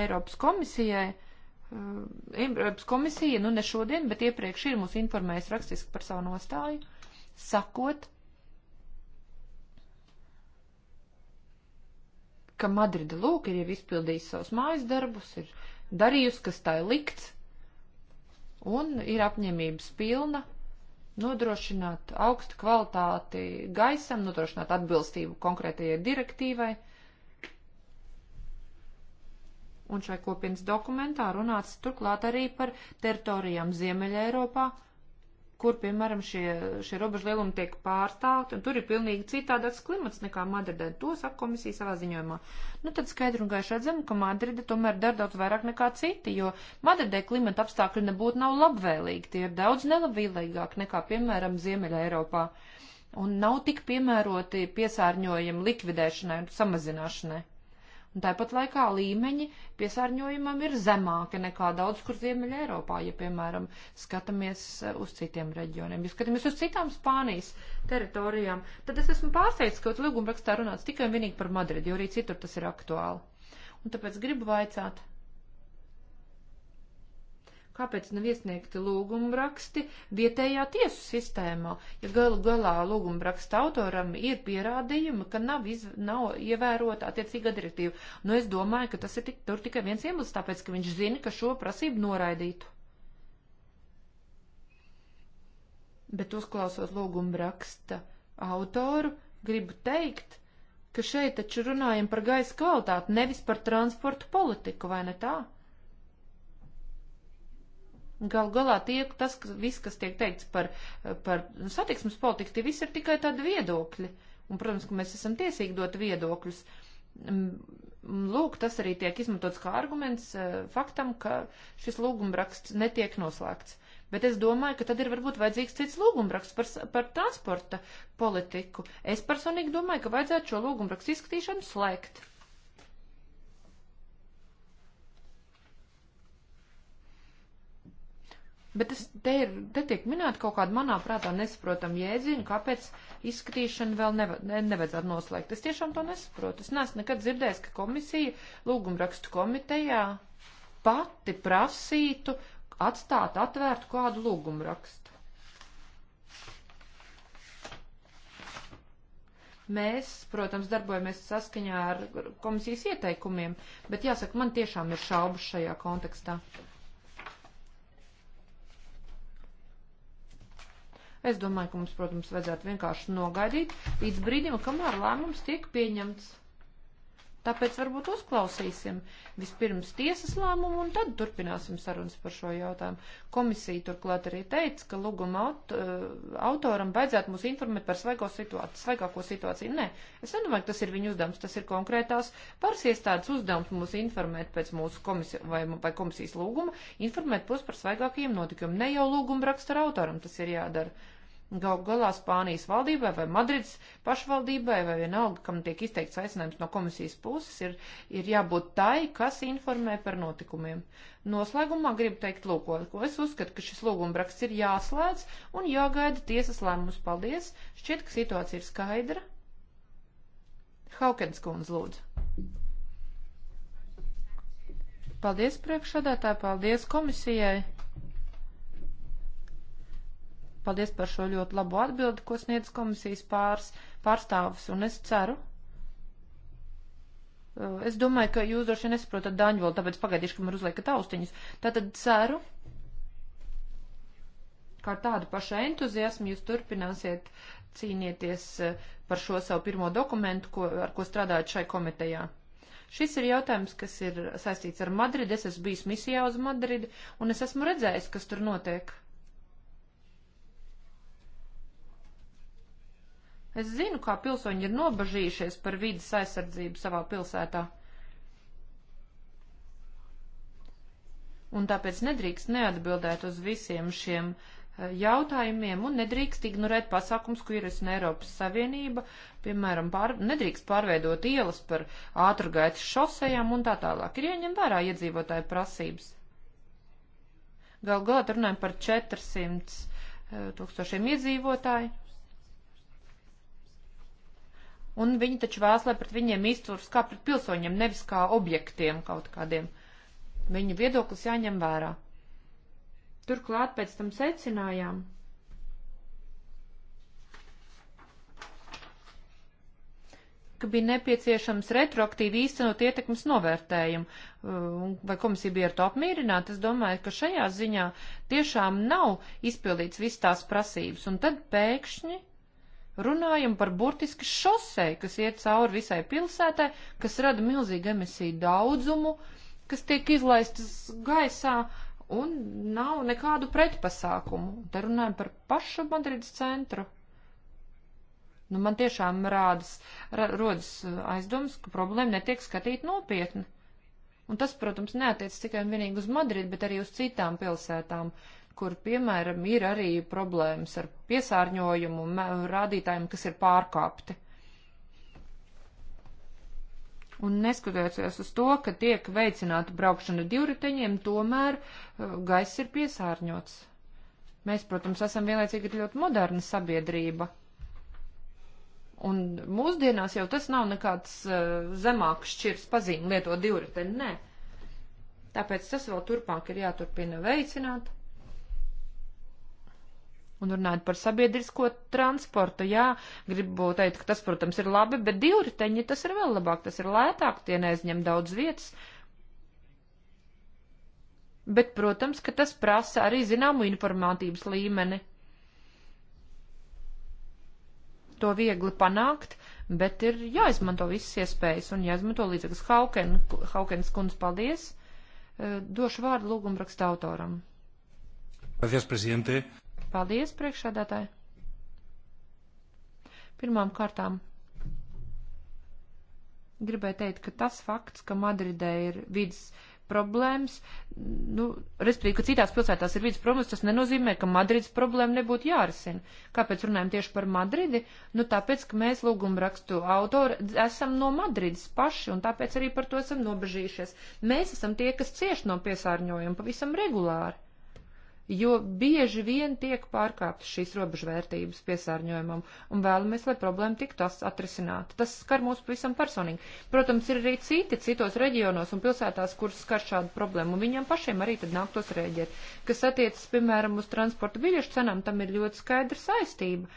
Eiropas komisijai Eh, Eiropas komisija, nu ne šodien, bet iepriekš ir mūs informējusi rakstiski par savu nostāju, sakot, ka Madrida lūk ir jau izpildījusi savus mājas darbus, ir darījusi, kas tā ir likts, un ir apņemības pilna nodrošināt augstu kvalitāti gaisam, nodrošināt atbilstību konkrētajai direktīvai un šai kopienas dokumentā runāts turklāt arī par teritorijām Ziemeļa Eiropā, kur, piemēram, šie, šie robežu lielumi tiek pārstāvti, un tur ir pilnīgi citādāks klimats nekā Madridē. To saka komisija savā ziņojumā. Nu, tad skaidri un gaiši redzam, ka Madride tomēr dara daudz vairāk nekā citi, jo Madridē klimata apstākļi nebūtu nav labvēlīgi, tie ir daudz nelabvēlīgāk nekā, piemēram, Ziemeļa Eiropā, un nav tik piemēroti piesārņojumi likvidēšanai un samazināšanai. Un tāpat laikā līmeņi piesārņojumam ir zemāki nekā daudz kur Ziemeļa Eiropā, ja, piemēram, skatāmies eh, uz citiem reģioniem. Ja skatāmies uz citām Spānijas teritorijām, tad es esmu pārsteigts, ka līgumrakstā runāts tikai un vienīgi par Madridi, jo arī citur tas ir aktuāli. Un tāpēc gribu vaicāt, Kāpēc nav iesniegti lūgumraksti vietējā tiesu sistēmā, ja galu galā lūgumraksta autoram ir pierādījumi, ka nav, iz, nav ievērota attiecīga direktīva? Nu, es domāju, ka tas ir tik, tur tikai viens iemesls, tāpēc, ka viņš zina, ka šo prasību noraidītu. Bet uzklausot lūgumraksta autoru, gribu teikt, ka šeit taču runājam par gaisa kvalitāti, nevis par transportu politiku, vai ne tā? Gal galā tiek tas, kas, viss, kas tiek teikts par, par nu, satiksmes politiku, tie visi ir tikai tādi viedokļi. Un, protams, ka mēs esam tiesīgi dot viedokļus. Mm, mm, lūk, tas arī tiek izmantots kā arguments eh, faktam, ka šis lūgumraksts netiek noslēgts. Bet es domāju, ka tad ir varbūt vajadzīgs cits lūgumraksts par, par transporta politiku. Es personīgi domāju, ka vajadzētu šo lūgumrakstu izskatīšanu slēgt. Bet es, te, ir, te tiek minēta kaut kāda manā prātā nesaprotama jēdziena, kāpēc izskatīšanu vēl neva, ne, nevajadzētu noslēgt. Es tiešām to nesaprotu. Es neesmu nekad dzirdējis, ka komisija lūgumrakstu komitejā pati prasītu atstāt atvērtu kādu lūgumrakstu. Mēs, protams, darbojamies saskaņā ar komisijas ieteikumiem, bet jāsaka, man tiešām ir šaubas šajā kontekstā. Es domāju, ka mums, protams, vajadzētu vienkārši nogaidīt līdz brīdim, kamēr lēmums tiek pieņemts. Tāpēc varbūt uzklausīsim vispirms tiesas lēmumu un tad turpināsim sarunas par šo jautājumu. Komisija turklāt arī teica, ka lūguma aut eh, autoram vajadzētu mūs informēt par svaigo situāciju, svaigāko situāciju. Nē, es nedomāju, ka tas ir viņa uzdevums, tas ir konkrētās varas iestādes uzdevums mūs informēt pēc mūsu komisija vai, vai komisijas lūguma, informēt pus par svaigākajiem notikumiem. Ne jau lūguma raksta autoram tas ir jādara. Gal galā Spānijas valdībai vai Madrids pašvaldībai vai vienalga, kam tiek izteikts aicinājums no komisijas puses, ir, ir jābūt tai, kas informē par notikumiem. Noslēgumā gribu teikt lūko, ko es uzskatu, ka šis lūgumraksts ir jāslēdz un jāgaida tiesas lēmums. Paldies! Šķiet, ka situācija ir skaidra. Haukens kundz lūdzu. Paldies priekšsādātāji, paldies komisijai. Paldies par šo ļoti labo atbildi, ko sniedz komisijas pārs, pārstāvis, un es ceru. Uh, es domāju, ka jūs droši nesaprotat daņu vēl, tāpēc pagaidīšu, kamēr uzliekat austiņus. Tātad ceru, kā tādu pašu entuziasmu jūs turpināsiet cīnieties uh, par šo savu pirmo dokumentu, ko, ar ko strādājat šai komitejā. Šis ir jautājums, kas ir saistīts ar Madridi. Es esmu bijis misijā uz Madridi, un es esmu redzējis, kas tur notiek. Es zinu, kā pilsoņi ir nobažījušies par vidas aizsardzību savā pilsētā. Un tāpēc nedrīkst neatbildēt uz visiem šiem eh, jautājumiem un nedrīkst ignorēt pasākums, ko ierasina Eiropas Savienība, piemēram, pār, nedrīkst pārveidot ielas par ātrgaitas šosejām un tā tālāk. Ir jāņem vērā iedzīvotāju prasības. Gal galā runājam par 400 eh, tūkstošiem iedzīvotāju, un viņi taču vēlas, lai pret viņiem izturs kā pret pilsoņiem, nevis kā objektiem kaut kādiem. Viņu viedoklis jāņem vērā. Turklāt pēc tam secinājām, ka bija nepieciešams retroaktīvi īstenot ietekmes novērtējumu. Uh, vai komisija bija ar to apmierināta? Es domāju, ka šajā ziņā tiešām nav izpildīts viss tās prasības. Un tad pēkšņi runājam par burtiski šosei, kas iet cauri visai pilsētai, kas rada milzīgu emisiju daudzumu, kas tiek izlaistas gaisā un nav nekādu pretpasākumu. Te runājam par pašu Madrides centru. Nu, man tiešām rādas, rodas aizdomas, ka problēma netiek skatīta nopietni. Un tas, protams, neatiec tikai un vienīgi uz Madridu, bet arī uz citām pilsētām kur, piemēram, ir arī problēmas ar piesārņojumu rādītājiem, kas ir pārkāpti. Un neskatoties uz to, ka tiek veicināta braukšana divriteņiem, tomēr uh, gaiss ir piesārņots. Mēs, protams, esam vienlaicīgi ļoti moderna sabiedrība. Un mūsdienās jau tas nav nekāds uh, zemāks šķirs pazīme lietot divriteņu, nē. Tāpēc tas vēl turpmāk ir jāturpina veicināt. Un runājot par sabiedrisko transportu, jā, gribu teikt, ka tas, protams, ir labi, bet divriteņi tas ir vēl labāk, tas ir lētāk, tie neaizņem daudz vietas. Bet, protams, ka tas prasa arī zināmu informātības līmeni. To viegli panākt, bet ir jāizmanto visas iespējas un jāizmanto līdzekļus. Hauken, Haukens kundz, paldies! Došu vārdu lūgumraksta autoram. Paldies, prezidente! Paldies, priekšādātāji! Pirmām kārtām gribēju teikt, ka tas fakts, ka Madridē ir vidas problēmas, nu, respektīvi, ka citās pilsētās ir vidas problēmas, tas nenozīmē, ka Madrids problēma nebūtu jārisina. Kāpēc runājam tieši par Madridi? Nu, tāpēc, ka mēs lūgumu rakstu autori esam no Madridas paši, un tāpēc arī par to esam nobežījušies. Mēs esam tie, kas cieši no piesārņojuma pavisam regulāri jo bieži vien tiek pārkāptas šīs robežvērtības piesārņojumam, un vēlamies, lai problēma tiktu atrisināta. Tas skar mūs pavisam personīgi. Protams, ir arī citi citos reģionos un pilsētās, kur skar šādu problēmu, un viņiem pašiem arī tad nāktos rēģēt. Kas attiecas, piemēram, uz transporta biļešu cenām, tam ir ļoti skaidra saistība.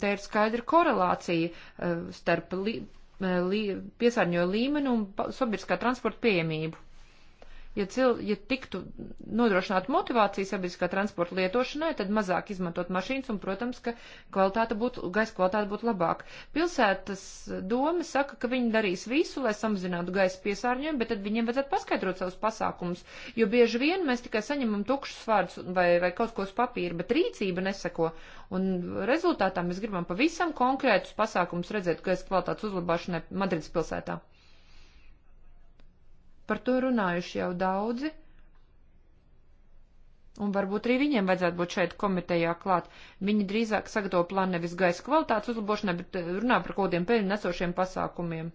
Te ir skaidra korelācija uh, starp li, eh, li, piesārņojumu līmeni un sabiedriskā transporta pieejamību. Ja, cil, ja tiktu nodrošināta motivācija sabiedriskā transporta lietošanai, tad mazāk izmantot mašīnas un, protams, ka kvalitāte būtu, gaisa kvalitāte būtu labāka. Pilsētas doma saka, ka viņi darīs visu, lai samazinātu gaisa piesārņojumu, bet tad viņiem vajadzētu paskaidrot savus pasākumus, jo bieži vien mēs tikai saņemam tukšus vārdus vai, vai kaut ko uz papīra, bet rīcība neseko. Un rezultātā mēs gribam pavisam konkrētus pasākumus redzēt gaisa kvalitātes uzlabāšanai Madrids pilsētā. Par to runājuši jau daudzi. Un varbūt arī viņiem vajadzētu būt šeit komitejā klāt. Viņi drīzāk sagatavo plānu nevis gaisa kvalitātes uzlabošanai, bet eh, runā par kaut kādiem peļņu nesošiem pasākumiem.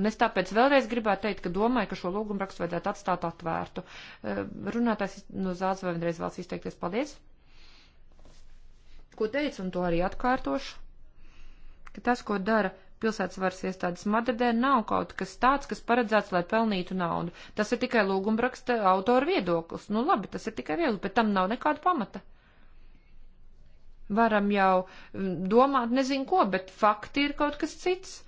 Un es tāpēc vēlreiz gribētu teikt, ka domāju, ka šo lūgumu rakstu vajadzētu atstāt atvērtu. Eh, runātājs no zāles vēl vienreiz vēlas izteikties paldies. Ko teicu, un to arī atkārtošu, ka tas, ko dara pilsētas varas iestādes Madridē nav kaut kas tāds, kas paredzēts, lai pelnītu naudu. Tas ir tikai lūgumraksta autora viedoklis. Nu labi, tas ir tikai viegli, bet tam nav nekāda pamata. Varam jau mm, domāt nezinu ko, bet fakti ir kaut kas cits.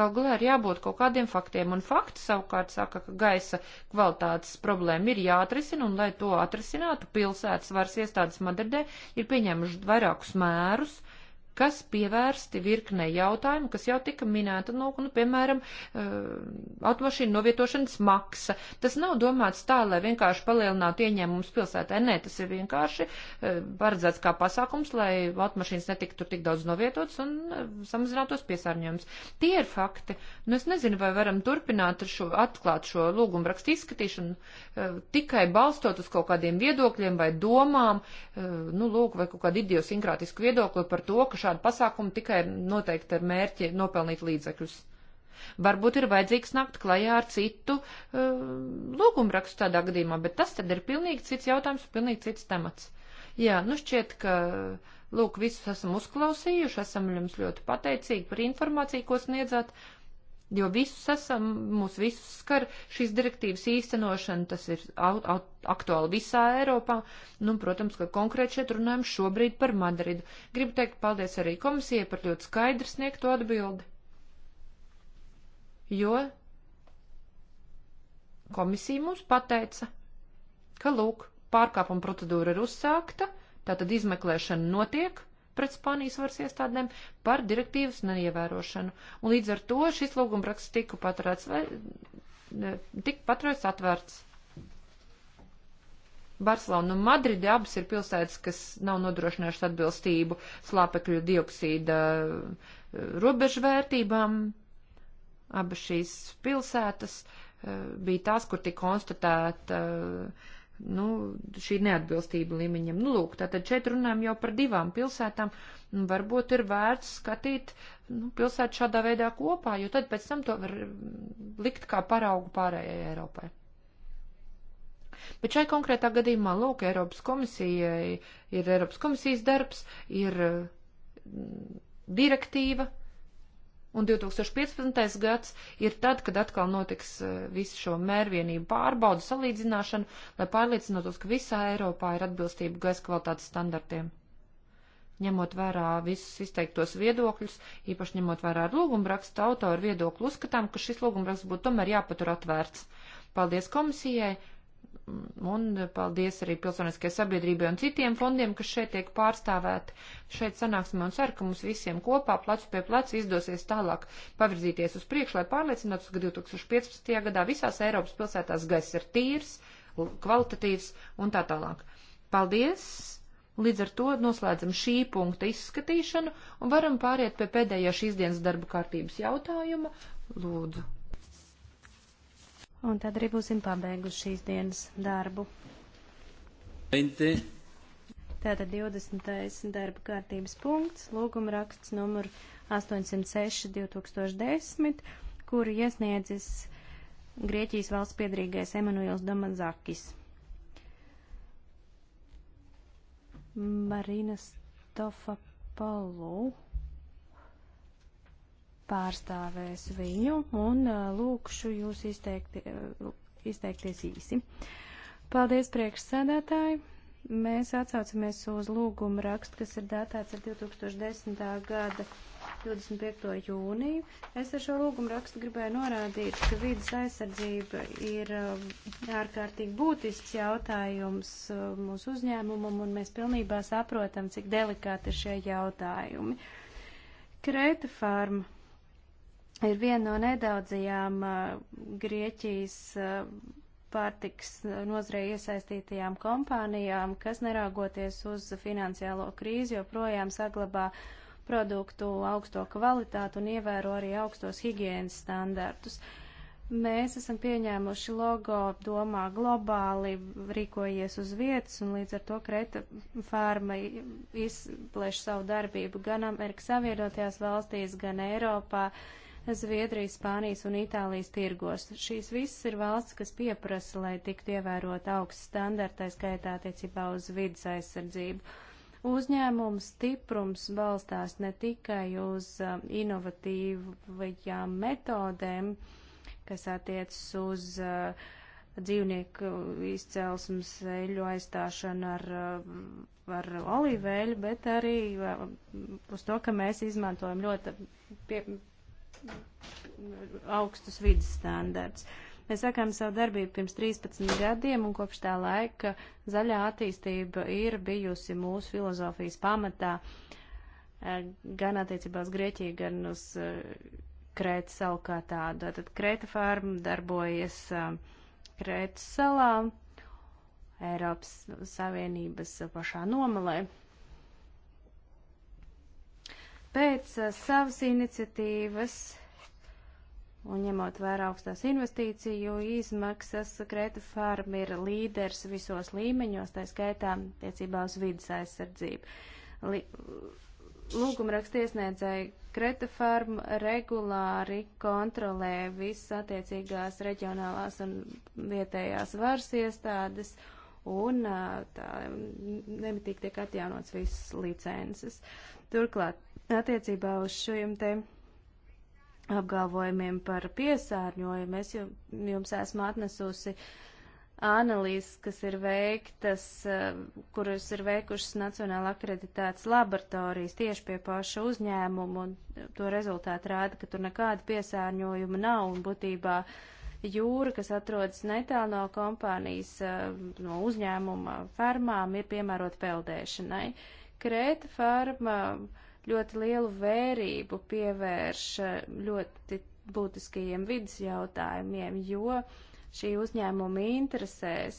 Gal galā ir jābūt kaut kādiem faktiem, un fakti savukārt saka, ka gaisa kvalitātes problēma ir jāatrisina, un lai to atrisinātu, pilsētas varas iestādes Madridē ir pieņēmuši vairākus mērus, uh, kas pievērsti virknei jautājumu, kas jau tika minēta, nu, nu piemēram, eh, automašīnu novietošanas maksa. Tas nav domāts tā, lai vienkārši palielinātu ieņēmumus pilsētē. Nē, tas ir vienkārši eh, paredzēts kā pasākums, lai automašīnas netiktu tik daudz novietotas un eh, samazinātos piesārņojums. Tie ir fakti. Nu, es nezinu, vai varam turpināt šo, atklāt šo lūgumu rakstu izskatīšanu tikai balstot uz kaut kādiem viedokļiem vai domām, nu, lūk, vai kaut kādu idiosinkrātisku viedokli par to, ka šādu pasākumu tikai noteikti ar mērķi nopelnīt līdzekļus. Varbūt ir vajadzīgs nākt klajā ar citu uh, lūgumrakstu tādā gadījumā, bet tas tad ir pilnīgi cits jautājums, pilnīgi cits temats. Jā, nu šķiet, ka lūk, visus esam uzklausījuši, esam jums ļoti pateicīgi par informāciju, ko sniedzāt, jo visus esam, mūs visus skar šīs direktīvas īstenošana, tas ir au, au, aktuāli visā Eiropā, nu, protams, ka konkrēti šeit runājam šobrīd par Madridu. Gribu teikt paldies arī komisijai par ļoti skaidru sniegto atbildi, jo komisija mums pateica, ka, lūk, pārkāpuma procedūra ir uzsākta, tātad izmeklēšana notiek, pret Spānijas varas iestādēm par direktīvas neievērošanu. Un līdz ar to šis lūgumraksts tika paturēts, vai, tika paturēts atvērts. Barcelona un Madridi abas ir pilsētas, kas nav nodrošinājušas atbilstību slāpekļu dioksīda e, robežvērtībām. Abas šīs pilsētas e, bija tās, kur tika konstatēta uh, nu, šī neatbilstība līmeņam. Nu, lūk, tātad šeit runājam jau par divām pilsētām. Nu, varbūt ir vērts skatīt nu, pilsētu šādā veidā kopā, jo tad pēc tam to var mm, likt kā paraugu pārējai Eiropai. Bet šai konkrētā gadījumā, lūk, Eiropas komisijai ir Eiropas komisijas darbs, ir mm, direktīva, un 2015. gads ir tad, kad atkal notiks e, visu šo mērvienību pārbaudu salīdzināšana, lai pārliecinātos, ka visā Eiropā ir atbilstība gaisa kvalitātes standartiem. Ņemot vērā visus izteiktos viedokļus, īpaši ņemot vērā lūgumraksta autoru viedokli, uzskatām, ka šis lūgumraksts būtu tomēr jāpatur atvērts. Paldies komisijai un paldies arī pilsoniskajai sabiedrībai un citiem fondiem, kas šeit tiek pārstāvēti. Šeit sanāksmē un ceru, ka mums visiem kopā plecu pie pleca izdosies tālāk pavirzīties uz priekšu, lai pārliecinātos, ka 2015. gadā visās Eiropas pilsētās gaiss ir tīrs, kvalitatīvs un tā tālāk. Paldies! Līdz ar to noslēdzam šī punkta izskatīšanu un varam pāriet pie pēdējā šīs dienas darba kārtības jautājuma. Lūdzu! Un tad arī būsim pabeiguši šīs dienas darbu. 20. Tātad 20. darba kārtības punkts, lūguma raksts numur 806 2010, kuru iesniedzis Grieķijas valsts piedrīgais Emanuils Domanzakis. Marina Stofapalu pārstāvēs viņu un lūkšu jūs izteikti, izteikties īsi. Paldies priekšsēdētāji! Mēs atsaucamies uz lūgumu rakstu, kas ir datēts ar 2010. gada 25. jūniju. Es ar šo lūgumu rakstu gribēju norādīt, ka vidas aizsardzība ir ārkārtīgi būtisks jautājums mūsu uzņēmumam, un mēs pilnībā saprotam, cik delikāti ir šie jautājumi. Kreta farma ir viena no nedaudzajām Grieķijas pārtiks nozarē iesaistītajām kompānijām, kas neraugoties uz finansiālo krīzi joprojām saglabā produktu augsto kvalitātu un ievēro arī augstos higienas standartus. Mēs esam pieņēmuši logo, domā globāli, rīkojies uz vietas, un līdz ar to Kreta farma izplēš savu darbību gan Amerikas Savienotajās valstīs, gan Eiropā. Uh, Zviedrijas, Spānijas un Itālijas tirgos. Šīs visas ir valsts, kas pieprasa, lai tiktu ievērot augsts standartai skaitā attiecībā uz vidas aizsardzību. Uzņēmums stiprums balstās ne tikai uz uh, inovatīvajām metodēm, kas attiecas uz uh, dzīvnieku izcelsmes eļu aizstāšanu ar, uh, ar olīveļu, bet arī uh, uz to, ka mēs izmantojam ļoti pie, augstus vidas standarts. Mēs sākām savu darbību pirms 13 gadiem, un kopš tā laika zaļā attīstība ir bijusi mūsu filozofijas pamatā eh, gan attiecībā uz Grieķiju, gan uz eh, Krēta salu kā tādu. Tātad Krēta farma darbojas eh, Krēta salā, Eiropas Savienības pašā nomalē pēc eh, savas iniciatīvas un ņemot vērā augstās investīciju izmaksas, Greta Farm ir līders visos līmeņos, tā skaitā tiecībā uz vidas aizsardzību. Li Lūgumraksta iesniedzēja Greta Farm regulāri kontrolē visas attiecīgās reģionālās un vietējās varas iestādes un eh, tā nemitīgi tiek atjaunots visas licences. Turklāt Attiecībā uz šiem te apgalvojumiem par piesārņojumu es jums esmu atnesusi analīzes, kas ir veiktas, eh, kuras ir veikušas Nacionāla akreditētas laboratorijas tieši pie paša uzņēmuma, un to rezultāti rāda, ka tur nekāda piesārņojuma nav un būtībā jūra, kas atrodas netālu no kompānijas, eh, no uzņēmuma fermām, ir piemērota peldēšanai. Krēta farma uh, ļoti lielu vērību pievērš eh, ļoti būtiskajiem vidas jautājumiem, jo šī uzņēmuma interesēs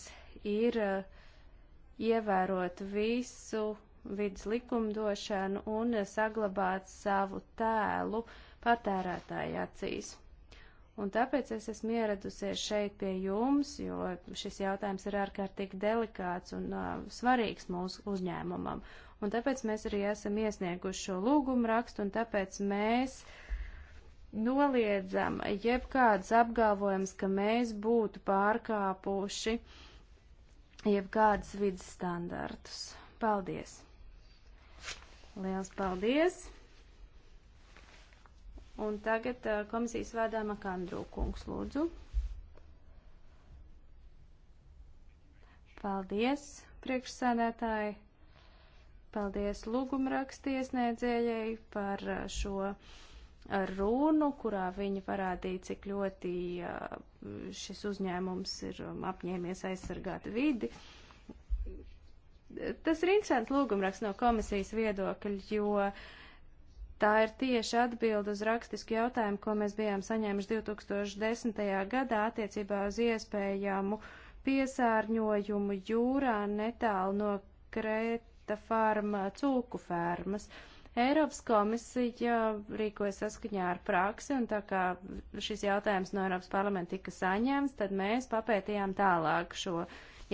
ir eh, ievērot visu vidas likumdošanu un saglabāt savu tēlu patērētāju acīs. Un tāpēc es esmu ieradusies šeit pie jums, jo šis jautājums ir ārkārtīgi delikāts un uh, svarīgs mūsu uzņēmumam un tāpēc mēs arī esam iesnieguši šo lūgumu rakstu, un tāpēc mēs noliedzam jebkādas apgalvojums, ka mēs būtu pārkāpuši jebkādas vidas standartus. Paldies! Liels paldies! Un tagad uh, komisijas vārdā Makandrū kungs lūdzu. Paldies, priekšsēdētāji! Paldies lūgumrakstiesniedzējai par šo runu, kurā viņa parādīja, cik ļoti šis uzņēmums ir um, apņēmies aizsargāt vidi. Tas ir interesants lūgumraksts no komisijas viedokļa, jo tā ir tieši atbilda uz rakstisku jautājumu, ko mēs bijām saņēmuši 2010. gadā attiecībā uz iespējamu piesārņojumu jūrā netālu no Krētas Vita farma, cūku fermas. Eiropas komisija rīkoja saskaņā ar praksi, un tā kā šis jautājums no Eiropas parlamenta tika saņemts, tad mēs papētījām tālāk šo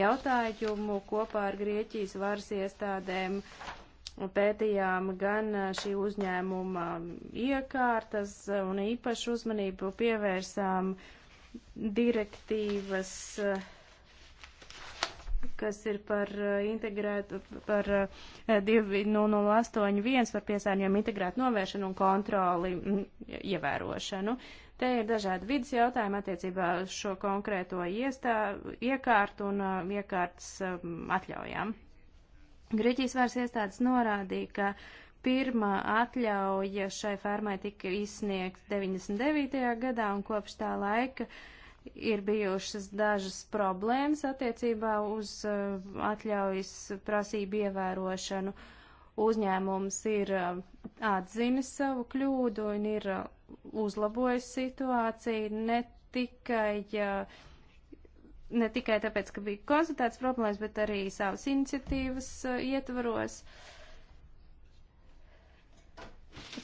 jautājumu kopā ar Grieķijas varas iestādēm. Pētījām gan uh, šī uzņēmuma um, iekārtas uh, un īpašu uzmanību pievērsām direktīvas uh, kas ir par uh, integrētu, par 2008.1 uh, nu, nu, par piesārņojumu integrētu novēršanu un kontroli mm, ievērošanu. Te ir dažādi vidas jautājumi attiecībā uz šo konkrēto iestā, iekārtu un uh, iekārtas um, atļaujām. Grieķijas varas iestādes norādīja, ka pirmā atļauja šai fermai tika izsniegta 99. gadā un kopš tā laika uh, ir bijušas dažas problēmas attiecībā uz uh, atļaujas prasību ievērošanu. Uzņēmums ir uh, atzinis savu kļūdu un ir uh, uzlabojis situāciju ne tikai, ne tikai tāpēc, ka bija konstatēts problēmas, bet arī savas iniciatīvas ietvaros.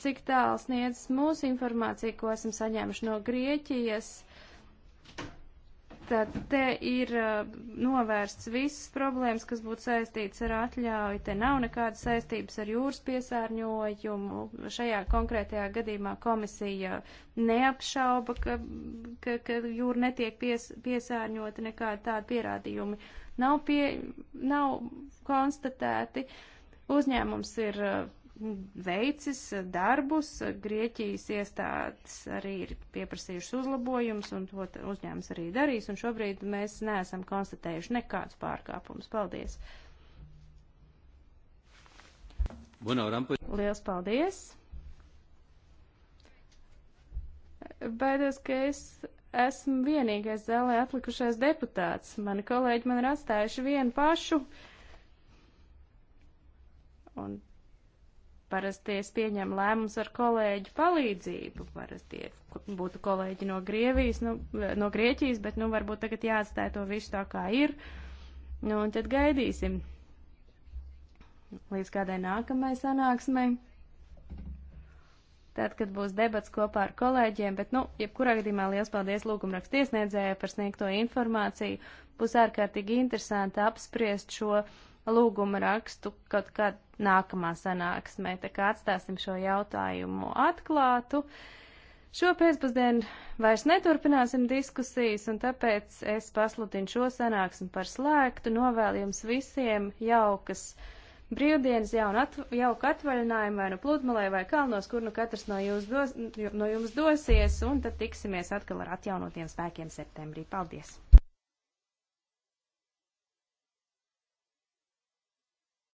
Cik tālu sniedz mūsu informācija, ko esam saņēmuši no Grieķijas? Tad te ir novērsts visas problēmas, kas būtu saistītas ar atļauju. Te nav nekādas saistības ar jūras piesārņojumu. Šajā konkrētajā gadījumā komisija neapšauba, ka, ka, ka jūra netiek pies, piesārņota, nekādi tādi pierādījumi nav, pie, nav konstatēti. Uzņēmums ir uh, veicis darbus, Grieķijas iestādes arī ir pieprasījušas uzlabojumus, un to uzņēmums arī darīs, un šobrīd mēs neesam konstatējuši nekādus pārkāpumus. Paldies! Liels paldies! Baidos, ka es esmu vienīgais zālē atlikušais deputāts. Mani kolēģi man ir atstājuši vienu pašu. Un Parasti es pieņemu lēmumus ar kolēģu palīdzību. Parasti būtu kolēģi no, Grievijas, nu, no Grieķijas, bet nu, varbūt tagad jāatstāj to visu tā, kā ir. Nu, un tad gaidīsim līdz kādai nākamai sanāksmei. Tad, kad būs debats kopā ar kolēģiem, bet, nu, jebkurā gadījumā liels paldies lūgumrakstiesniedzējai par sniegto informāciju. Būs ārkārtīgi interesanti apspriest šo lūguma rakstu kaut kad nākamā sanāksmē, tā kā atstāsim šo jautājumu atklātu. Šo pēcpusdienu vairs neturpināsim diskusijas, un tāpēc es pasludinu šo sanāksmi par slēgtu, novēlu jums visiem jaukas brīvdienas, jaunu atv jauku atvaļinājumu, vai nu pludmalē, vai kalnos, kur nu katrs no, jūs dos, no jums dosies, un tad tiksimies atkal ar atjaunotiem spēkiem septembrī. Paldies!